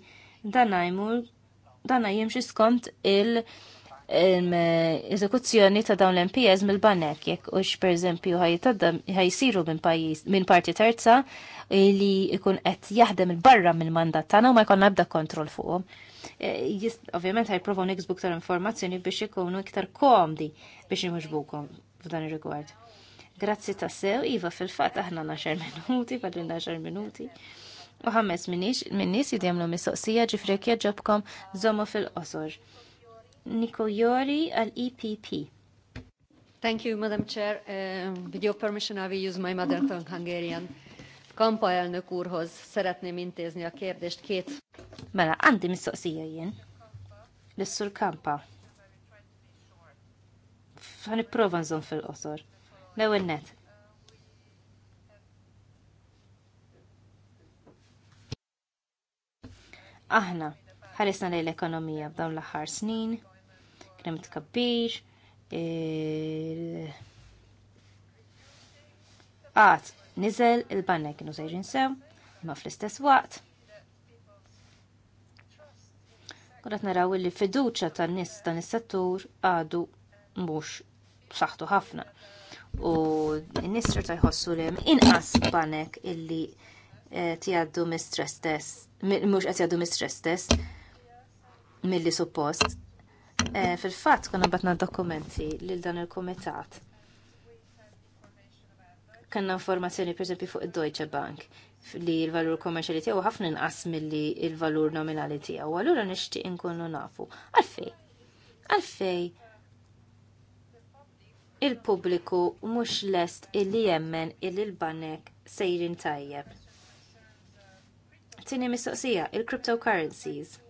S2: dan jimxi skont il- eżekuzzjoni ta' dawn l-MPS mill-banek, jekk ux per eżempju ħajsiru minn pajis, minn parti terza li ikun qed jaħdem il-barra mill-mandat tagħna u ma jkollna ebda kontroll fuqhom. E, ovvjament ħajprovaw niksbu iktar informazzjoni biex ikunu iktar komdi biex imħuġbukom f'dan ir-rigward. Grazzi ta' sew, Iva fil-fatt aħna 10 minuti, fadlinna 10 minuti. U ħames minnis jidjemlu mistoqsija ġifrek jaġobkom zomu fil-qosor. Nikojori għal-EPP. Thank you, Madam Chair. Um, with your permission, I will use my mother tongue Hungarian. Kampa elnök úrhoz szeretném intézni a kérdést két... Mela, Andi, mi jien. L-sur Kampa. Fani provanzon fel fil-qosor. L-ewel net. Aħna, ħarisna l-ekonomija b'dawn l-aħħar snin, krem tkabbir, il Għat, nizel, il-banna kienu sejġin sew, imma fl-istess waqt. Kurat naraw li fiduċa tan nis tan is-settur għadu mhux saħtu ħafna. U n-nisser ta' jħossu li inqas banek illi eh, tjaddu mistress test, mhux qed jgħaddu mistress test milli suppost Eh, fil-fatt konna batna dokumenti lil dan il-komitat. Kanna informazzjoni per esempio fuq id-Deutsche Bank li l-valur komerċjali tiegħu ħafna inqas milli l-valur nominali tiegħu. Allura nixtieq inkunu nafu. Għalfej? Għalfej il-pubbliku mhux lest illi jemmen illi l-banek sejrin tajjeb. Tieni mistoqsija, il-cryptocurrencies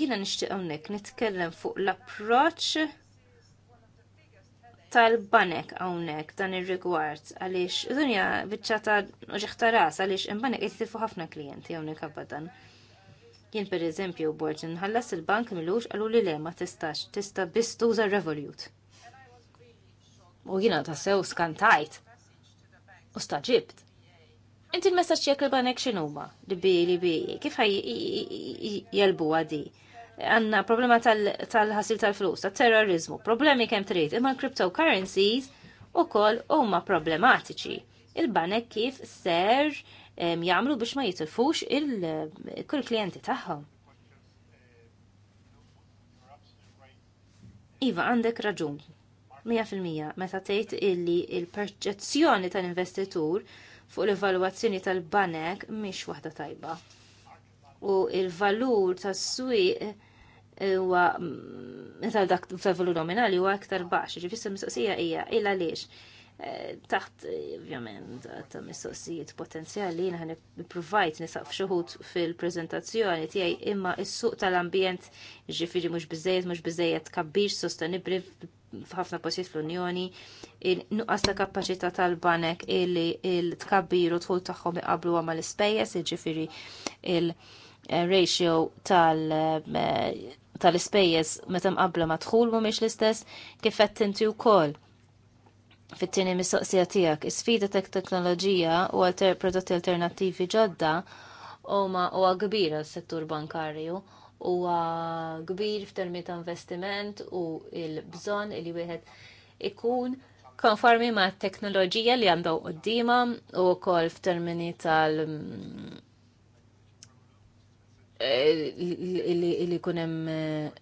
S2: Jiena nixtieq hawnhekk nitkellem fuq l-approċċ tal-banek hawnhekk dan ir-rigward għaliex dunja biċċa ta' ras għaliex imbanek jistifu ħafna klijenti hawnhekk għabadan. Jien pereżempju bort nħallas il-bank milux għalu li le ma tistax tista' biss tuża Revolut. U ta' sew skantajt. U staġibt Inti l-messaċ jek l-banek xinuma, li bi li bi, kif ħaj jelbu għadi? Għanna problema tal-ħasil tal-flus, tal-terrorizmu, problemi kem trid, imma l-cryptocurrencies u koll huma problematiċi. Il-banek kif ser jagħmlu biex ma jitilfux il-kull klienti tagħhom. Iva, għandek raġun. 100% meta tgħid illi il-perċezzjoni tal-investitur il perċezzjoni tal investitur fuq l-evalwazzjoni tal-banek mhix waħda tajba. U l valur tas-swieq eh, huwa mm, meta dak tal-valur nominali huwa aktar baxx, ġifieri mistoqsija hija il għaliex. Eh, taħt eh, ovvjament ta' mistoqsijiet potenzjali jiena nippruvajt nisaf xuħud fil-preżentazzjoni tiegħi imma s-suq tal-ambjent ġifiri mhux biżejjed mhux biżejjed kabbix sostenibri, f'ħafna postijiet fl-Unjoni, nuqqas ta' kapaċità tal-banek illi il-tkabbiru tħul tagħhom iqablu għamal l-ispejjeż, jiġifieri il-ratio eh, tal- eh, tal-ispejjeż meta mqabbla ma tħul mhumiex l-istess kif qed inti wkoll fit-tieni mistoqsija tiegħek. Is-sfida ta' teknoloġija u prodotti alternattivi ġodda huma huwa kbira s-settur bankarju huwa kbir f'termi ta' investiment u il-bżonn li wieħed ikun konformi ma' teknoloġija li għandaw qoddima u kol f'termini tal eh, li kunem eh,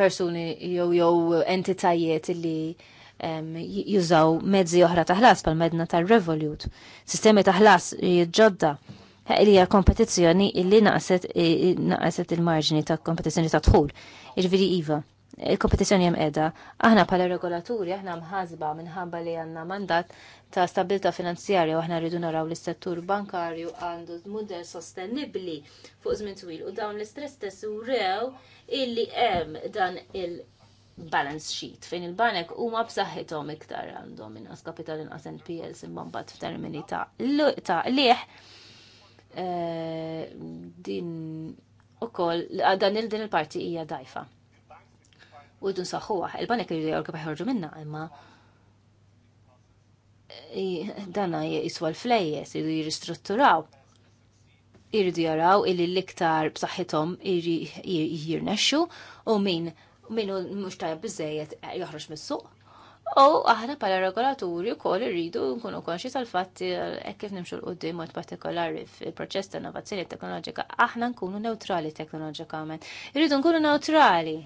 S2: persuni jew jew entitajiet li jużaw mezzi oħra taħlas pal medna tal-Revolut. Sistemi taħlas jġodda li hija kompetizzjoni illi naqset naqset il-marġini ta' kompetizzjoni ta' dħul. Iġviri iva, il-kompetizzjoni hemm qiegħda. Aħna bħala regolaturi aħna mħasba minħabba li għandna mandat ta' stabilta' finanzjarja u aħna rridu naraw li settur bankarju għandu model sostenibbli fuq żmien twil u dawn l-istress test rew illi hemm dan il- balance sheet fejn il-banek huma b'saħħithom iktar għandhom as kapital in NPLs imma mbagħad f'termini ta' lieħ Eh, din koll, dan il-din il-parti hija dajfa. U dun saħħuha, il-banek li jorka bħħorġu minna imma dana jiswa l-flejjes, jridu jiristrutturaw. Jridu jaraw illi l-iktar b'saħħithom jirnexxu u min minu mhux tajjeb biżejjed eh, joħroġ mis-suq U aħna pala regolaturi wkoll rridu nkunu konxi tal-fatt e kif nimxu l qudiem mod partikolari fil-proċess ta' innovazzjoni teknoloġika, aħna nkunu neutrali teknoloġikament. Irridu nkunu neutrali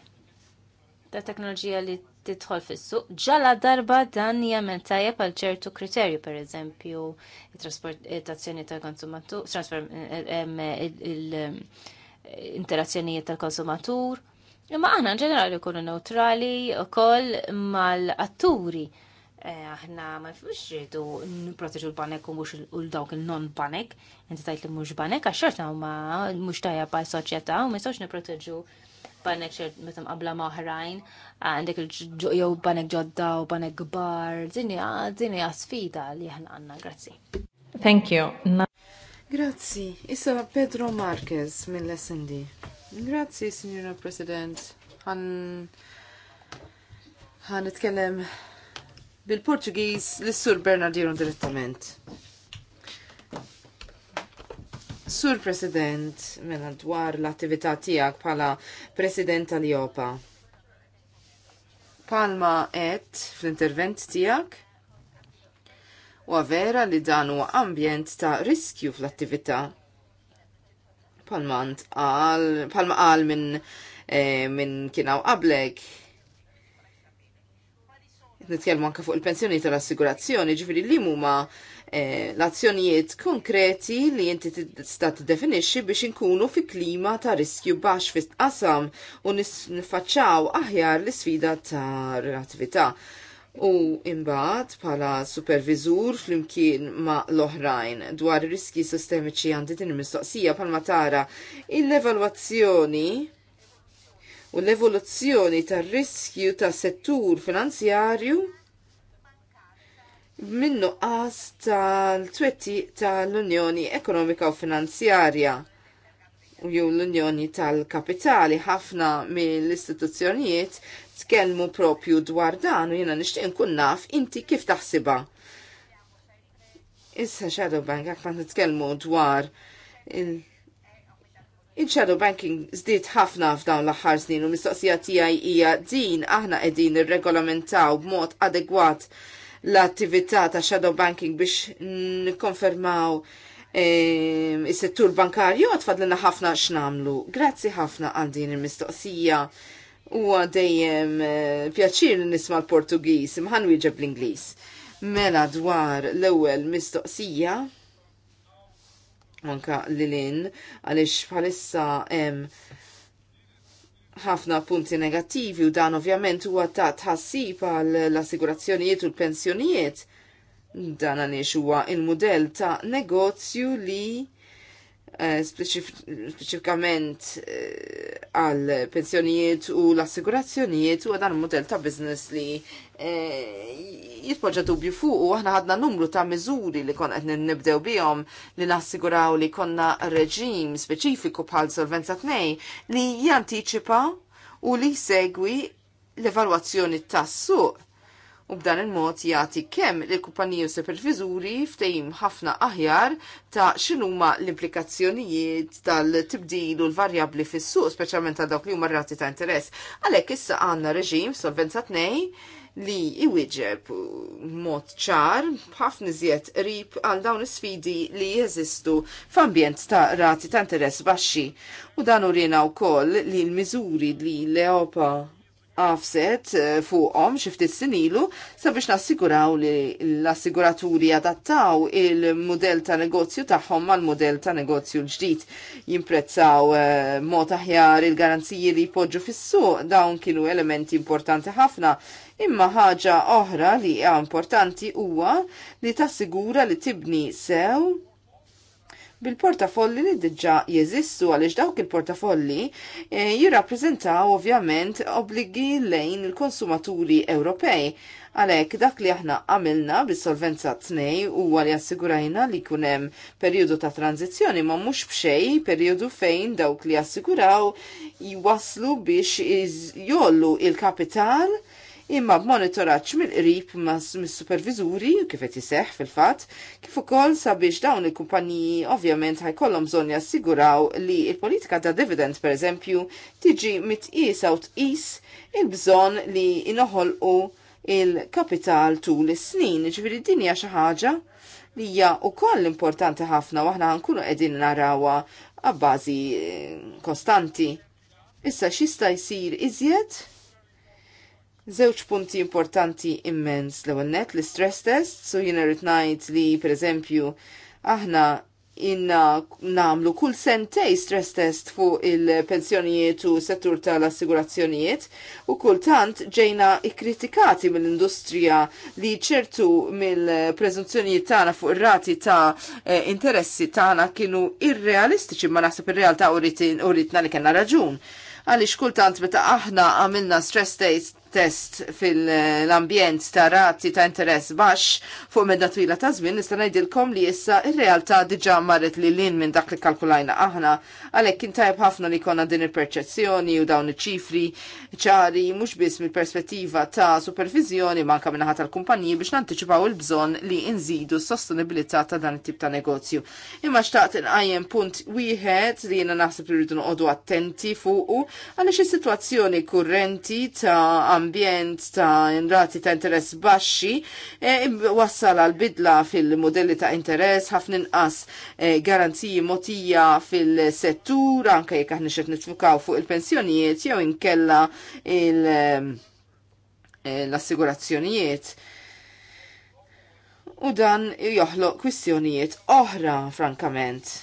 S2: ta' teknoloġija li tidħol fis-suq ġala darba dan jagħmel tajjeb għal ċertu kriterju pereżempju it-trasportazzjoni eh, eh, eh, tal-konsumatur, il-interazzjonijiet tal-konsumatur Imma aħna ġenerali kunu neutrali u koll mal-atturi. Eh, aħna ma nfux ġidu n-proteġu l-banek u mux l-dawk il-non-banek, inti tajt li mux banek, għaxċorta u ma mux tajja pa' soċieta u ma jistawx n-proteġu banek xert metam qabla maħrajn, ah, għandek jew banek ġodda u banek gbar, dini dini sfida li aħna għanna, grazzi. Thank you.
S4: Grazzi, issa Pedro Marquez
S2: mill-SND.
S4: Grazzi, Signora President. Għan għan itkellem bil-Portugiż l-Sur Bernardino direttament. Sur President, mela dwar l-attività tiegħek bħala President tal-Jopa. Palma et fl-intervent tiegħek u vera li dan huwa ambjent ta' riskju fl-attività palmant għal, palma għal minn eh, min kienaw qablek. Nitkellmu anka fuq il-pensjoni tal-assigurazzjoni, ġifiri li huma eh, l-azzjonijiet konkreti li inti tista' tiddefinixxi biex inkunu fi klima ta' riskju baxx fit qasam u nifacċaw aħjar l-isfida ta' relativita u imbagħad bħala supervizur flimkien ma' l-oħrajn dwar riski sistemiċi għandi din il-mistoqsija bħalma tara l-evalwazzjoni u l-evoluzzjoni tar-riskju ta' settur finanzjarju minnu qas tal-twetti tal-Unjoni Ekonomika u Finanzjarja u jew l-Unjoni tal-Kapitali ħafna mill-istituzzjonijiet tkellmu propju dwar dan u jiena nixtieq nkun naf inti kif taħsibha. Issa shadow bank jekk ma nitkellmu dwar il- shadow banking zdiet ħafna f'dawn l-aħħar snin u mistoqsija tiegħi hija din aħna qegħdin irregolamentaw b'mod adegwat l-attività ta' shadow banking biex nikkonfermaw ehm, is-settur bankarju għad ħafna x'namlu. Grazzi ħafna għal din il-mistoqsija huwa dejjem eh, pjaċir li nisma' l-Portugiż mħan wieġeb l-Ingliż. Mela dwar l-ewwel mistoqsija anka lilin għaliex bħalissa hemm ħafna punti negattivi u dan ovvjament huwa ta' tħassib għal l-assigurazzjonijiet u l-pensjonijiet. Dan għaliex huwa il-mudell ta' negozju li Eh, speċifikament eh, għal pensjonijiet u l-assigurazzjonijiet u għadan model ta' business li eh, jitpoġġa dubju fuq u aħna għadna numru ta' miżuri li konna qed nibdew bihom li nassiguraw li konna reġim speċifiku bħal solvenza tnej li jantiċipa u li segwi l-evalwazzjoni tas-suq u b'dan il-mod jagħti kemm l kumpaniji superviżuri ftejim ħafna aħjar ta' x'inhuma l-implikazzjonijiet tal-tibdil u l-varjabbli fis-suq, speċjalment ta' dawk li huma rati ta' interess. Għalhekk issa għandna reġim solvenza tnej li iwieġeb mod ċar b'ħafna iżjed qrib għal dawn is-sfidi li jeżistu f'ambjent ta' rati ta' interess baxxi. U dan urina wkoll li l-miżuri li l ewropa offset eh, fuqhom xi ftit sinilu sabiex nassiguraw li l-assiguraturi adattaw il-modell ta' negozju tagħhom mal-modell ta' negozju l-ġdid. Jimprezzaw eh, mod aħjar il-garanziji li jpoġġu fis-suq dawn kienu elementi importanti ħafna imma ħaġa oħra li hija importanti huwa li tassigura li tibni sew bil-portafolli li diġà jeżistu għaliex dawk il-portafolli e, jirrappreżentaw ovvjament obbligi lejn il-konsumaturi Ewropej. Għalhekk dak li aħna għamilna bis-solvenza tnej huwa li assigurajna li jkun hemm perjodu ta' tranzizjoni ma mhux b'xej perjodu fejn dawk li assiguraw jwaslu biex jollu il-kapital imma b'monitoraġġ mill-qrib mis-superviżuri kif qed iseħħ fil-fatt, kif ukoll sabiex dawn il-kumpaniji ovvjament ħajkollhom bżonn jassiguraw li l-politika ta' dividend pereżempju tiġi mitqiesa u tqis il-bżonn li inoħolqu il-kapital tul is-snin, ġifieri din hija xi ħaġa li hija wkoll importanti ħafna u aħna nkunu qegħdin narawha għabbażi eh, kostanti. Issa xista jsir iżjed Żewġ punti importanti immens l ewwel net l-stress test, so jina rrid ngħid li pereżempju aħna inna namlu kull sentej stress test fuq il-pensjonijiet u settur tal-assigurazzjonijiet u kultant ġejna ikkritikati mill-industrija li ċertu mill-prezunzjonijiet tagħna fuq ir-rati ta' eh, interessi tagħna kienu irrealistiċi ma naħseb ir-realtà u rritna li kellna raġun għalix kultant meta aħna għamilna stress test test fil-ambjent ta' razzi ta' interess baxx fuq medda twila ta' żmien nista' ngħidilkom li issa ir-realtà diġà marret li lin minn dak li kalkulajna aħna għalhekk intajb ħafna li konna din il-perċezzjoni u dawn iċ-ċifri ċari mhux biss mill-perspettiva ta' supervizjoni manka minn ħadd tal-kumpaniji biex nantiċipaw il-bżonn li nżidu s-sostenibilità ta' dan it-tip ta' negozju. Imma xtaqt inqajjem punt wieħed li jiena naħseb li rridu noqogħdu attenti fuqu għaliex is-sitwazzjoni kurrenti ta' ambjent ta' rati ta' interess baxxi e, wassal għal bidla fil-modelli ta' interess ħafna inqas e, garanziji motija fil-settur anke jekk aħna xed nitfukaw fuq il-pensjonijiet jew inkella e, l-assigurazzjonijiet. U dan joħloq kwistjonijiet oħra, frankament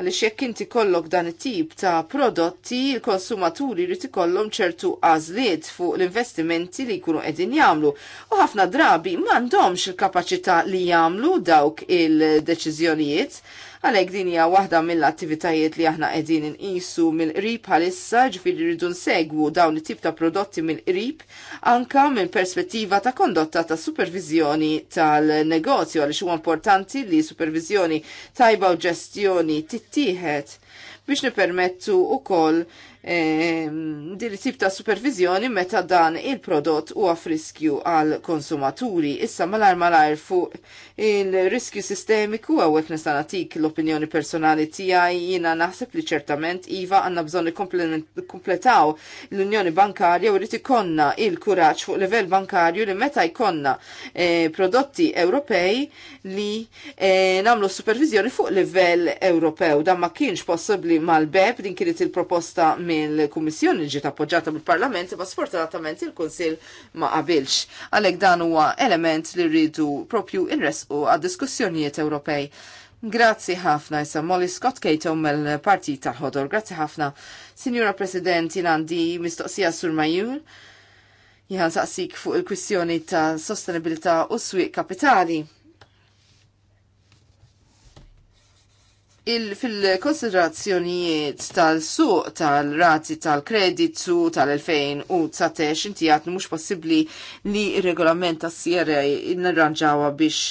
S4: Għaliex jekk inti kollok dan it-tip ta' prodotti, il-konsumaturi jrid ikollhom ċertu għażliet fuq l-investimenti li jkunu qegħdin jagħmlu. U ħafna drabi m'għandhomx il-kapaċità li jagħmlu dawk il-deċiżjonijiet Għalhekk din hija waħda mill-attivitajiet li aħna qegħdin inqisu mill-qrib bħalissa ġifieri rridu nsegwu dawn it-tip ta' prodotti mill-qrib anka minn perspettiva ta' kondotta ta' supervizjoni tal-negozju għaliex huwa importanti li supervizjoni tajba u ġestjoni tittieħed biex nipermettu wkoll Ehm, din tip ta' supervizjoni meta dan il-prodott huwa friskju għal konsumaturi. Issa malar malar fuq il-riskju sistemiku għawek nista' nagħtik l-opinjoni personali tiegħi jina naħseb li ċertament iva għandna bżonn kompletaw l-Unjoni Bankarja u rriti konna il-kuraġġ fuq livell bankarju li meta jkonna e, prodotti Ewropej li eh, namlu supervizjoni fuq livell Ewropew. Dan ma kienx possibbli mal-BEP din kienet il-proposta mill-Kummissjoni ġiet appoġġata mill-Parlament imma sfortunatament il-Kunsill ma qabilx. Għalhekk dan huwa element li rridu propju inresqu għad-diskussjonijiet Ewropej. Grazzi ħafna, issa Molly Scott Cato mill-Partit ta' ħodor Grazzi ħafna. Signora President, jien għandi mistoqsija sur Majur. Jħan saqsik fuq il-kwistjoni ta' sostenibilità u swieq kapitali fil-konsiderazzjonijiet tal-suq tal-rati tal-kreditu tal-2019 inti għatni mux possibli li regolament tas CRA narranġawa biex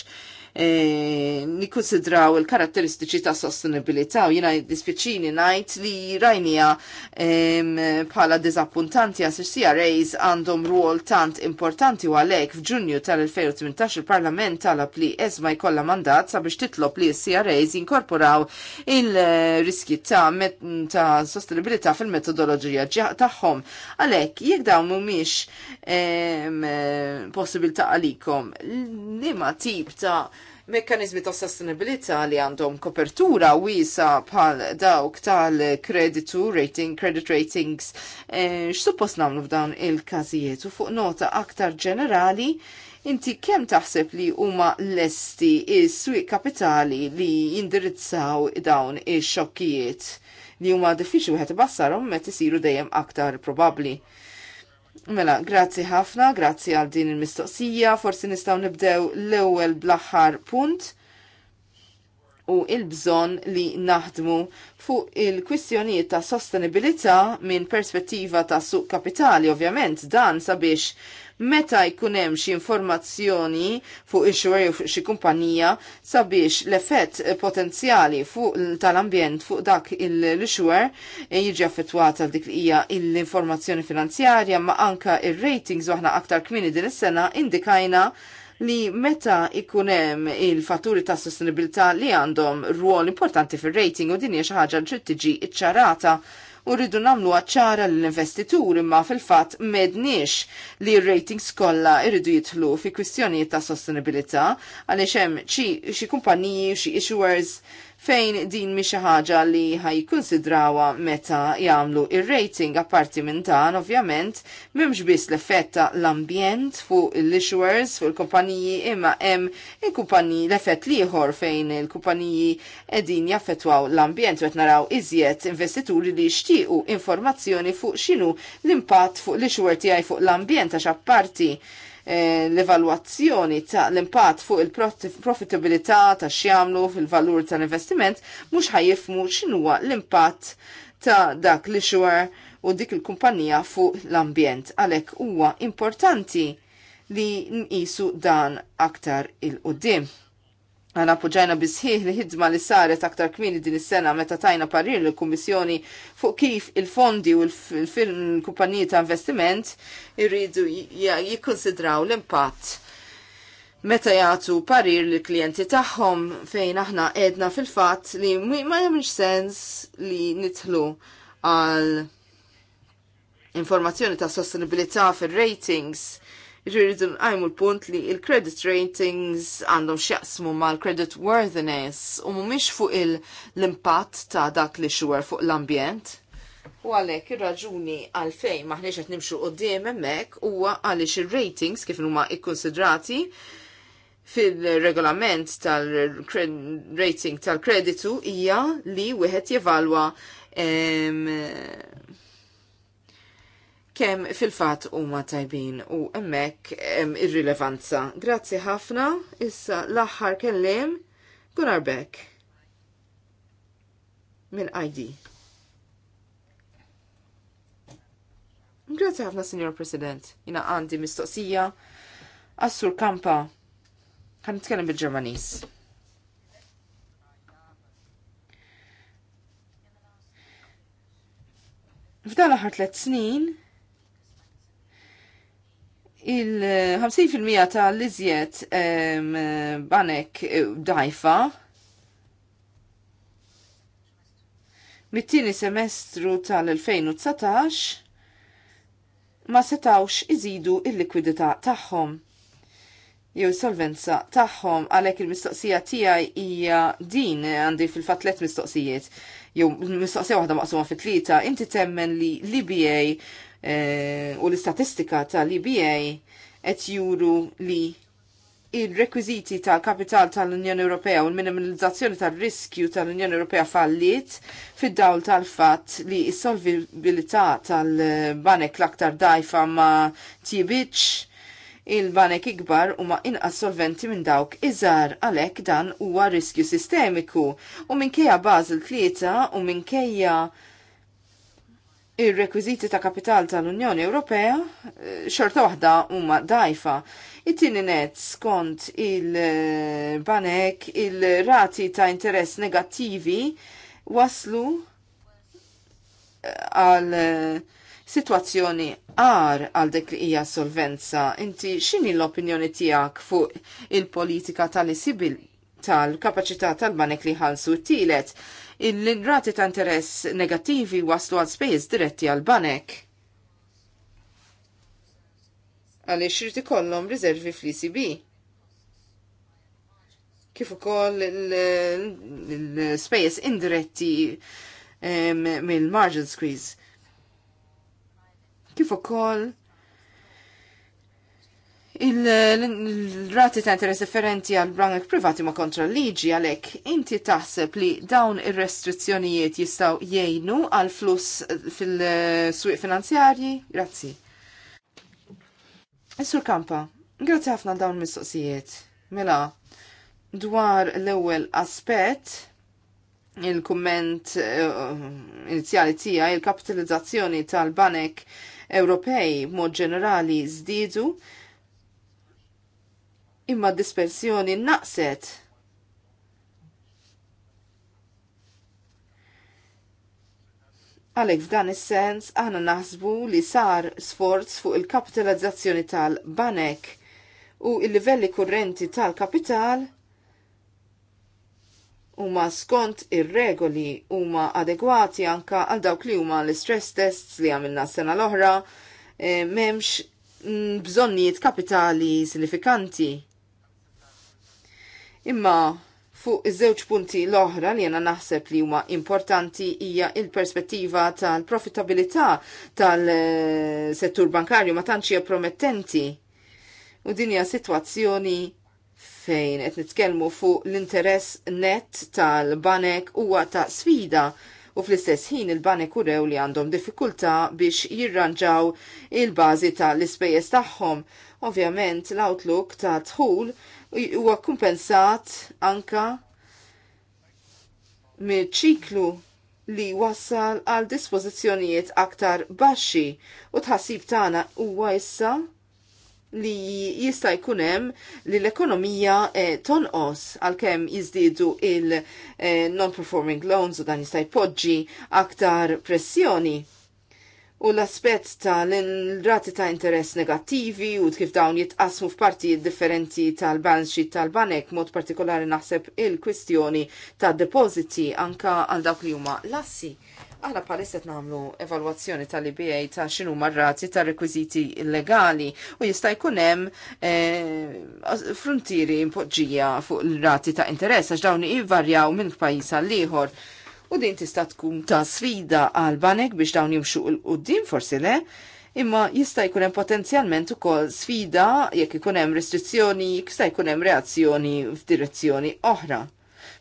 S4: E, nikonsidraw il-karatteristiċi ta' sostenibilità u jina dispiċini najt li rajnija bħala dizappuntanti għas CRAs għandhom ruol tant importanti u għalek f'Ġunju tal-2018 il-Parlament talab li esma jkollha mandat sabiex titlob li CRAs inkorporaw il-riski ta' ta' sostenibilità fil metodologija tagħhom. Għalek, jekk dawn mhumiex possibilità għalikom, li ma tip ta' mekkanizmi ta' sostenibilità li għandhom kopertura wisa bħal dawk tal-kreditu rating, credit ratings, eh, x'suppost nagħmlu f'dawn il-każijiet u fuq nota aktar ġenerali inti kemm taħseb li huma lesti is-swieq kapitali li jindirizzaw dawn ix-xokkijiet li huma diffiċli wieħed ibassarhom meta isiru dejjem aktar probabbli. Mela, grazzi ħafna, grazzi għal din il-mistoqsija, forsi nistaw nibdew l-ewwel bl-aħħar punt u il-bżon li naħdmu fuq il-kwistjonijiet ta' sostenibilità minn perspettiva ta' suq kapitali, ovvjament dan sabiex meta jkun hemm xi informazzjoni fuq inxwer jew xi kumpanija sabiex l-effett potenzjali fuq tal-ambjent fuq dak il-xwer e jiġi affettwata dik li hija l-informazzjoni finanzjarja ma anka ir-ratings waħna aktar kmini din is-sena indikajna li meta ikunem il-fatturi ta' sostenibilità li għandhom ruol importanti fil-rating u din hija xi ħaġa li trid tiġi iċċarata u rridu namlu għacċara l-investitur imma fil-fat medniex li r-ratings kollha irridu jitlu fi kwistjonijiet ta' sostenibilità għaliex hemm xi kumpaniji xi issuers fejn din mi ħaġa li konsidrawa meta jagħmlu ir-rating apparti minn dan ovvjament m'hemmx biss l-effetta l-ambjent fuq l-issuers fuq il-kumpaniji imma hemm il-kumpaniji l-effett liħor fejn il-kumpaniji qegħdin jaffettwaw l-ambjent qed naraw iżjed investituri li jixtiequ informazzjoni fuq x'inhu l-impatt fuq l-issuer tiegħi fuq l-ambjent għax apparti Eh, l-evalwazzjoni ta' l-impatt fuq il-profitabilità ta' xjamlu fil-valur tal-investiment mhux ħajjifmu x'inhuwa l-impatt ta' dak li xwar u dik il-kumpanija fuq l-ambjent. Għalhekk huwa importanti li nqisu dan aktar il-qoddim. Għana appoġġajna bisħiħ li ħidma li saret aktar kmini din is-sena meta tajna parir l kummissjoni fuq kif il-fondi u l-kumpaniji ta' investiment irridu jikkonsidraw l-impatt meta jagħtu parir li klijenti tagħhom fejn aħna edna fil-fatt li ma jemx sens li nitħlu għal informazzjoni ta' sostenibilità fir-ratings Ġirridu għajmu l-punt li il-credit ratings għandhom xjaqsmu mal credit worthiness u mumiex fuq l-impatt ta' dak li xwer fuq l-ambjent. U għalek ir-raġuni għalfej maħniex qed nimxu d hemmhekk huwa għaliex ir-ratings kif huma ikkonsidrati fil-regolament tal-rating tal-kreditu hija li wieħed jevalwa kemm fil-fatt huma tajbin u hemmhekk ir irrilevanza. Grazzi ħafna, issa l-aħħar kellim Gunnar Beck minn ID. Grazzi ħafna, Signor President. Jina għandi mistoqsija għassur kampa. Għan nitkellem bil-Ġermanis. F'dan l-aħħar tliet snin, il-50% ta' l-iżjed banek eh, dajfa mit-tieni semestru tal-2019 ma setawx iżidu il-likwidità tagħhom. Jew solvenza tagħhom għalhekk il-mistoqsija tiegħi hija din eh, għandi fil fatlet tliet mistoqsijiet. Jew mistoqsija waħda maqsuma fit-tlieta, inti temmen li l-IBA Eh, u l-istatistika tal-IBA qed juru li il-rekwiziti tal-kapital tal-Unjoni Ewropea u l-minimalizzazzjoni tal-riskju tal-Unjoni Ewropea fallit fid-dawl tal-fatt li s-solvibilità tal-banek l-aktar dajfa ma tibiċ il-banek ikbar u ma inqas solventi minn dawk iżar għalek dan huwa riskju sistemiku u minkejja Basel tlieta u minkejja kejja ir-rekwiżiti ta' kapital tal-Unjoni Ewropea eh, xorta waħda huma dajfa. It-tieni net skont il-banek il-rati ta' interess negattivi waslu eh, għal eh, situazzjoni għar għal dik li hija solvenza. Inti x'inhi l-opinjoni tiegħek fuq il-politika tal-isibil tal-kapaċità tal-banek li ħalsu t-tielet il-rati ta' interess negattivi waslu għal spejjeż diretti għal banek. Għaliex irid ikollhom riservi fl-ECB. Kif ukoll l-spejjeż indiretti mill-margin squeeze. Kif ukoll il-rati ta' interess differenti għal bank privati ma' kontra liġi għalek, inti taħseb li dawn ir-restrizzjonijiet jistaw jgħinu għal fluss fil-swiq finanzjarji? Grazzi. Sur Kampa, grazzi ħafna dawn mistoqsijiet. Mela, dwar l-ewwel aspett, il-kumment eh, inizjali tija, il-kapitalizzazzjoni tal-banek Ewropej mod ġenerali żdiedu imma dispersjoni naqset. Għalek f'dan is-sens aħna naħsbu li sar sforz fuq il-kapitalizzazzjoni tal-banek u il-livelli kurrenti tal-kapital huma skont ir-regoli huma adegwati anka għal dawk li huma l-stress tests li għamilna s-sena l-oħra eh, memx mm, bżonnijiet kapitali sinifikanti. Imma fuq iż-żewġ punti l-oħra li jena naħseb li huma importanti hija il-perspettiva tal-profitabilità tal-settur bankarju ma tantx hija promettenti. U din hija sitwazzjoni fejn qed nitkellmu fuq l-interess net tal-banek huwa ta' sfida u fl-istess ħin il-banek urew li għandhom diffikultà biex jirranġaw il-bażi tal-ispejjeż tagħhom. Ovvjament l-outlook ta' dħul huwa kumpensat anka minn ċiklu li wassal għal dispożizzjonijiet aktar baxxi u tħassib tagħna huwa issa li jista' jkun hemm li l-ekonomija eh, tonqos għalkemm jiżdiedu il-non-performing eh, loans u dan jista' jpoġġi aktar pressjoni u l-aspett l rati ta' interess negattivi u kif dawn jitqasmu f'parti differenti tal-balance sheet tal-banek, mod partikolari naħseb il-kwistjoni ta' depositi anka għal dawk li huma lassi. Aħna palissa namlu evalwazzjoni tal-IBA ta' xinu marrati ta' rekwiziti legali u jista' jkunem eh, frontieri impoġġija fuq l-rati ta' interess għax dawn jivarjaw minn pajjiż għal ieħor u din tista' tkun ta' sfida għal banek biex dawn jimxu l-qudiem forsi le, imma jista' jkun hemm potenzjalment ukoll sfida jekk ikun hemm restrizzjoni, jista' jkun hemm reazzjoni f'direzzjoni oħra.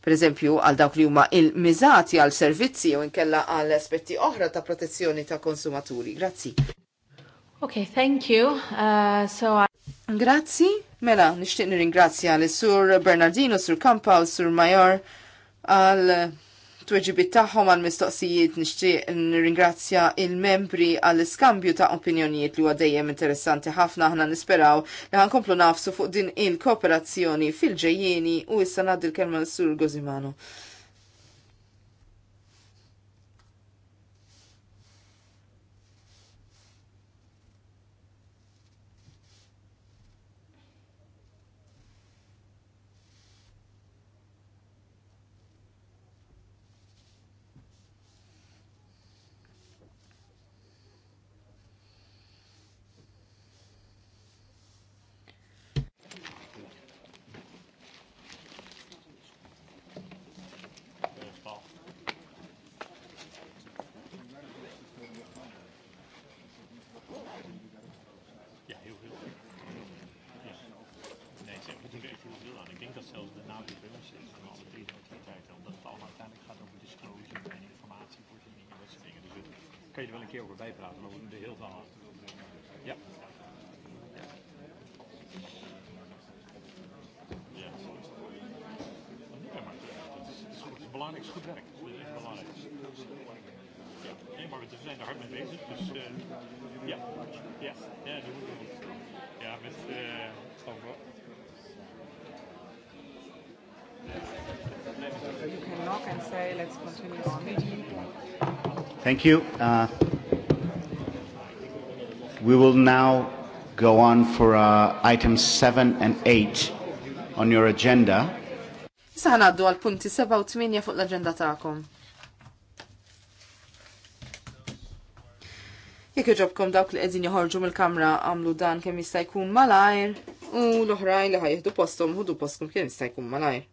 S4: Per eżempju, għal dawk li huma il-miżati għal servizzi u nkella għal aspetti oħra ta' protezzjoni ta' konsumaturi. Grazzi.
S3: Ok, thank you. Uh, so I...
S4: Grazzi. Mela, nixtieq nirringrazzja l-Sur Bernardino, Sur Kampa, Sur Major għal tweġibit tagħhom għal mistoqsijiet nixtieq nirringrazzja il-membri għall iskambju ta' opinjonijiet li huwa dejjem interessanti ħafna aħna nisperaw li ħankomplu nafsu fuq din il-kooperazzjoni fil-ġejjieni u issa ngħaddi l-kelma sur Gozimano.
S1: Thank you. Uh, we will now go on for uh, items 7 and 8 on your agenda.
S4: Issa ħanaddu għal punti 7 u 8 fuq l-agenda ta'kom. Jekk joġobkom dawk li qegħdin joħorġu mill-kamra għamlu dan kemm jista' jkun malajr u l-oħrajn li ħajħdu postom ħudu postkom kemm jista' jkun malajr.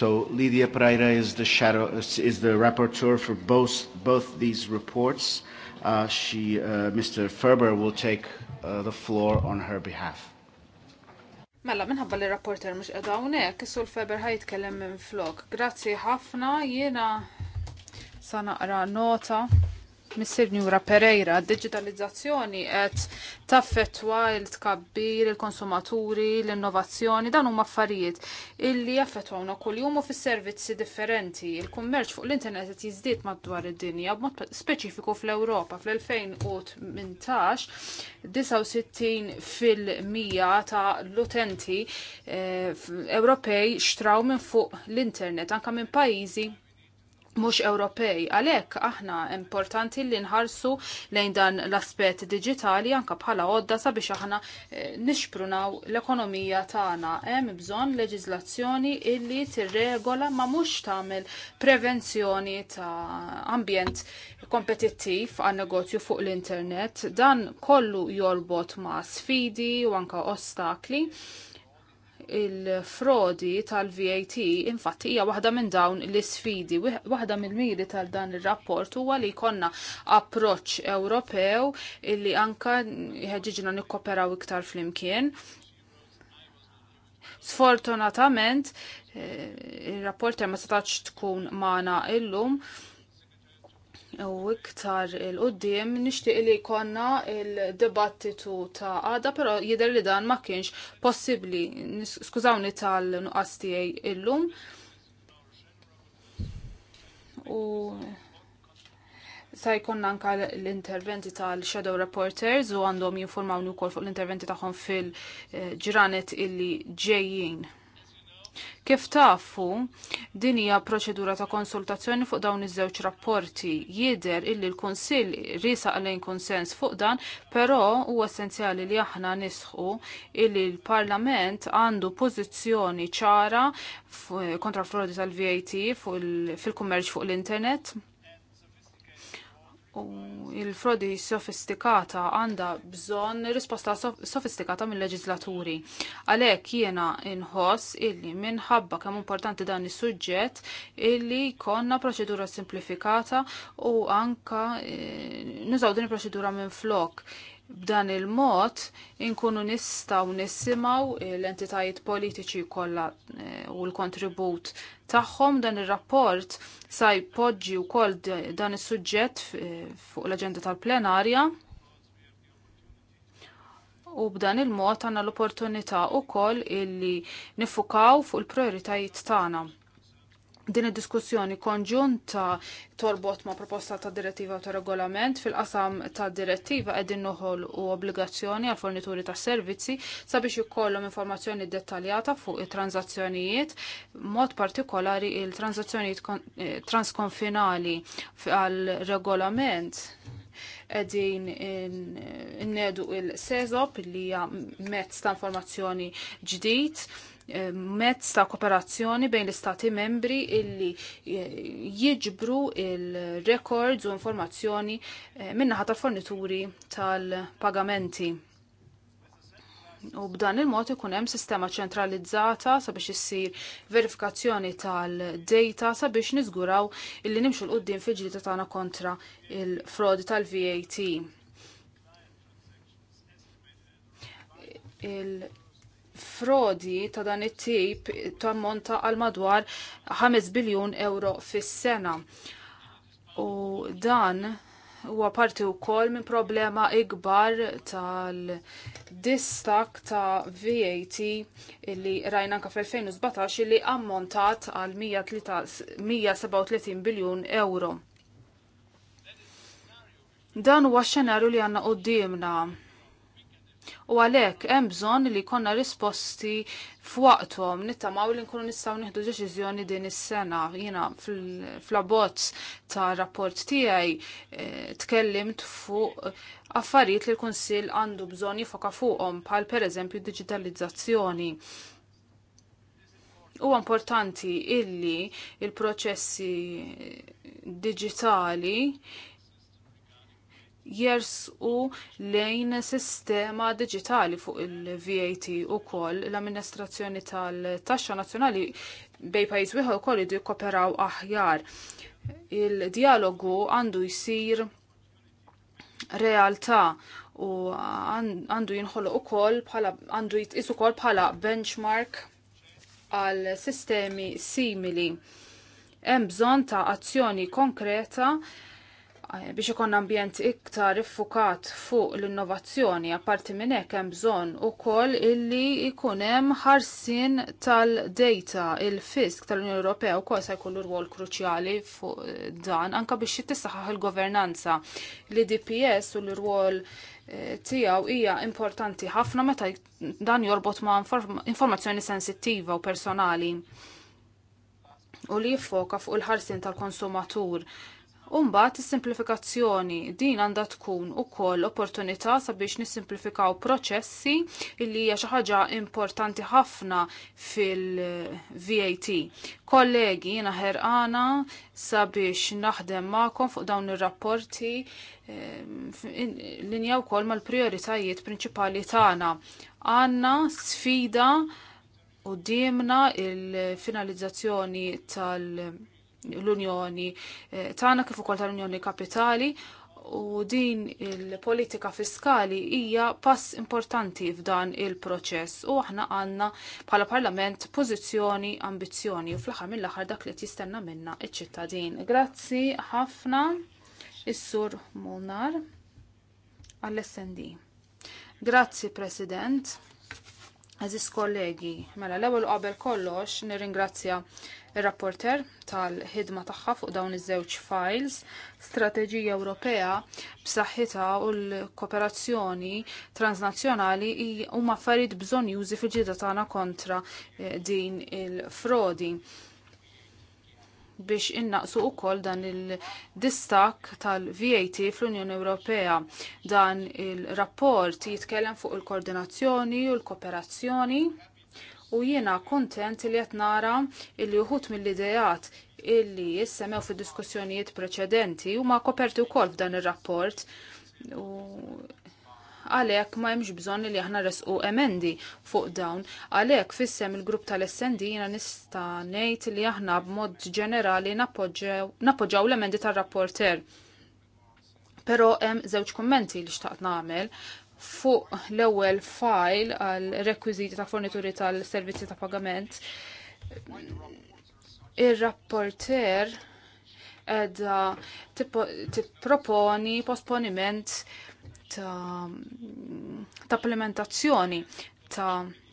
S1: So Lydia Pereira is the shadow is the rapporteur for both both these reports. Uh, she, uh, Mr. Ferber, will take uh, the floor on her behalf.
S3: Mela, minħabba li rapporter mux edha unek, kissu l-Feber ħajtkellem minn flok. Grazzi ħafna, jiena sanaqra nota Missir Njura Pereira, digitalizzazzjoni qed taffettwa il-tkabbir, il-konsumaturi, l-innovazzjoni, dan huma affarijiet illi jaffettwawna kuljum u fis-servizzi differenti. Il-kummerċ fuq l-internet qed jiżdied madwar id-dinja b'mod speċifiku fl-Ewropa fl-2018 69 fil-mija ta' l-utenti eh, Ewropej xtraw minn fuq l-internet anke minn pajjiżi mhux Ewropej. Għalhekk aħna importanti li nħarsu lejn dan l-aspett digitali anke bħala għodda sabiex aħna eh, nixprunaw l-ekonomija tagħna. Hemm bżonn leġiżlazzjoni illi tirregola ma mhux tagħmel prevenzjoni ta' ambjent kompetittiv għan negozju fuq l-internet. Dan kollu jolbot ma' sfidi u anke ostakli il-frodi tal-VAT infatti hija waħda minn dawn l-isfidi. Waħda mill-miri tal dan ir-rapport huwa li jkollna approċċ Ewropew illi anka ħeġiġna nikkoperaw iktar flimkien. Sfortunatament, eh, ir-rapporter ma setax tkun mana illum u iktar il-qoddim nixtieq li jkollna il-dibattitu ta' għada, però jidher li dan ma kienx possibbli. Skużawni tal-nuqqas tiegħi illum. U sa jkun anka l-interventi tal-Shadow Reporters u għandhom jinformawni wkoll fuq l-interventi tagħhom fil-ġranet illi ġejjin. Kif tafu, din hija proċedura ta' konsultazzjoni fuq dawn iż-żewġ rapporti. jidher illi l-Kunsill risaq lejn konsens fuq dan, però huwa essenzjali li aħna nisħu illi l-Parlament għandu pożizzjoni ċara kontra l frodi tal-VAT fil-kummerċ fuq l-internet u il-frodi sofistikata għanda bżon risposta sofistikata mill-leġislaturi. Għalek jiena inħoss illi minħabba kemm importanti dan is suġġett illi konna proċedura simplifikata u anka e, nużaw din il-proċedura minn flok. B'dan il-mod inkunu nistaw nissimaw l-entitajiet politiċi kollha e, u l-kontribut tagħhom dan ir-rapport sa jpoġġi wkoll dan is-suġġett fuq l-aġenda tal-plenarja. U b'dan il-mod għandna l-opportunità wkoll illi nifukaw fuq il-prioritajiet tagħna din id-diskussjoni konġunta torbot ma' proposta ta' direttiva ta' regolament fil-qasam ta' direttiva qegħdin noħol u obbligazzjoni għal fornituri ta' servizzi sabiex jkollhom informazzjoni dettaljata fuq it-tranzazzjonijiet, mod partikolari il-tranzazzjonijiet eh, transkonfinali għal regolament edin innedu in il-SESOP li hija mezz ta' informazzjoni ġdid mezz ta' kooperazzjoni bejn l-istati membri illi jiġbru il-records u informazzjoni eh, minnaħa tal-fornituri tal-pagamenti. U b'dan il-mod ikun hemm sistema ċentralizzata sabiex issir verifikazzjoni tal-data sabiex niżguraw illi nimxu l-qudiem fil-ġlieta tagħna kontra il-frodi tal-VAT. il frodi tal vat frodi ta' dan it-tip tammonta għal madwar 5 biljun euro fis-sena. U dan huwa parti wkoll minn problema ikbar tal-distak ta' VAT li rajna anka fl-2017 li ammontat għal 137 biljun euro. Dan huwa x-xenarju li għandna qudiemna U għalhekk hemm bżonn li jkollna risposti f'waqthom nittamaw li nkunu nistgħu nieħdu deċiżjoni din is-sena. Jiena fl-abbozz ta' rapport tiegħi eh, tkellimt fuq affarijiet li l-Kunsill għandu bżonn jifoka fuqhom bħal pereżempju digitalizzazzjoni. Huwa importanti illi il-proċessi digitali jersqu lejn sistema digitali fuq il-VAT u koll l-amministrazzjoni tal-taxxa nazzjonali bej pajjiż wieħed ukoll jdu jikkoperaw aħjar. Il-dialogu għandu jsir realtà u għandu u koll bħala għandu jitqis ukoll bħala benchmark għal sistemi simili. Hemm bżonn ta' azzjoni konkreta Eh, biex ikon ambjent iktar iffukat fuq l-innovazzjoni, apparti minn hekk hemm bżonn ukoll illi jkun hemm ħarsien tal-data il-fisk tal-Unjoni Ewropea wkoll se jkollu rwol kruċjali fuq eh, dan anke biex jittisaħħaħ il-governanza. L-DPS u l-rwol eh, tiegħu hija importanti ħafna meta dan jorbot ma' informazzjoni sensittiva u personali u li jiffoka fuq il-ħarsien tal-konsumatur Umbat, is-simplifikazzjoni din għandha tkun ukoll opportunità sabiex nissimplifikaw proċessi illi hija xi ħaġa importanti ħafna fil-VAT. Kollegi, jiena ħerqana sabiex naħdem magħkom fuq dawn ir-rapporti ehm, linja wkoll mal-prioritajiet prinċipali tagħna. Għandna sfida u il-finalizzazzjoni tal- l-Unjoni eh, tagħna kif ukoll tal-Unjoni Kapitali u din il-politika fiskali hija pass importanti f'dan il-proċess u aħna għandna bħala parlament pożizzjoni ambizzjoni u fl-aħħar mill-aħħar dak li tistenna minna iċ-ċittadin. Grazzi ħafna is-sur Molnar għall-SND. Grazzi President. Aziz kollegi, mela l-ewwel qabel kollox nirringrazzja ir-rapporter tal-ħidma tagħha fuq dawn iż-żewġ files, strateġija Ewropea b'saħħitha u l-kooperazzjoni transnazzjonali huma affarijiet bżonn jużi fil-ġieda tagħna kontra eh, din il-frodi biex innaqsu wkoll dan il-distak tal-VAT fl-Unjoni Ewropea. Dan il-rapport jitkellem fuq il-koordinazzjoni u l-kooperazzjoni u jiena kontent li qed nara li uħut mill-idejat illi jissemew fid diskussjonijiet preċedenti huma koperti wkoll f'dan ir-rapport u għalhekk ma hemmx bżonn li aħna resqu emendi fuq dawn. Għalhekk fissem il-grupp tal-SND jiena nista' ngħid li aħna b'mod ġenerali nappoġġaw l-emendi tar-rapporter. Pero hemm żewġ kummenti li xtaqt nagħmel fuq l-ewwel file għal rekwiżiti ta' fornituri tal-servizzi ta' pagament. Ir-rapporter edha tipproponi posponiment ta' implementazzjoni ta'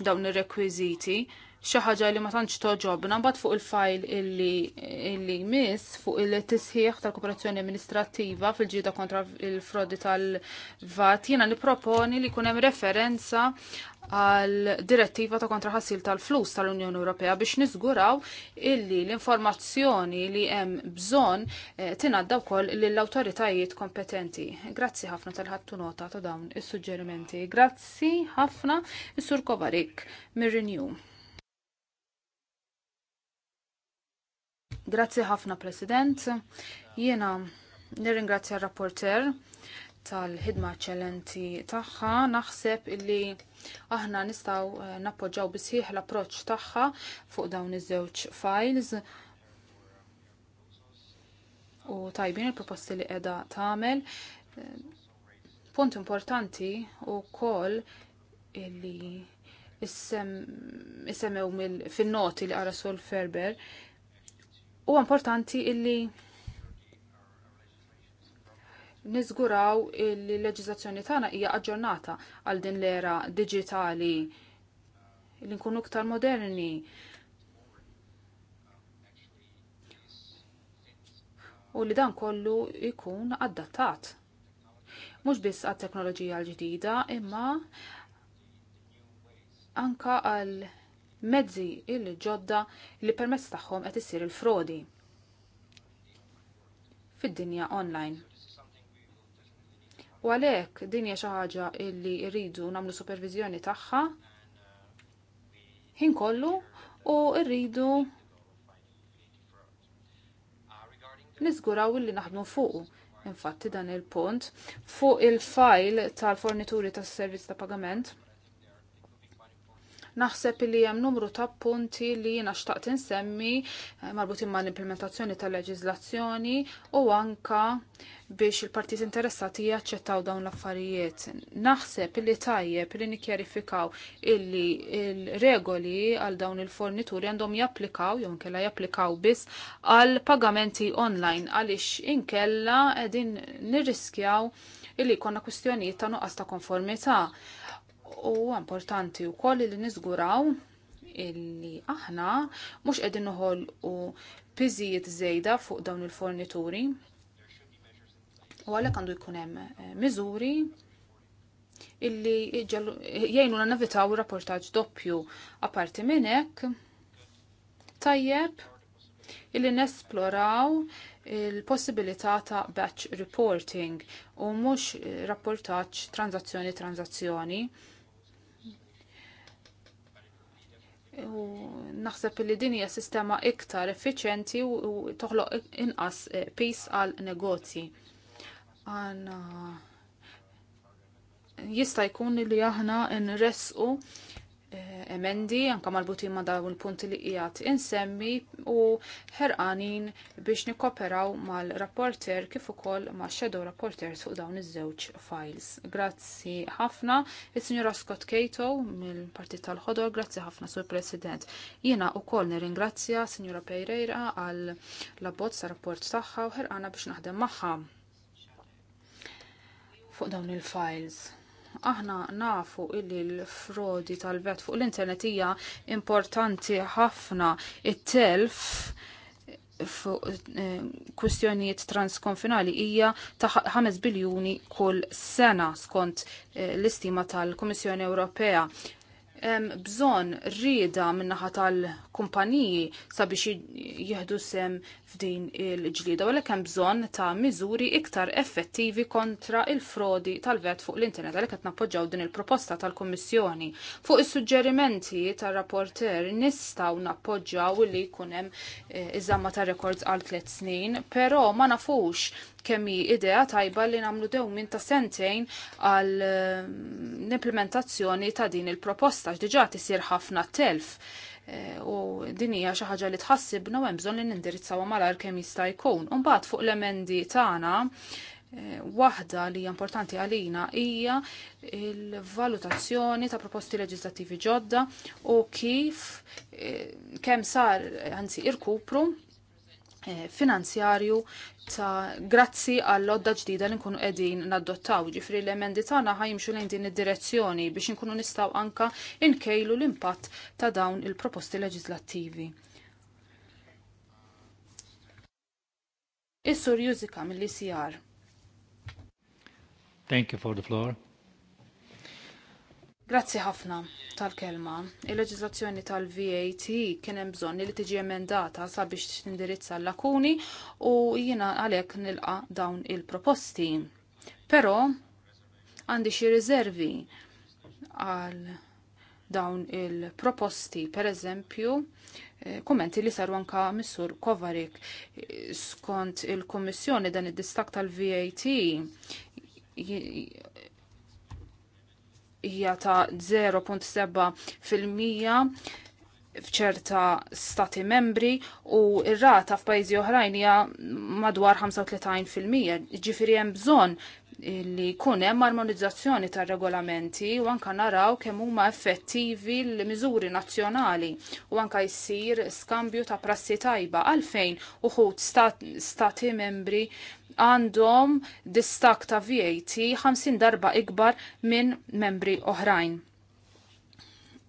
S3: dawn ir-rekwiżiti xi ħaġa li ma tantx toġobna mbagħad fuq il-fajl illi illi miss fuq il-tisħiħ tal-kooperazzjoni amministrattiva fil-ġieda kontra il-frodi tal-VAT jiena nipproponi li jkun hemm referenza għal direttiva ta' kontra ħassil tal-flus tal-Unjoni Ewropea biex niżguraw illi l-informazzjoni li hemm bżonn eh, tingħadda wkoll lill-awtoritajiet kompetenti. Grazzi ħafna tal-ħattu nota ta' dawn is-suġġerimenti. Grazzi ħafna is-Sur Kovarik mir-Renew. Grazzi ħafna, President. Jiena nirringrazzja r-rapporter tal-ħidma eċċellenti tagħha, naħseb illi aħna nistgħu eh, nappoġġaw bisħiħ l-approċċ tagħha fuq dawn iż-żewġ files. U tajbin il-proposti li qiegħda tagħmel. Eh, punt importanti wkoll illi issemmew fin-noti li qara Sol Ferber U importanti illi nizguraw l leġizazzjoni tagħna hija aġġornata għal din l-era digitali li nkunu iktar moderni. U li dan kollu jkun adattat. Mhux biss għat-teknoloġija l-ġdida, imma anka għal mezzi il-ġodda li permezz tagħhom qed issir il-frodi fid-dinja online. U għalhekk din hija xi ħaġa li rridu nagħmlu supervizjoni tagħha ħin kollu u rridu niżguraw li naħdmu fuqu. Infatti dan il-punt fuq il-file tal-fornituri tas-servizz ta' pagament. Naħseb li hemm numru ta' punti li jiena xtaqt insemmi eh, marbutin l implementazzjoni tal-leġiżlazzjoni u anka biex il-partijiet interessati jaċċettaw dawn l-affarijiet. Naħseb li tajjeb li nikjarifikaw illi il-regoli għal dawn il-fornituri għandhom japplikaw, jew kella japplikaw biss għal pagamenti online għaliex inkella qegħdin nirriskjaw illi konna kwistjonijiet ta' nuqqas ta' konformità u importanti wkoll li niżguraw illi aħna mhux qegħdin noħolqu piżijiet żejda fuq dawn il-fornituri. U għalhekk għandu jkun hemm eh, miżuri illi jgħinu navitaw rapportaġġ doppju apparti minn hekk tajjeb illi nesploraw il-possibilità ta' batch reporting u mhux eh, rapportaġġ transazzjoni tranzazzjoni. -tranzazzjoni u naħseb li din hija sistema iktar effiċjenti u toħloq inqas eh, pis għal negozji. Għanna jista' jkun li aħna nresqu Eh, emendi anka marbutin ma dawn il-punti li qiegħed insemmi u ħerqanin biex nikkoperaw mal-rapporter kif ukoll ma' shadow rapporters fuq dawn iż-żewġ files. Grazzi ħafna is-Sinjura Scott Cato mill-Partit tal-Ħodor, grazzi ħafna sur President. Jiena ukoll nirringrazzja Sinjura Pereira għal l-abbozz ta' rapport tagħha u ħerqana biex naħdem magħha fuq dawn il-files Aħna nafu illi l-frodi tal-vet fuq l-internet hija importanti ħafna it-telf fuq eh, kwistjonijiet transkonfinali hija ta' 5 biljuni kull sena skont eh, l-istima tal-Kummissjoni Ewropea. Hemm bżonn rieda min-naħa tal-kumpaniji sabiex jieħdu sem f'din il-ġlida u l hemm bżonn ta' miżuri iktar effettivi kontra il-frodi tal-vet fuq l-internet għalhekk qed nappoġġaw din il-proposta tal-Kummissjoni. Fuq is-suġġerimenti tar-rapporter nistgħu nappoġġaw li jkun hemm eh, iż-żamma ta' records għal tliet snin, però ma nafux kemm hi idea tajba li nagħmlu dew minn ta' sentejn għal l-implementazzjoni eh, ta' din il-proposta x'diġà tisir ħafna telf Eh, u din hija xi ħaġa li tħassibna u hemm bżonn li nindirizzawha malar kemm jista' jkun. U mbagħad fuq l-emendi tagħna eh, waħda li hija importanti għalina hija il-valutazzjoni ta' proposti leġislattivi ġodda u kif eh, kemm sar anzi irkupru Eh, finanzjarju ta' grazzi għall-odda ġdida li nkunu edin naddottaw. Ġifri l-emendi tagħna ħajmxu lejn din id-direzzjoni biex nkunu nistgħu anka nkejlu l-impatt ta' dawn il-proposti leġislattivi. Is-sur Jużika mill-ICR.
S1: Thank you for the floor.
S3: Grazzi ħafna tal-kelma. Il-leġizlazzjoni tal-VAT kien hemm bżonn li tiġi emendata sabiex tindirizza l-lakuni u jiena għalhekk nilqa dawn il-proposti. Però għandi xi riservi għal dawn il-proposti, per eżempju, eh, kummenti li saru anka Missur Kovarik skont il-Kommissjoni dan id-distak tal-VAT hija ta' 0.7 fil-mija f'ċerta stati membri u ir-rata f'pajjiżi oħrajn hija madwar 35 fil-mija. Ġifieri hemm bżonn li jkun hemm armonizzazzjoni tar-regolamenti u anka naraw kemm huma effettivi l-miżuri nazzjonali u anka jsir skambju ta' prassi tajba għalfejn uħud stati membri għandhom distak ta' VAT 50 darba ikbar minn membri oħrajn.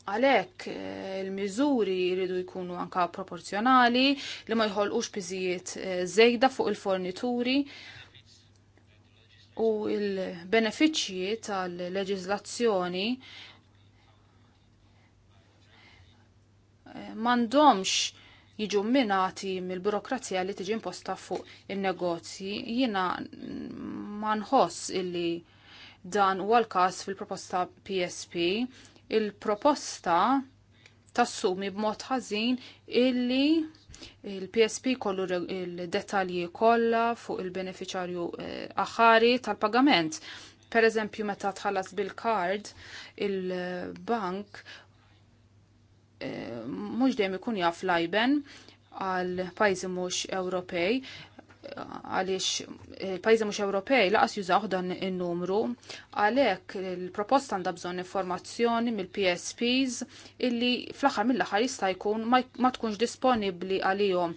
S3: Għalek, eh, il-mizuri jridu jkunu anka proporzjonali li ma jħolqux biżijiet zejda eh, fuq il-fornituri u il-benefiċċji tal-leġizlazzjoni eh, mandomx jiġu minati mill-burokrazija li tiġi imposta fuq il-negozji, jina ma nħoss illi dan huwa l-każ fil-proposta PSP, il-proposta tassumi b'mod ħażin illi il-PSP kollu il-detalji kollha fuq il-beneficjarju eh, aħari tal-pagament. Per eżempju, meta tħallas bil-kard, il-bank mhux dejjem ikun jaf lajben għal pajjiżi mhux Ewropej għaliex il-pajzi mux Ewropej laqas jużaw dan il-numru, għalek il-proposta għanda bżon informazzjoni mill-PSPs illi fl mill laħar jista' jkun ma tkunx disponibli għalihom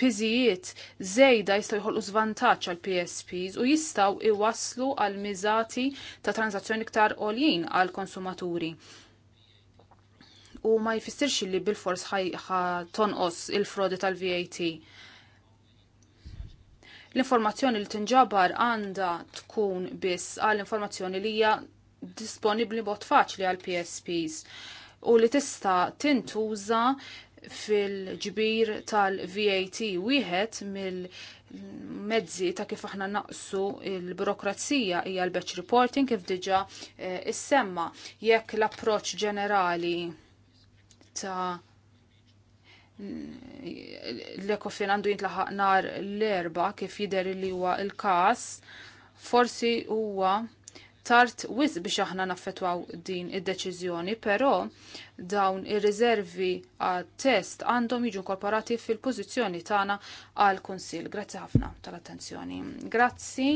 S3: piżijiet żejda jistgħu jħolqu żvantaġġ għal PSPs u jistgħu iwasslu għal miżati ta' transazzjoni iktar għoljin għal konsumaturi. U ma jfissirx li bil-fors tonqos il-frodi tal-VAT. L-informazzjoni li tinġabar għandha tkun biss għal informazzjoni li hija disponibbli b'mod faċli għal PSPs u li tista' tintuża fil-ġbir tal-VAT wieħed mill-mezzi ta' kif aħna naqsu il-burokrazija hija l-batch reporting kif diġa eh, issemma jekk l-approċ ġenerali ta' l-ekofin għandu jintlaħaq nar l-erba kif jider li huwa il-kas forsi huwa tard wis biex aħna naffetwaw din id-deċiżjoni, però dawn ir-riservi għat-test għandhom jiġu korporati fil-pożizzjoni tagħna għal kunsil Grazzi ħafna tal-attenzjoni. Grazzi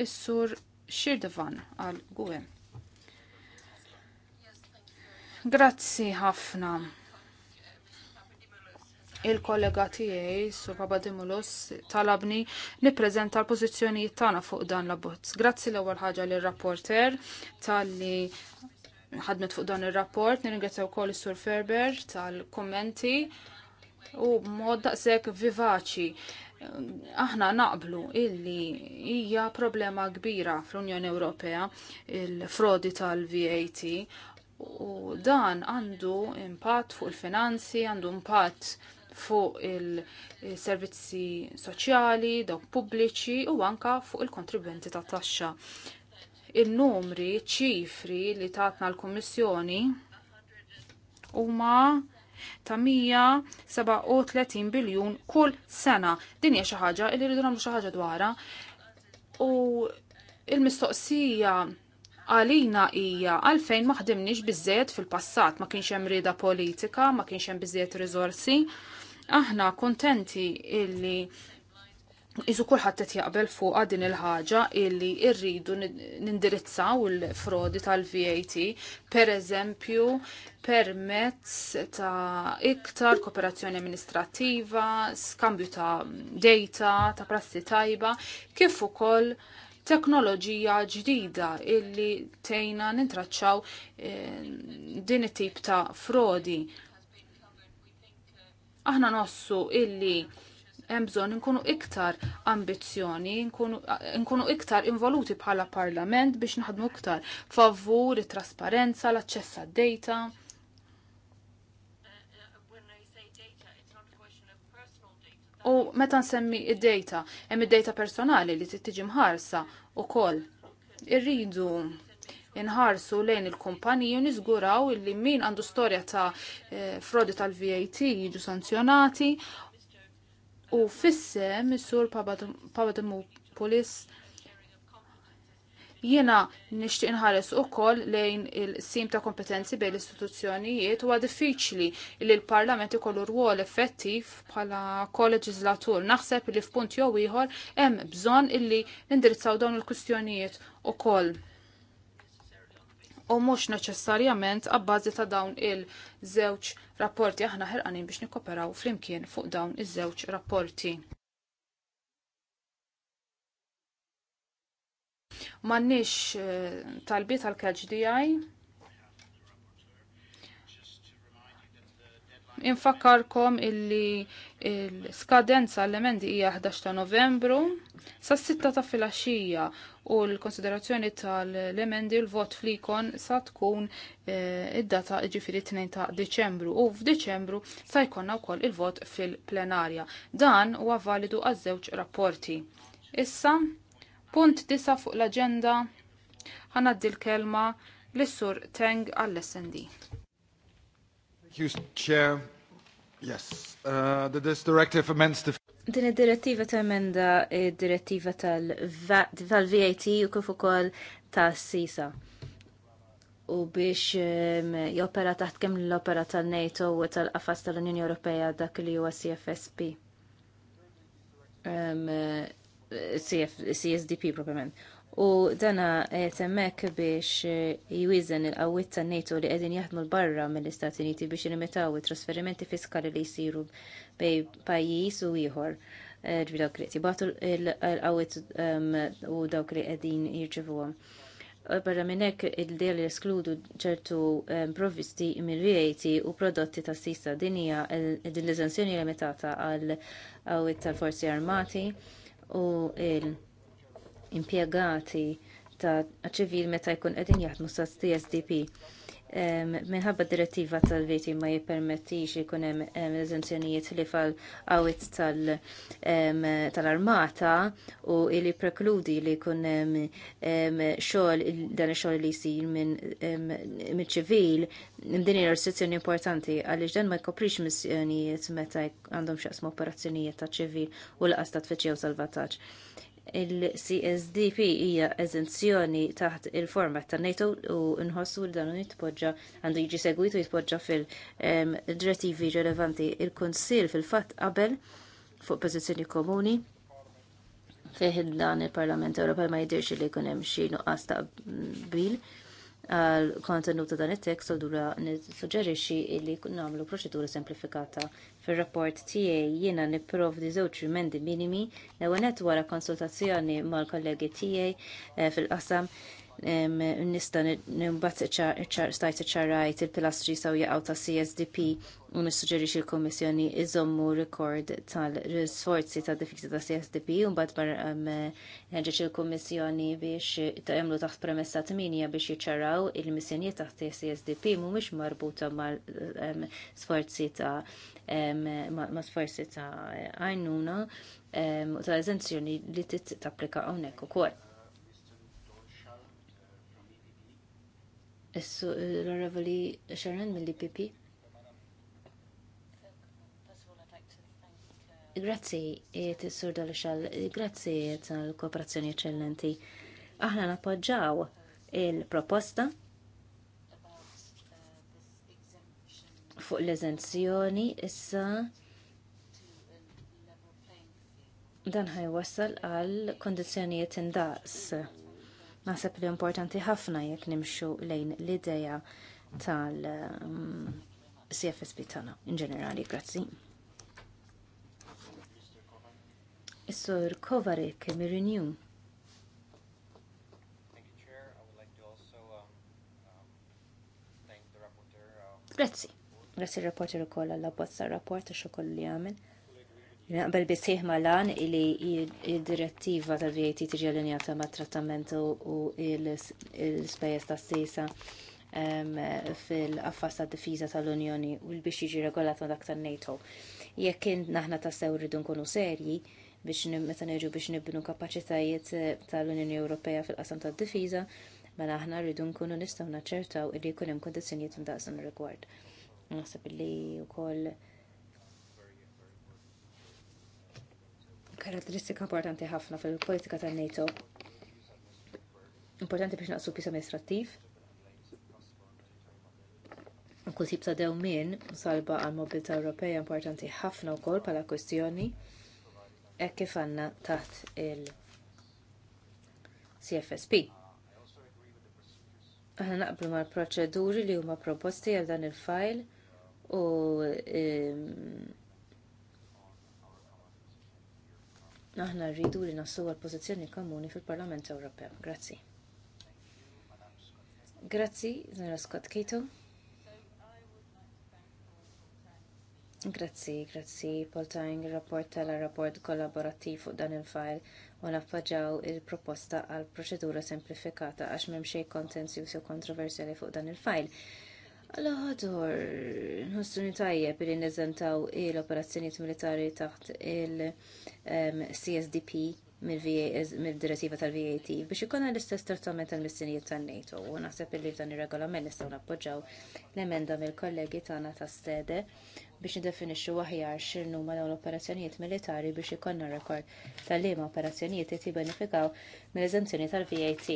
S3: is-sur Shirdevan għal Gwe. Grazzi ħafna il-kollega tiegħi Sur Papadimulus talabni nippreżenta l-pożizzjonijiet tagħna fuq dan l-abbozz. Grazzi l-ewwel ħaġa lir rapporter talli ħadmet fuq dan ir-rapport, nirringrazzja wkoll is-Sur Ferber tal-kummenti u b'mod daqshekk vivaċi. Aħna naqblu illi hija problema kbira fl-Unjoni Ewropea il-frodi tal-VAT u dan għandu impatt fuq il-finanzi, għandu impatt fuq il-servizzi soċjali, dawk pubbliċi u anka fuq il-kontribwenti ta' taxxa. Il-numri, ċifri li tatna l-Kummissjoni huma ta' 137 biljun kull sena. Din hija xi ħaġa li rridu nagħmlu xi ħaġa dwarha. U il-mistoqsija għalina hija għalfejn ma ħdimniex biżżejjed fil-passat, ma kienx hemm rieda politika, ma kienx hemm biżżejjed riżorsi Aħna kontenti illi Iżu kulħadd qed jaqbel fuq din il-ħaġa illi rridu nindirizzaw il-frodi tal-VAT, per eżempju, permezz ta' iktar kooperazzjoni amministrattiva, skambju ta' data, ta' prassi tajba, kif ukoll teknoloġija ġdida illi tejna nintraċċaw eh, din it-tip ta' frodi aħna nossu illi hemm bżonn inkunu iktar ambizzjoni, nkunu iktar involuti bħala parlament biex naħdmu iktar favur it-trasparenza, l-aċċess għad-data. U meta nsemmi id-data, hemm id-data personali li tittiġi mħarsa ukoll. Irridu inħarsu lejn il kumpaniju u niżguraw li min għandu storja ta' eh, frodi tal-VAT jiġu sanzjonati u fissem is-sur Papadimopoulos Jiena nishti inħares u koll lejn il-sim ta' kompetenzi bejn l-istituzzjonijiet u diffiċli li l-Parlament ikollu rwol effettiv bħala kol-leġizlatur. Naħseb li f'punt jew ieħor hemm bżonn illi nindirizzaw dawn il-kwistjonijiet ukoll u mhux neċessarjament abbażi ta' dawn il-żewġ rapporti aħna ħerqanin biex nikkoperaw flimkien fuq dawn iż-żewġ rapporti. Mannix eh, talbi tal kgdi infakkarkom illi l-skadenza l-emendi hija 11 ta' Novembru sa' 6 ta' filgħaxija u l-konsiderazzjoni tal-emendi u l-vot flikon sa' tkun eh, id-data ġifiri 2 ta' Deċembru u f'Deċembru sa' jkollna wkoll il-vot fil-plenarja. Dan huwa validu għaż-żewġ rapporti. Issa, punt 9 fuq l-aġenda ħanaddi l-kelma l-sur Teng għall-SND. Chair. Yes, uh, this directive amends the...
S2: Din id-direttiva ta' emenda id-direttiva tal-VAT u kif ukoll ta' sisa u biex jopera taħt kemm l-opera tal-NATO u tal-qafas tal-Unjoni Ewropea dak li huwa CFSP. Eh, CSDP propriament. U dana temmek biex eh, jwizen il-qawit ta' NATO li għedin jaħdmu l-barra mill-Istati Uniti biex jilimitaw il-trasferimenti fiskali li jisiru bej pajis u ieħor. Eh, Ġbi dawk l-qawit ehm, u dawk li għedin jirġivuhom. Eh, barra minnek il-del eskludu ċertu ehm, provvisti mill-VAT u prodotti ta' sista dinija din l-eżenzjoni limitata għal qawit tal-forzi armati u il- impjegati ta' ċivil meta jkun qegħdin jaħdmu sa' TSDP. Minħabba direttiva tal-viti ma jippermettix jkun hemm eżenzjonijiet li fal qawit tal-armata u li prekludi li jkun hemm xogħol dan ix-xogħol li jsir minn ċivil din hija restrizzjoni importanti għaliex dan ma jkoprix missjonijiet meta għandhom x'aqsma operazzjonijiet ta' ċivil u l-qas ta' tfittxew salvataġġ il-CSDP hija eżenzjoni taħt il-format ta' NATO u nħossu li dan jitpoġġa għandu jiġi segwitu jitpoġġa fil-direttivi relevanti il-Kunsil fil-fatt qabel fuq pożizzjoni komuni fejn dan il-Parlament Ewropew ma jidirx li jkun hemm xi nuqqas ta' qbil għal kontenut dan it-tekst u dura nissuġġerixxi li nagħmlu proċedura semplifikata. Fir-rapport tiegħi jiena nipprovdi żewġ rimendi minimi l-ewwel wara konsultazzjoni mal-kollegi tiegħi eh, fil-qasam nista nimbat stajt ċarrajt il-pilastri saw jaqaw ta' CSDP u nissuġġerix il-Komissjoni iżommu rekord tal-sforzi ta' defiċi ta' CSDP u mbagħad bar ħeġġeġ il-Komissjoni biex jagħmlu taħt premessa tminja biex jiċċaraw il-missjonijiet taħt CSDP mhumiex marbuta mal-sforzi ta' ma' sforzi ta' għajnuna u ta' eżenzjoni li tit tapplika hawnhekk ukoll Eh, l Sharon mill-IPP. Grazzi, eh, t-sur dal-xal, grazzi tal-kooperazzjoni eccellenti. Aħna nappoġġaw il-proposta fuq l-eżenzjoni issa dan ħaj wasal għal kondizjonijiet indaqs Naħseb li importanti ħafna jekk nimxu lejn l-ideja tal-CFSB um, tagħna in ġenerali. Grazzi. Is-sur Kovari Kemirinju. Um, um, uh, Grazzi. Grazzi il-rapporter u koll għalla bozza rapport għax li għamil. Naqbel bisħiħ lan li id-direttiva tal-VAT tiġi allinjata ma' trattamentu u l-spejjeż tas-sisa fil-qaffas ta' difiża tal-Unjoni u biex jiġi regolata ma' dak tan-NATO. Jekk kien naħna tassew rridu nkunu serji biex meta nerġu biex nibnu kapaċitajiet tal-Unjoni Ewropea fil-qasam tad-difiża, mela aħna rridu nkunu nistgħu naċċertaw li jkun hemm kondizzjonijiet imdaqsam rigward. Naħseb li wkoll karatteristika importanti ħafna fil-politika tan NATO. Importanti biex naqsu pis amministrattiv. Kull tip ta' dewmien salba għal mobilità Ewropea importanti ħafna wkoll bħala kwestjoni hekk kif għandna taħt il CFSP. Aħna naqblu mal proċeduri li huma proposti għal dan il-fajl u ehm, Aħna rridu li nassu għal-pozizjoni komuni fil-Parlament Ewropew. Grazzi. Grazzi, Zara Scott Cato. Grazzi, grazzi, Poltang, rapport tal-rapport kollaborattiv fuq dan il file u nappoġġaw il-proposta għal proċedura semplifikata għax memxej kontenzjus u kontroversjali fuq dan il file L-ħador, nħossu tajjeb li neżentaw l-operazzjoniet militari taħt il-CSDP mill-direttiva tal-VAT biex ikonna l-istess trattament tal-missinijiet tan-NATO u naħseb li dan ir-regolament nistgħu nappoġġaw l-emenda mill-kollegi tagħna ta' stede biex nidefinixxu aħjar x'inhuma dawn l-operazzjonijiet militari biex ikollna rekord tal-liema operazzjonijiet qed jibbenefikaw mill-eżenzjoni tal-VAT.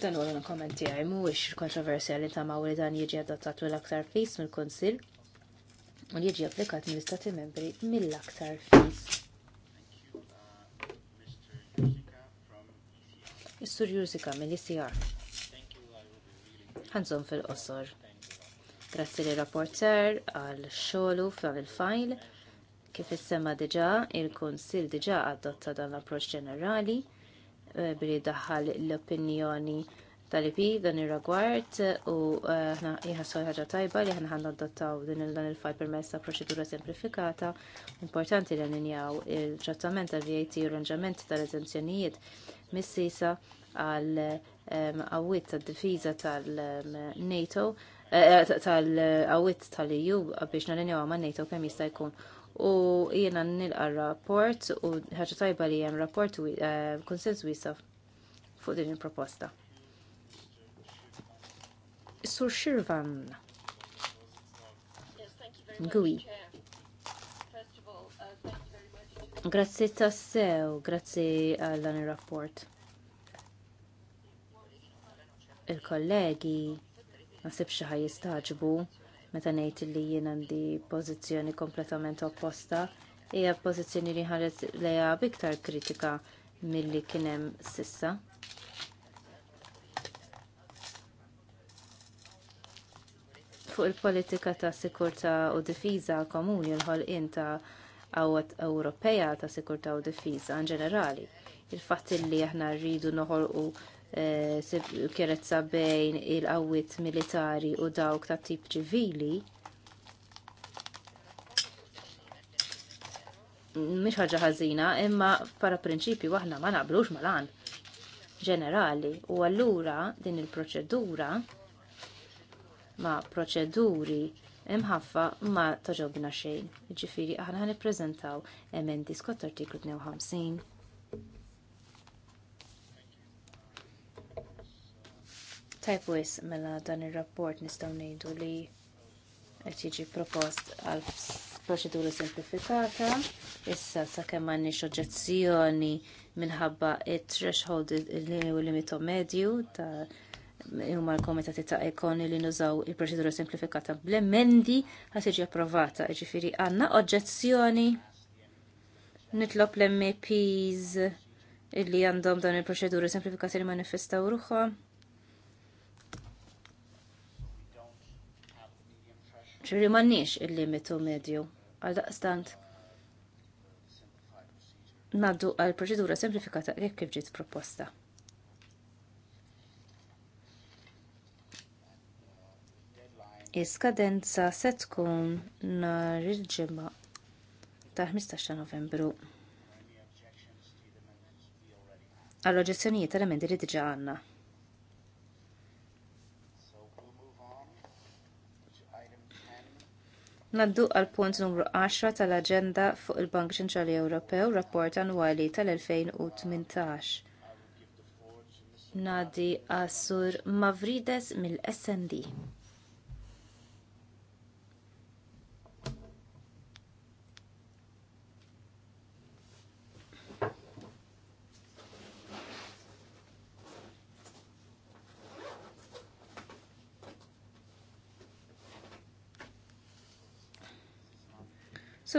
S2: Dan u l kommenti għaj kontroversja li ta' mawri dan jieġi adattatu l-aktar fis mill-Konsil u jieġi applikat mill-Istati membri mill-aktar fis. Mr. sur Jurzika mill-ICR. Ħanżom fil-qosor. Grazzi li rapporter għal xolu fl il-fajl kif is-sema diġa il-Konsil diġa adotta dan l-approċ ġenerali billi daħal l-opinjoni tal-IP dan ir ragward u aħna eh, jħassu ħaġa tajba li aħna ħanna adottaw din dan il-fajl permezz ta' proċedura semplifikata importanti li ninjaw il-trattament tal-VAT u ranġament tal ezenzjonijiet mis-sisa għal għawit ehm, tad-difiża tal-NATO ehm, eh, eh, tal-għawit tal-EU biex nalinjaw man NATO kemm jista' jkun u jiena nilqa rapport u ħaġa tajba li hemm rapport u eh, konsens wiesa fuq din il-proposta. Sur Shirvan. Gwi. Uh, grazzi tassew, grazzi għal dan il-rapport. Il-kollegi nasib xi jistaġbu meta ngħid li jien għandi pożizzjoni kompletament opposta hija pożizzjoni li ħaret lejha biktar kritika milli kien hemm sissa. Fuq il-politika ta' sikurtà u difiża komuni l ħolqien ta' għawat Ewropea ta' sikurtà u difiża in ġenerali. Il-fatt li aħna rridu noħolqu E, kjerezza bejn il-qawwiet militari u dawk tat tip ċivili mhix ħaġa ħażina, imma para prinċipju aħna ma naqblux malan ġenerali u allura din il-proċedura ma' proċeduri imħaffa ma toġobna xejn. Ġifiri, aħna ħan prezentaw emendi skott artiklu 52. Tajbwis mela dan ir-rapport nistgħu ngħidu li qed jiġi propost għal proċedura simplifikata, issa sakemm m'għandniex oġġezzjoni minħabba it-threshold il-limitu medju ta' huma l-komitati ta' ekoni li nużaw il-proċedura simplifikata bl-emendi ħas iġi approvata, jiġifieri għanna oġġezzjoni nitlob l-MPs illi għandhom dan il-proċedura simplifikata li manifestaw ruħhom ċiri il-limitu medju. Għal-daqstant, naddu għal-proċedura semplifikata jekk kif ġiet proposta. Iskadenza se tkun nhar il-ġimgħa ta' 15 Novembru. Għall-oġezzjonijiet tal-emendi li diġa għanna. Naddu għal punt numru 10 tal-Aġenda fuq il-Bank Ċentrali Ewropew, rapport annwali tal-2018. Nadi Asur Mavrides mill-SND.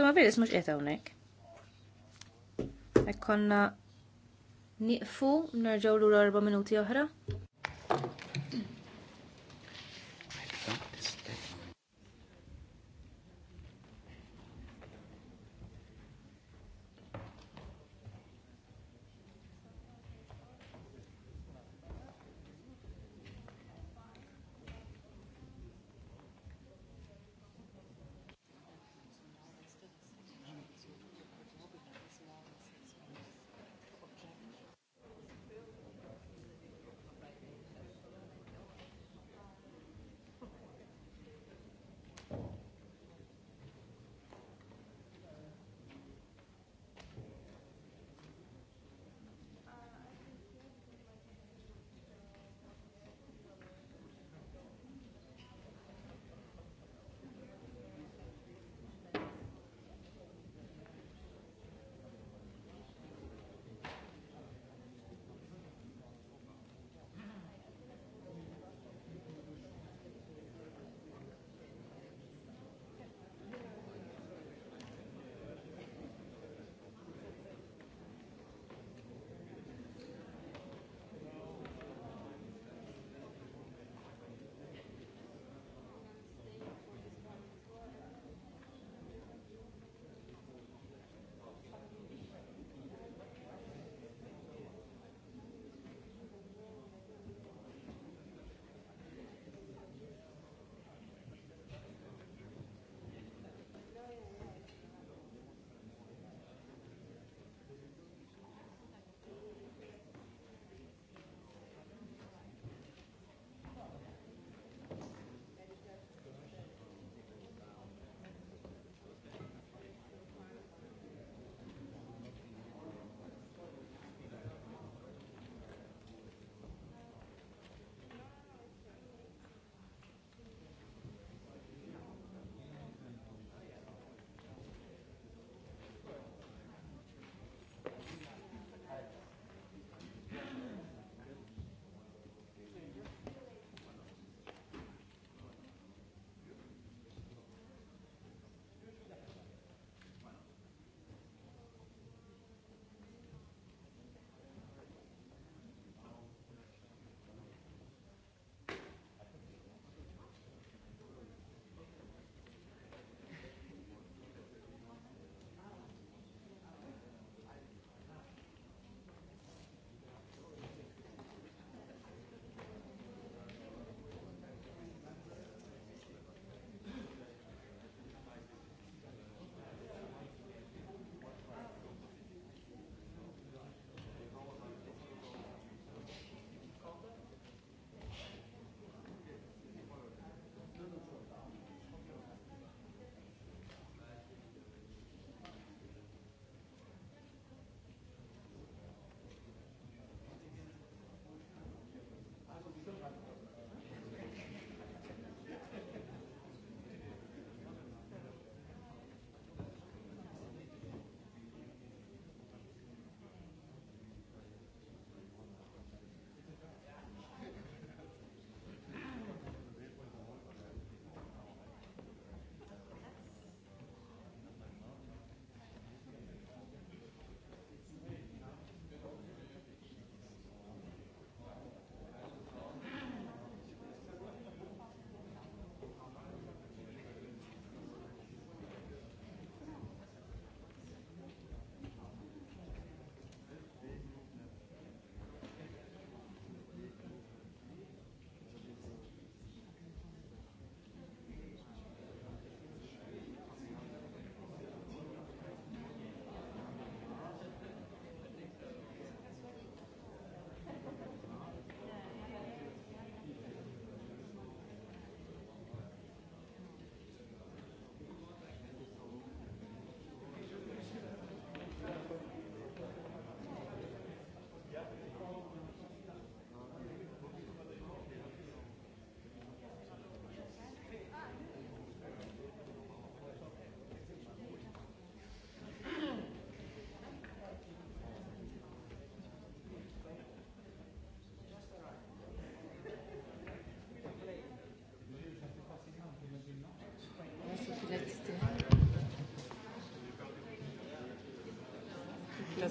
S2: ma bilis mux qiegħed hawnhekk. Ekkonna niqfu nerġgħu lura 4 minuti oħra.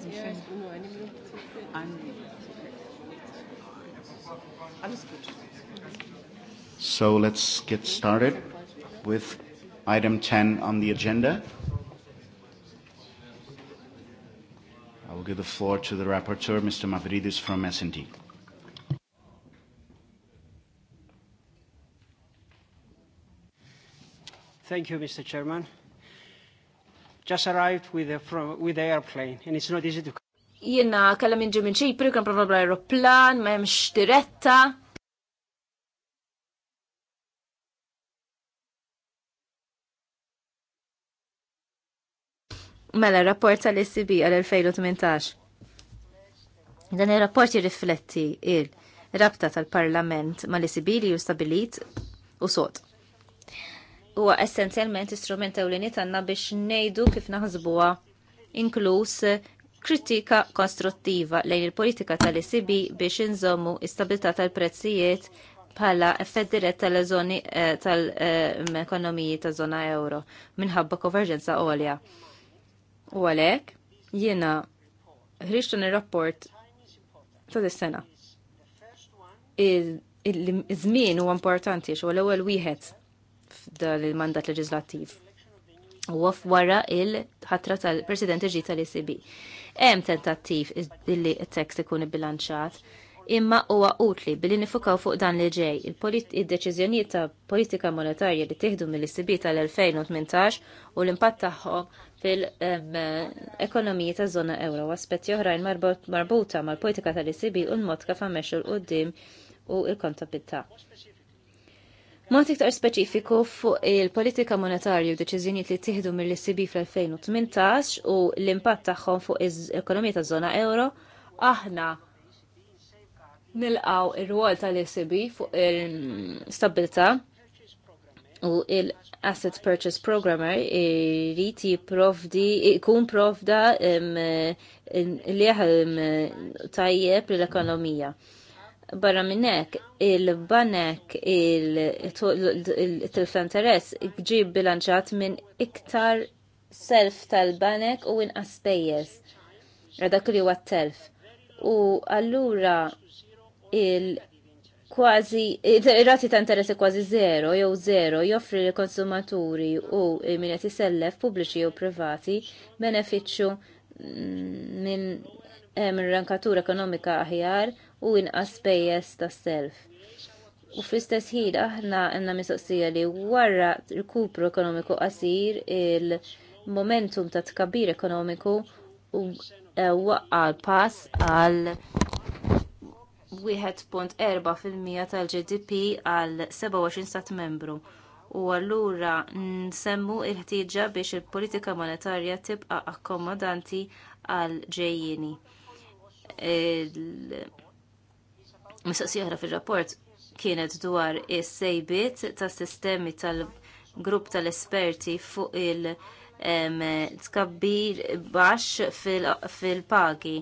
S4: Nasenfilm.
S1: So let's get started with item 10 on the agenda. I will give the floor to the rapporteur, Mr. Mavridis from S&T. Thank you, Mr. Chairman just arrived with, a, from, with the airplane and it's not easy to
S2: Jiena kalla minn ġi minn ċipri, kan prova aeroplan ma jemx diretta. Mela, rapport tal-ICB għal-2018. Dan il-rapport jirrifletti il-rabta tal-parlament ma l li ju stabilit u sot huwa essenzjalment istrument ewlieni tagħna biex ngħidu kif naħsbuha inkluż kritika konstruttiva lejn il-politika tal-ECB biex inżommu istabilità tal-prezzijiet bħala effett dirett tal-eżoni eh, tal-ekonomiji ta' zona euro minħabba konverġenza għolja. U għalek, jiena ħriġtu nir rapport ta' dis-sena. Iż-żmien huwa importanti xogħol ewwel wieħed dan il-mandat leġislattiv u wara il-ħatra tal-President ġi tal-ECB. Hemm tentattiv illi t-tekst ikun bilanċat imma huwa utli billi nifukaw fuq dan li ġej il deċiżjonijiet ta' politika monetarja li tieħdu mill-ECB tal-2018 u l-impatt tagħhom fil-ekonomiji ta' zona euro u aspetti oħrajn marbuta mal-politika tal-ECB u l-mod kif għamexxu l-qudiem u l-kontabilità. Ma iktar speċifiku fuq il-politika monetarju deċiżjonijiet li tieħdu mill-ECB fl-2018 u l-impatt tagħhom fuq l-ekonomija taż-żona euro, aħna nilqaw ir-rwol tal-ECB fuq il-stabilità u il-Asset Purchase Programmer irrit jipprovdi, ikun provda liħ tajjeb l-ekonomija barra minnek il-banek il-tilf ġib bilanċat minn iktar self tal-banek u inqas spejjeż. Rada li huwa telf. U allura il kważi ir-rati ta' interessi kważi zero jew zero joffri li konsumaturi u min qed isellef pubbliċi u privati benefiċċju mm, minn eh, rankatura ekonomika aħjar u inqas pejjeż tas-self. U fl-istess ħin aħna għandna mistoqsija li wara rkupru ekonomiku qasir il-momentum ta' tkabbir ekonomiku u e, waqqal pass għal 1.4% tal-GDP għal 27 stat membru u allura nsemmu l ħtieġa biex il-politika monetarja tibqa akkomodanti għal ġejjini Mistaqsija oħra fir-rapport kienet dwar is-sejbiet tas sistemi tal-grupp tal-esperti fuq il- tkabbir baxx fil-pagi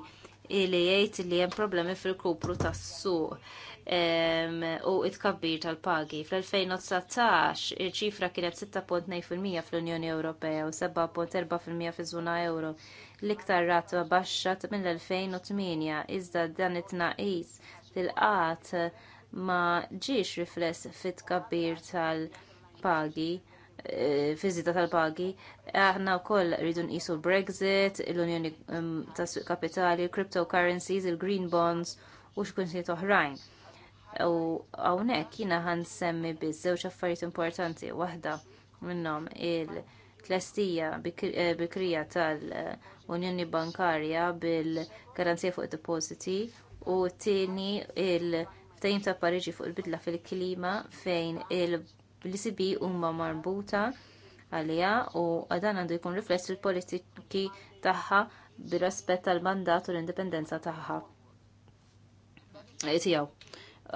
S2: li jgħid li hemm problemi fil-kupru tas-suq u it-kabbir tal-pagi. Fl-2019 il-ċifra kienet 6.9% fl-Unjoni Ewropea u 7.4% fil żuna euro l-iktar rata baxxat mill-2008 iżda dan it-tnaqis il-qat ma ġiex rifless fit-kabbir tal-pagi fiżita eh, tal-pagi, aħna wkoll rridu nqisu l-Brexit, l-Unjoni mm, tas Suq Kapitali, il-cryptocurrencies, il-green bonds u x'kunsijiet oħrajn. U hawnhekk jiena nsemmi biss żewġ affarijiet importanti, waħda minnhom il-tlestija eh, bikrija tal-Unjoni eh, Bankarja bil-garanzija fuq id depositi u t tieni il-ftajim ta' Pariġi fuq il-bidla fil-klima fejn il-ECB huma marbuta għalija u għadan għandu jkun rifless fil-politiki tagħha bir-rispett tal-mandat u l-indipendenza tagħha. Tiegħu.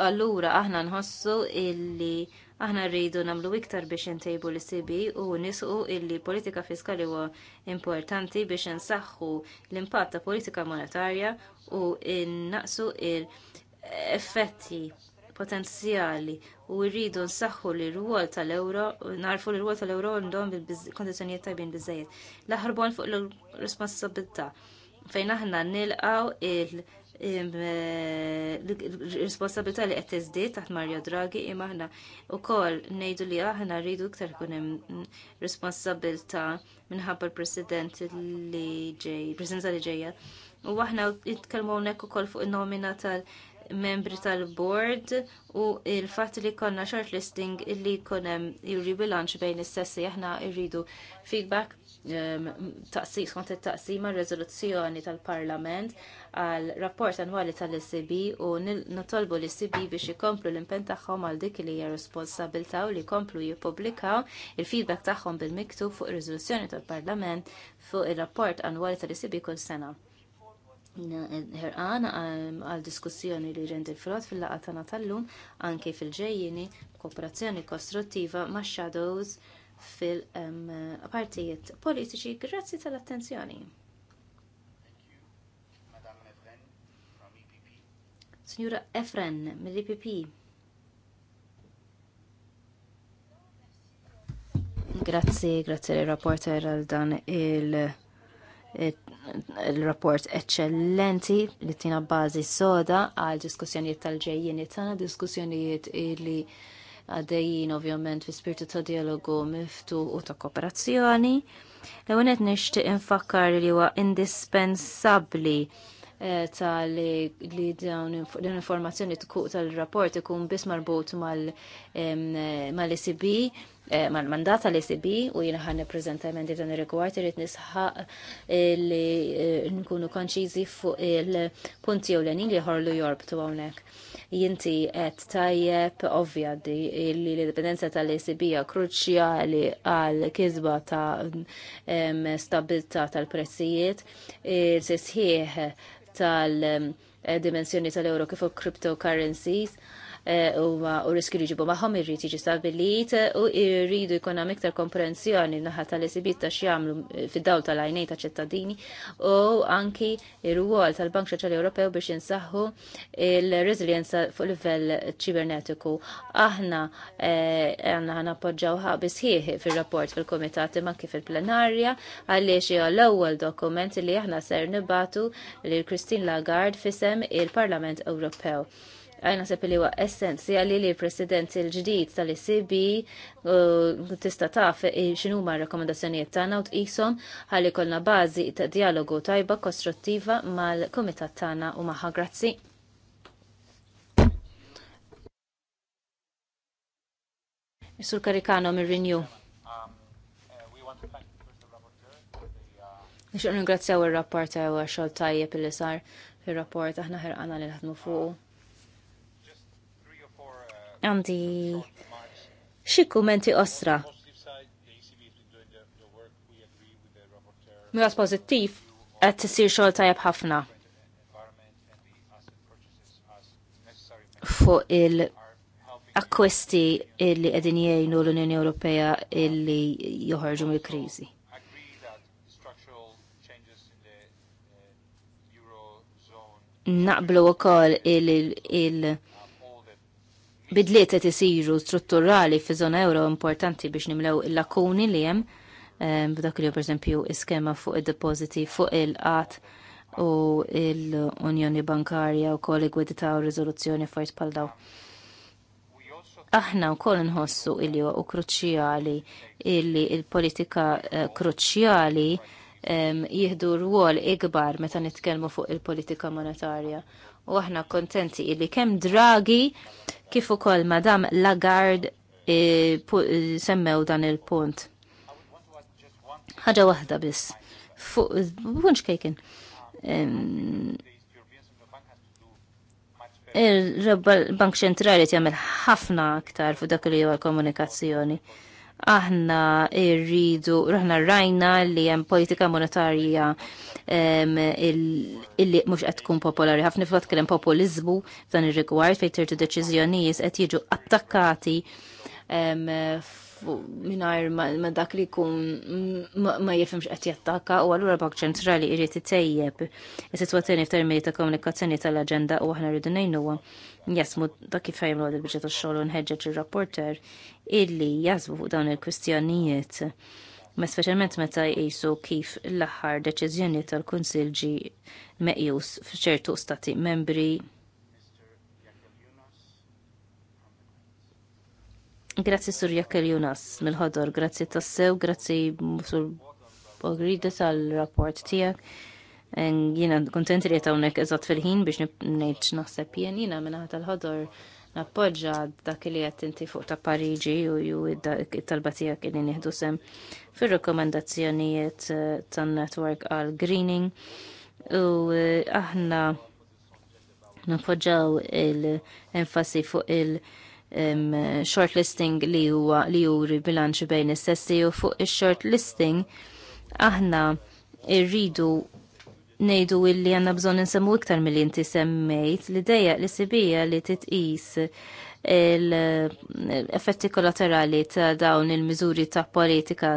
S2: Allura aħna nħossu illi Aħna rridu nagħmlu iktar biex intejbu l-CB u nisqu illi politika fiskali huwa importanti biex insaħħu l-impatt ta' politika monetarja u innaqsu l effetti potenzjali u rridu nsaħħu l rwol tal-euro, narfu l rwol tal-euro għandhom bil-kondizjonijiet tajbin bizzejiet. Laħarbon fuq l responsabilta fejn aħna nilqaw il- Eh, responsabilità li qed taħt Mario Draghi imma aħna wkoll ngħidu li aħna rridu iktar ikun hemm responsabilità minħabba l-President li ġej, Presidenza li ġejja. U aħna nitkellmu hawnhekk ukoll fuq in-nomina tal-membri tal-board u il-fatt li konna shortlisting li jkun hemm juri bilanċ bejn is-sessi aħna rridu feedback taqsis, kont it-taqsima r-riżoluzzjoni tal-Parlament għal rapport annwali tal-ECB u nitolbu l-ECB biex jikomplu l-impen tagħhom għal dik li hija responsabilta u li jkomplu jippubblikaw il-feedback tagħhom bil-miktub fuq rezoluzzjoni riżoluzzjoni tal-Parlament fuq ir-rapport annwali tal-ECB kull sena. Herqan għal diskussjoni li rendi frott fil-laqatana tal-lum anke fil-ġejjini kooperazzjoni kostruttiva ma' shadows fil-partijiet politiċi. Grazzi tal-attenzjoni. Signora Efren, mill-IPP. Grazzi, grazzi l-rapporter għal dan il- rapport eccellenti li tina bazi soda għal diskussjonijiet tal-ġejjeni tana, diskussjonijiet li għaddejjin ovvjament fi spiritu ta' dialogu miftu u ta' kooperazzjoni. L-għunet nishti infakkar li huwa indispensabli eh, ta' li, li dawn l-informazzjoni tkuq tal-rapport ikun biss marbut eh, mal-ECB Eh, mal-mandata li sibi u jina ħan neprezenta emendi dan ir-rigward irrid nisħaq eh, li eh, nkunu konċiżi fuq il-punti lenin li ħorlu jorbtu hawnhekk. Jinti qed tajjeb ovvja li l-indipendenza tal-ECB hija kruċjali għal kisba ta' stabilità tal-prezzijiet, il-sisħieħ tal-dimensjoni tal-euro kif cryptocurrencies Eh, u riski li ġibu maħom irriti jiġi stabilit eh, u irridu jkun hemm iktar komprensjoni naħa tal-esibit ta' xjamlu eh, fid-dawl tal-għajnej ta' ċittadini u anki ir-rwol tal-Bank Soċjali Ewropew biex insaħħu il-reżiljenza fuq livell ċibernetiku. Aħna għandna ħabis bisħieħ fir-rapport fil-komitat imma kif il-plenarja għaliex hija l-ewwel dokument li aħna ser nibatu lil Christine Lagarde fisem il-Parlament Ewropew għajna sepp li huwa essenzjali li l-President il-ġdid tal-ICB tista' taf xinu ma' rakkomandazzjonijiet tagħna u tqishom ħalli kollna bażi ta' dialogu tajba kostruttiva mal-Kumitat tagħna u magħha grazzi. Sur Karikano mir-Renew. Nixuq ringrazzjaw il-rapport għu għaxol tajjeb il-li sar il-rapport aħna ħirqana li naħdmu fuq għandi xie kumenti osra. Miras għed t-sir xol tajab ħafna. Fuq il akkwisti illi qegħdin jgħinu l-Unjoni Ewropea illi joħarġu mill krizi Naqblu u koll il, il bidliet qed isiru strutturali fi żona euro importanti biex nimlew il-lakuni li hemm b'dak li pereżempju iskema fuq id-depożiti fuq il qat u l-Unjoni Bankarja u kol igwedita u riżoluzzjoni fajt pal daw. Aħna u kol nħossu il u kruċjali illi il-politika eh, kruċjali jihdu rwol ikbar meta nitkellmu fuq il-politika monetarja u aħna kontenti illi kem Draghi kif ukoll Madam Lagarde e, pu, e, semmew dan il-punt. Ħaġa waħda biss. Fuq kejkin. Il-Bank Ċentrali jagħmel ħafna aktar fuq dak li huwa l-komunikazzjoni aħna rridu, aħna rajna li hemm politika monetarja illi mhux qed tkun popolari. Ħafna fil kellem populizmu f'dan ir-rigward fejn tirtu deċiżjonijiet qed jiġu attakkati minnajr ma dak li kun ma jifimx qed jattakka u allura bank ċentrali t-tejjeb il is f-termini ta' komunikazzjoni tal-aġenda u aħna rridu ngħinuha jasmu da kif jagħmlu il biġġa xoħlu xogħol il nħeġġeġ ir-rapporter illi jażbu fuq dawn il-kwistjonijiet. Ma speċjalment meta jisu kif l-aħħar deċiżjoni tal kunsilġi ġi meqjus f'ċertu stati membri Grazzi Sur Jakel Junas mill-ħodor, grazzi tassew, grazzi Sur Bogrida tal-rapport tijak. Jina kontent li jtawnek eżat fil-ħin biex nejċ naħseb jen jina minna tal-ħodor nappoġġa dak li qed fuq ta' Pariġi u ju it-talba tiegħek li nieħdu sem fir rekomendazzjonijiet eh, tan-network għal greening u eh, aħna nappoġġaw il-enfasi fuq il-, um, shortlisting li huwa li juri bilanċ bejn is-sessi u fuq is-shortlisting aħna irridu nejdu illi għanna bżon nsemmu iktar mill inti semmejt li dejja li sibija li titqis l-effetti kollaterali ta' dawn il-miżuri ta' politika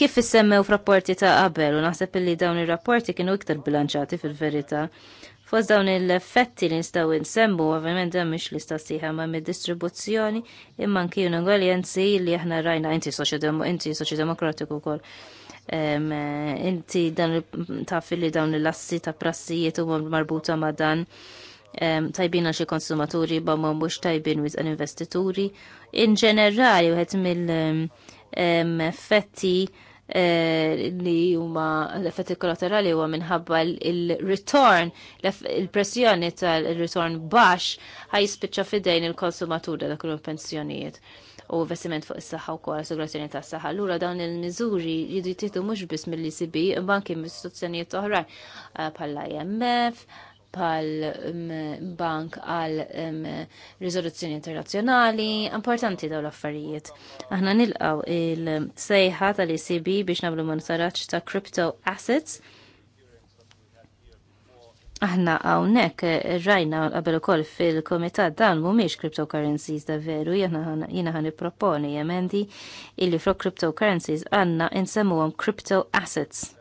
S2: kif issemmew f'rapporti ta' qabel u naħseb illi dawn ir-rapporti kienu iktar bilanċati fil-verità. Fost dawn l-effetti li nistaw nsemmu, ovvjament dan mhix lista siħa ma' mid-distribuzzjoni imma kienu ngwaljenzi li aħna rajna inti soċjodemokratiku wkoll Eh, inti dan ta' li dawn l-assi ta' prassijiet u marbuta ma' dan tajbin għal xi konsumaturi ba' ma' mux tajbin wiz investituri. In ġenerali, wieħed mill-effetti eh, li huma l-effetti kollaterali huwa minħabba il-return, il-pressjoni tal-return baxx ħaj spiċċa fidejn il-konsumatur dak il-pensjonijiet u investiment fuq is-saħħa wkoll assigurazzjoni tas-saħħa. Allura dawn il-miżuri jridu jittieħdu mhux biss mill-ECB banki anke mill-istituzzjonijiet oħra bħall-IMF, eh, bħal mm, bank għal mm, rizoluzzjoni internazzjonali, importanti daw l-affarijiet. Aħna nilqaw il-sejħa tal-ECB biex nablu monitoraċ ta' crypto assets Aħna għawnek rajna qabel ukoll fil-komitat dan mhumiex cryptocurrencies da veru jiena ħan proponi jemendi illi fro cryptocurrencies għandna insemmuhom crypto assets.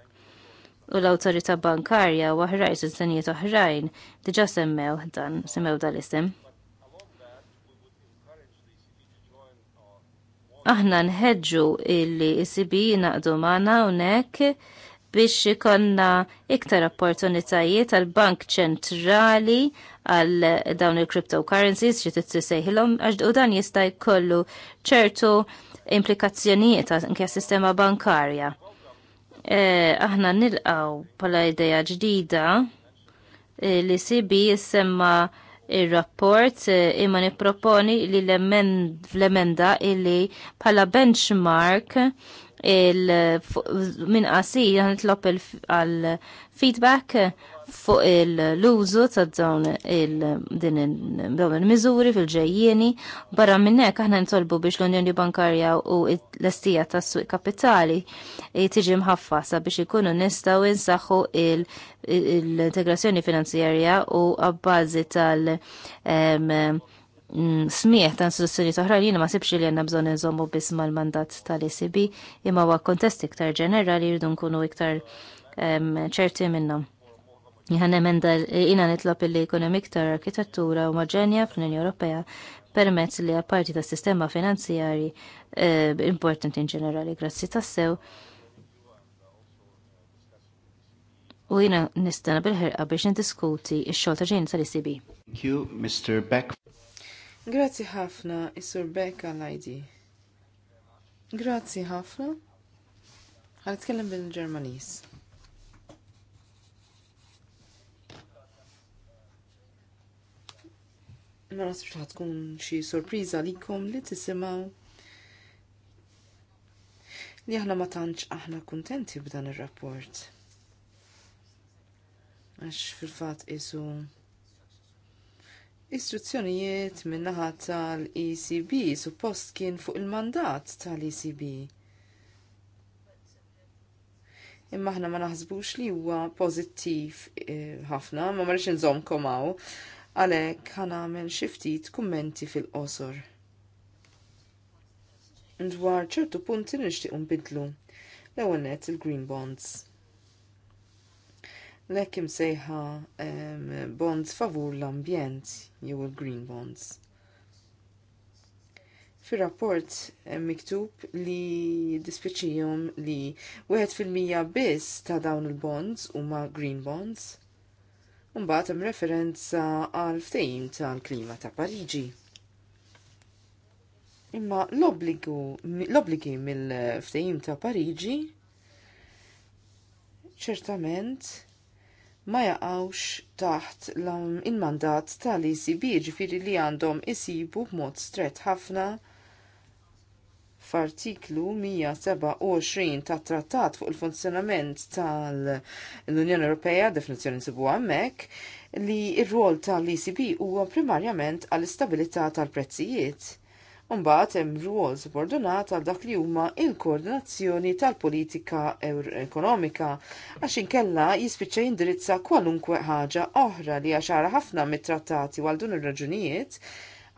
S2: U l autorita bankarja u oħrajn sistenijiet oħrajn diġà semmew dan semmew dal-isem. Aħna nħeġġu illi s-sibi naqdu maħna hawnhekk biex ikonna iktar opportunitajiet għal bank ċentrali għal dawn il-cryptocurrencies xi titsejħilhom għax u dan jista' jkollu ċertu implikazzjonijiet għal sistema bankarja. Eh, aħna nilqaw bħala idea ġdida eh, li sibi jisemma il-rapport eh, imma nipproponi li l-emenda illi bħala benchmark il-min qasi nitlob il feedback fuq l-użu ta' dawn din il-miżuri fil-ġejjieni barra minn hekk aħna nitolbu biex l-Unjoni Bankarja u l-estija tas-suq kapitali tiġi mħaffasa biex ikunu nistgħu insaħħu l-integrazzjoni finanzjarja u għabbażi tal- Mm, smieħ ta' sussuri toħra li ma sibx li għanna bżon nżommu bisma l mandat tal-ECB imma għu kontest iktar ġenerali rridu nkunu iktar ċerti minnom. Jħan emenda jina nitlob li kunem iktar arkitettura omogenja fl-Unjoni Ewropea permezz li għaparti ta' sistema finanzjari eh, importanti in ġenerali grazzi ta' sew. U jina nistana bil ħirqa biex nidiskuti x-xogħol ta' ġejn tal-ECB.
S1: Thank you, Mr. Beck.
S4: Grazzi ħafna, Isur Bekka l-ID. Grazzi ħafna. Għan t-kellem bil-Ġermanis. Ma nasibx ħad xie sorpriza li kum li tisimgħu li aħna ma tantx aħna kuntenti b'dan ir-rapport. Għax fil-fatt isu Istruzzjonijiet min-naħa tal-ECB suppost kien fuq il-mandat tal-ECB. Imma aħna ma naħsbux li huwa pożittiv eh, ħafna, ma marriċ nżom komaw, għalhekk ħanamel xi ftit kummenti fil-qosor. Dwar ċertu punti nixtieq bidlu. L-ewwel il-Green Bonds lekk imsejħa um, bonds favur l-ambjent jew green bonds. Fir-rapport miktub li dispjaċijom li 1% biss ta' dawn il-bonds huma green bonds. Mbagħad hemm referenza għal ftehim tal-klima ta' Pariġi. Imma l-obbligi mill-ftehim ta' Pariġi ċertament ma jaqgħux taħt il-mandat tal-ECB ġifiri li għandhom isibu b'mod stret ħafna f'artiklu 127 tat trattat fuq il-funzjonament tal-Unjoni Ewropea, definizzjoni sibu hemmhekk, li r-rol tal-ECB huwa primarjament għall-istabilità tal-prezzijiet Umbat hemm rwol subordinat għal dak li huma il-koordinazzjoni tal-politika ekonomika għax inkella jispiċċa jindirizza kwalunkwe ħaġa oħra li għaxara ħafna mit-trattati għal dun ir-raġunijiet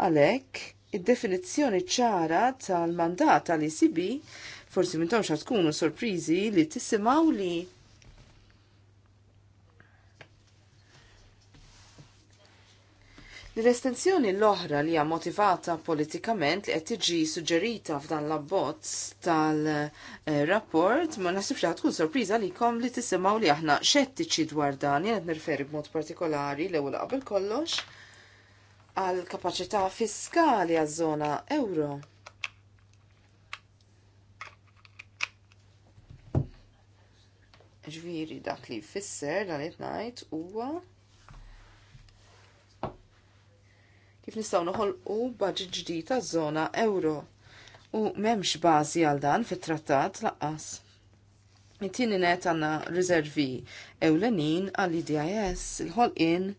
S4: għalhekk id-definizzjoni ċara tal-mandat tal-ECB forsi minn tomx tkunu sorprizi li tisimaw li L-estensjoni l-oħra li hija motivata politikament li qed tiġi suġġerita f'dan l-abbozz tal-rapport ma nasibx li tkun sorpriża kom li tisimgħu li aħna xettiċi dwar dan jien qed nirferi b'mod partikolari l-ewwel qabel kollox għal kapaċità fiskali għal żona euro. Ġviri dak li fisser dan it-najt huwa kif nistgħu noħolqu budget ġdid taż-żona euro. U m'hemmx bażi għal dan fit-trattat laqqas. It-tieni net għandna riservi ewlenin għall e IDIS il-ħolqien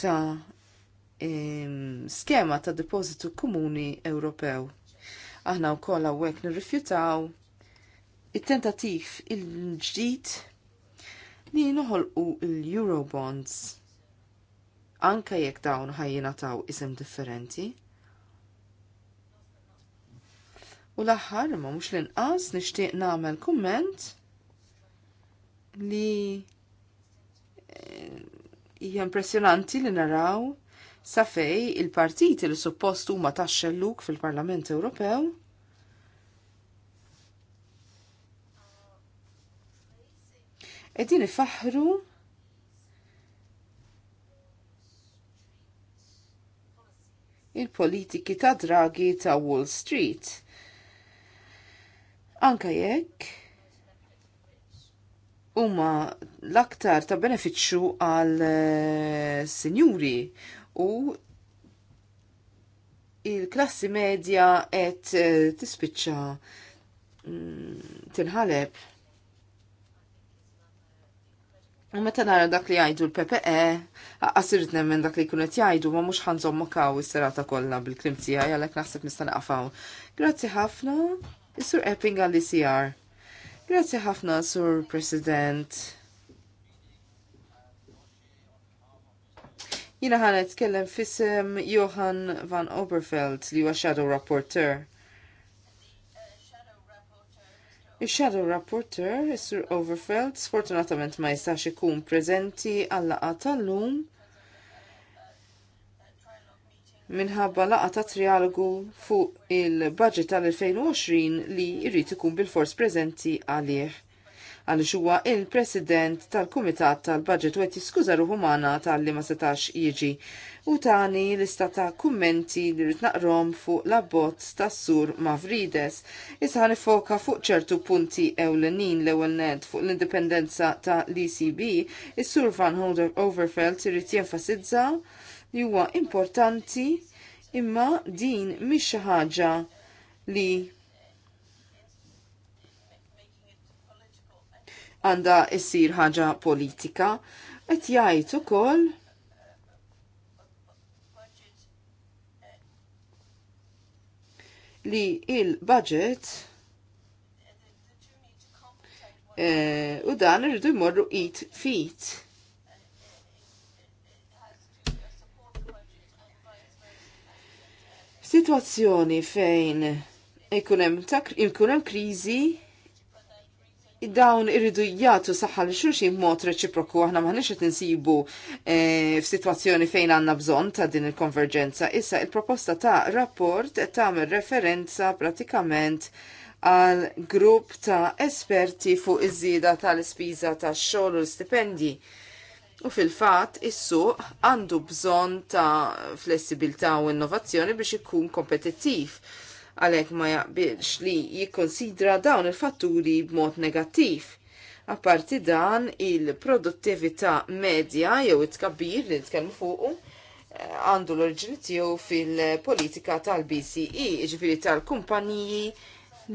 S4: ta' skema ta' depożitu komuni Ewropew. Aħna wkoll għek nirrifjutaw it-tentativ il-ġdid li noħolqu l-Eurobonds anke jekk dawn ħajjina taw isem differenti. U l-aħħar ma mhux l-inqas nixtieq nagħmel kumment li eh, hija impressjonanti li naraw sa fej il-partiti li suppost huma taxxelluk fil-Parlament Ewropew qegħdin ifaħru il-politiki ta' dragi ta' Wall Street. Anka jekk huma l-aktar ta' beneficju għal eh, sinjuri u il-klassi medja qed eh, tispiċċa mm, tinħaleb U meta nara dak li jgħidu l-PPE, għasirt nemmen dak li kunet jgħidu, ma mux ħanżom ma kaw serata kollha bil krim tijaj, għalek naħseb nistan għafaw. Grazzi ħafna, is-Sur Epping għalli sijar. Grazzi ħafna, Sur President. Jina ħanet tkellem fisem Johan van Oberfeld li huwa Shadow Rapporteur il shadow Rapporteur, Sir Overfeld, sfortunatament ma jistax ikun prezenti għal laqgħa tal-lum minħabba laqgħa ta' trialogu fuq il-budget tal-2020 li jrid ikun bil-fors preżenti għalih għaliex huwa il-President tal-Kumitat tal-Budget u qed jiskuża ruħu maħna tal-li ma setax jiġi. U tani lista ta' kummenti li rrid naqrom fuq la abbozz tas-sur Mavrides. Issa ħanifoka fuq ċertu punti ewlenin l-ewwel ned fuq l-indipendenza ta' l-ECB, is-Sur Van Holder Overfeld irid jenfasizza li huwa importanti imma din mhix ħaġa li għandha issir ħaġa politika, qed jgħid ukoll li il-budget eh, u dan irridu jmorru it fit. Situazzjoni fejn ikunem krizi dawn irridu jgħatu saħħa li xulxin mod reċiproku aħna maħniex qed insibu eh, f'sitwazzjoni fejn għandna bżonn ta' din il-konverġenza. Issa il-proposta ta' rapport tagħmel referenza pratikament għal grupp ta' esperti fuq iż-żieda tal-ispiża tax-xogħol u l-stipendji. U fil-fat, is-suq għandu bżon ta' flessibilità u innovazzjoni biex ikun kompetittiv għalhekk ma jaqbilx li jikkonsidra dawn il-fatturi b'mod negattiv. Apparti dan il-produttività medja jew it-tkabbir li nitkellmu fuqu eh, għandu l-orġini tiegħu fil-politika tal-BCE, ġifieri tal-kumpaniji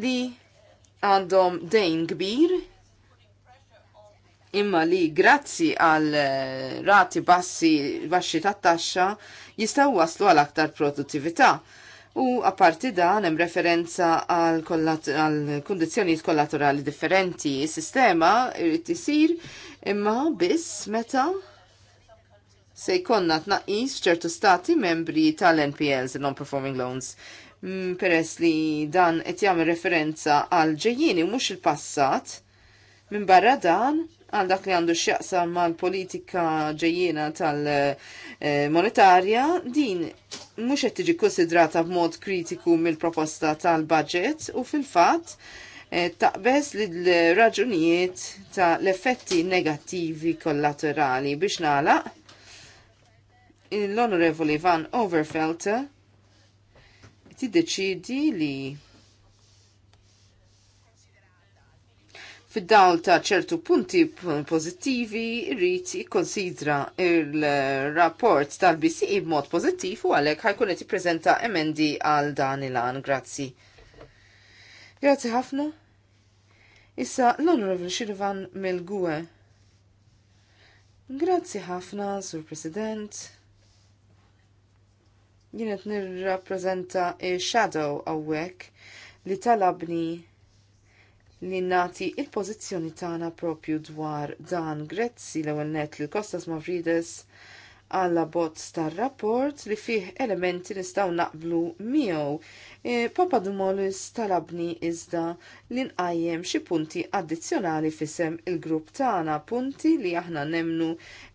S4: li għandhom dejn kbir imma li grazzi għal eh, rati bassi baxxi tat-taxxa jistgħu waslu għal aktar produttività. U apparti dan hemm referenza għal kundizzjonijiet kollaterali differenti. Is-sistema irid isir imma biss meta se jkollna tnaqqis ċertu stati membri tal-NPLs, non-performing loans. Mm, peress li dan qed jagħmel referenza għal ġejjieni mhux il-passat. Minn barra dan għal dak li għandu x'jaqsam mal-politika ġejjena tal-monetarja, din mhux qed tiġi konsidrata b'mod kritiku mill-proposta tal-budget u fil-fatt eh, taqbes li l-raġunijiet ta' l-effetti negattivi kollaterali biex nagħlaq l-Onorevoli Van Overfeld tiddeċidi li fid-dawl ta' ċertu punti pozittivi rrit ikkonsidra il-rapport tal b e b'mod pozittiv u għalhekk ħajkun qed jippreżenta emendi għal dan il-għan. Grazzi. Grazzi ħafna. Issa l-Onorevoli Xirvan Melgue. Grazzi ħafna, Sur President. Jien qed nirrappreżenta shadow għawek li talabni li nati il-pozizjoni tagħna propju dwar dan Grezzi l-ewwel net li Kostas Mavrides għalla bozz tar-rapport li fih elementi nistgħu naqblu miegħu. E, Papa Dumolis talabni iżda li nqajjem xi punti addizzjonali fisem il-grupp tagħna, punti li aħna nemnu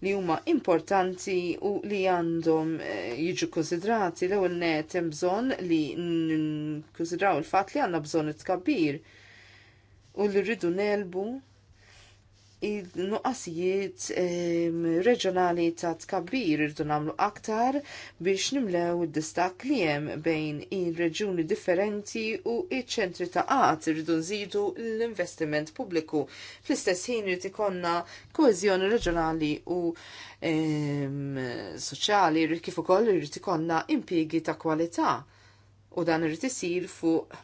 S4: li huma importanti u li għandhom e, jiġu konsidrati l-ewwel net hemm bżonn li nkunsidraw il-fatt li għandna bżonn it-tkabbir u li rridu nelbu il-nuqqasijiet reġjonali ta' tkabbir irdu namlu aktar biex nimlew id-distak li hemm bejn ir-reġjuni differenti u iċ-ċentri ta' qatt irridu nżidu l-investiment pubbliku. Fl-istess ħin irid ikonna koeżjoni reġjonali u soċjali kif ukoll irid ikonna impjiegi ta' kwalità u dan irid isir fuq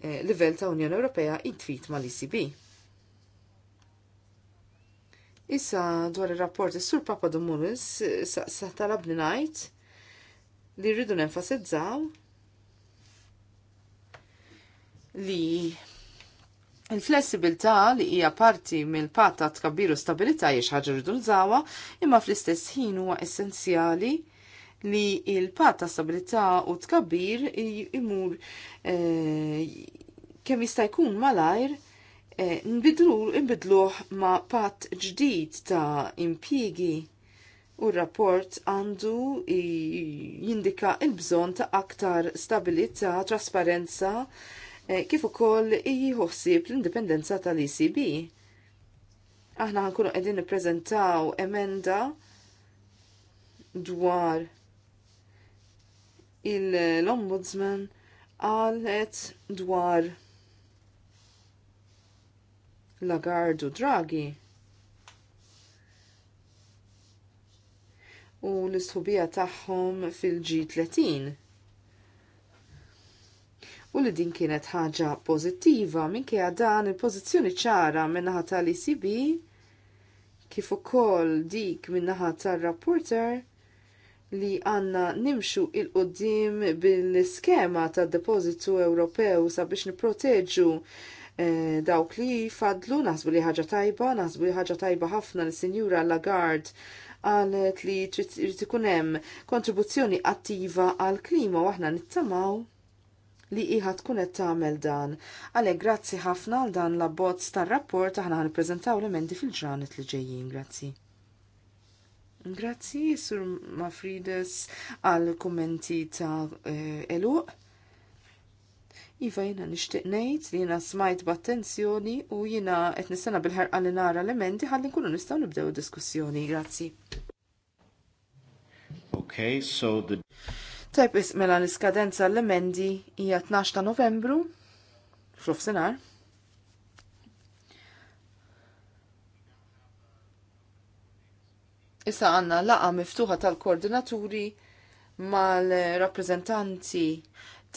S4: Eh, livell ta' Unjoni Ewropea jitfit mal ecb Issa dwar ir-rapport is-Sur Papadomulis sa talabni ngħid li rridu nenfasizzaw li Il-flessibilità li hija parti mill-patta tkabbiru stabilità jiex ħaġa rridu nżawha imma fl-istess ħin huwa essenzjali li il-pat ta' stabilità u tkabbir imur eh, kemm jista' jkun malajr eh, nbidluh ma' pat ġdid ta' impjiegi u r-rapport għandu jindika il-bżon ta' aktar stabilità, trasparenza, eh, kif ukoll jħossib l-indipendenza tal-ECB. Aħna ħankunu qegħdin nippreżentaw emenda dwar l-Ombudsman għalet dwar Lagardu Draghi u l-istħubija tagħhom fil-G30. U li din kienet ħaġa pożittiva minkejja dan il-pożizzjoni ċara min-naħa tal-ECB kif ukoll dik min-naħa tar-rapporter li għanna nimxu il-qoddim bil-skema ta' depozitu Ewropew sabiex niproteġu eh, dawk li fadlu, naħsbu li ħaġa tajba, naħsbu li ħaġa tajba ħafna l-Sinjura Lagard għalet li trid ikun hemm kontribuzzjoni attiva għal-klima u aħna nittamaw li iħa tkun qed tagħmel dan. Għalhekk grazzi ħafna għal dan l-abbozz tar-rapport aħna ħanippreżentaw l-emendi fil-ġranet li ġejjin. Grazzi. Grazzi, Sur Mafrides, għal kummenti ta' eh, eluq. Iva jina nishtiq nejt li jina smajt b'attenzjoni u jina qed nistana bil-ħarqa nara l-emendi ħalli nkunu nistgħu nibdew diskussjoni. Grazzi.
S1: Okay, so the
S4: Tajb mela l-iskadenza l-emendi hija 12 ta' Novembru fl senar. Issa għanna laqa miftuħa tal-koordinaturi mal-rappresentanti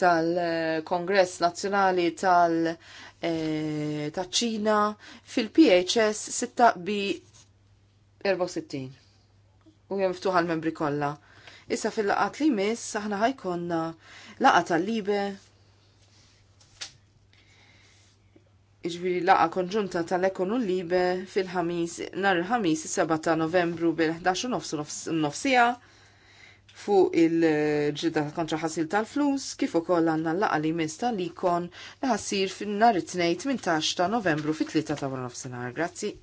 S4: tal-Kongress Nazzjonali tal-ċina eh, fil-PHS 6B64. U jem miftuħa l-membri kolla. Issa fil-laqat li mis, aħna ħajkonna laqa tal-libe iġviri laqa konġunta tal-Ekonu Libe fil-ħamis, nar il-ħamis 7 ta' novembru bil-11 nofsija fuq il-ġidda kontra ħasil tal-flus kif ukoll għandna laqa li mista li kon li ħassir fin-nar it-tnejn 18 ta' novembru fit-3 ta' nofsinhar. Grazzi.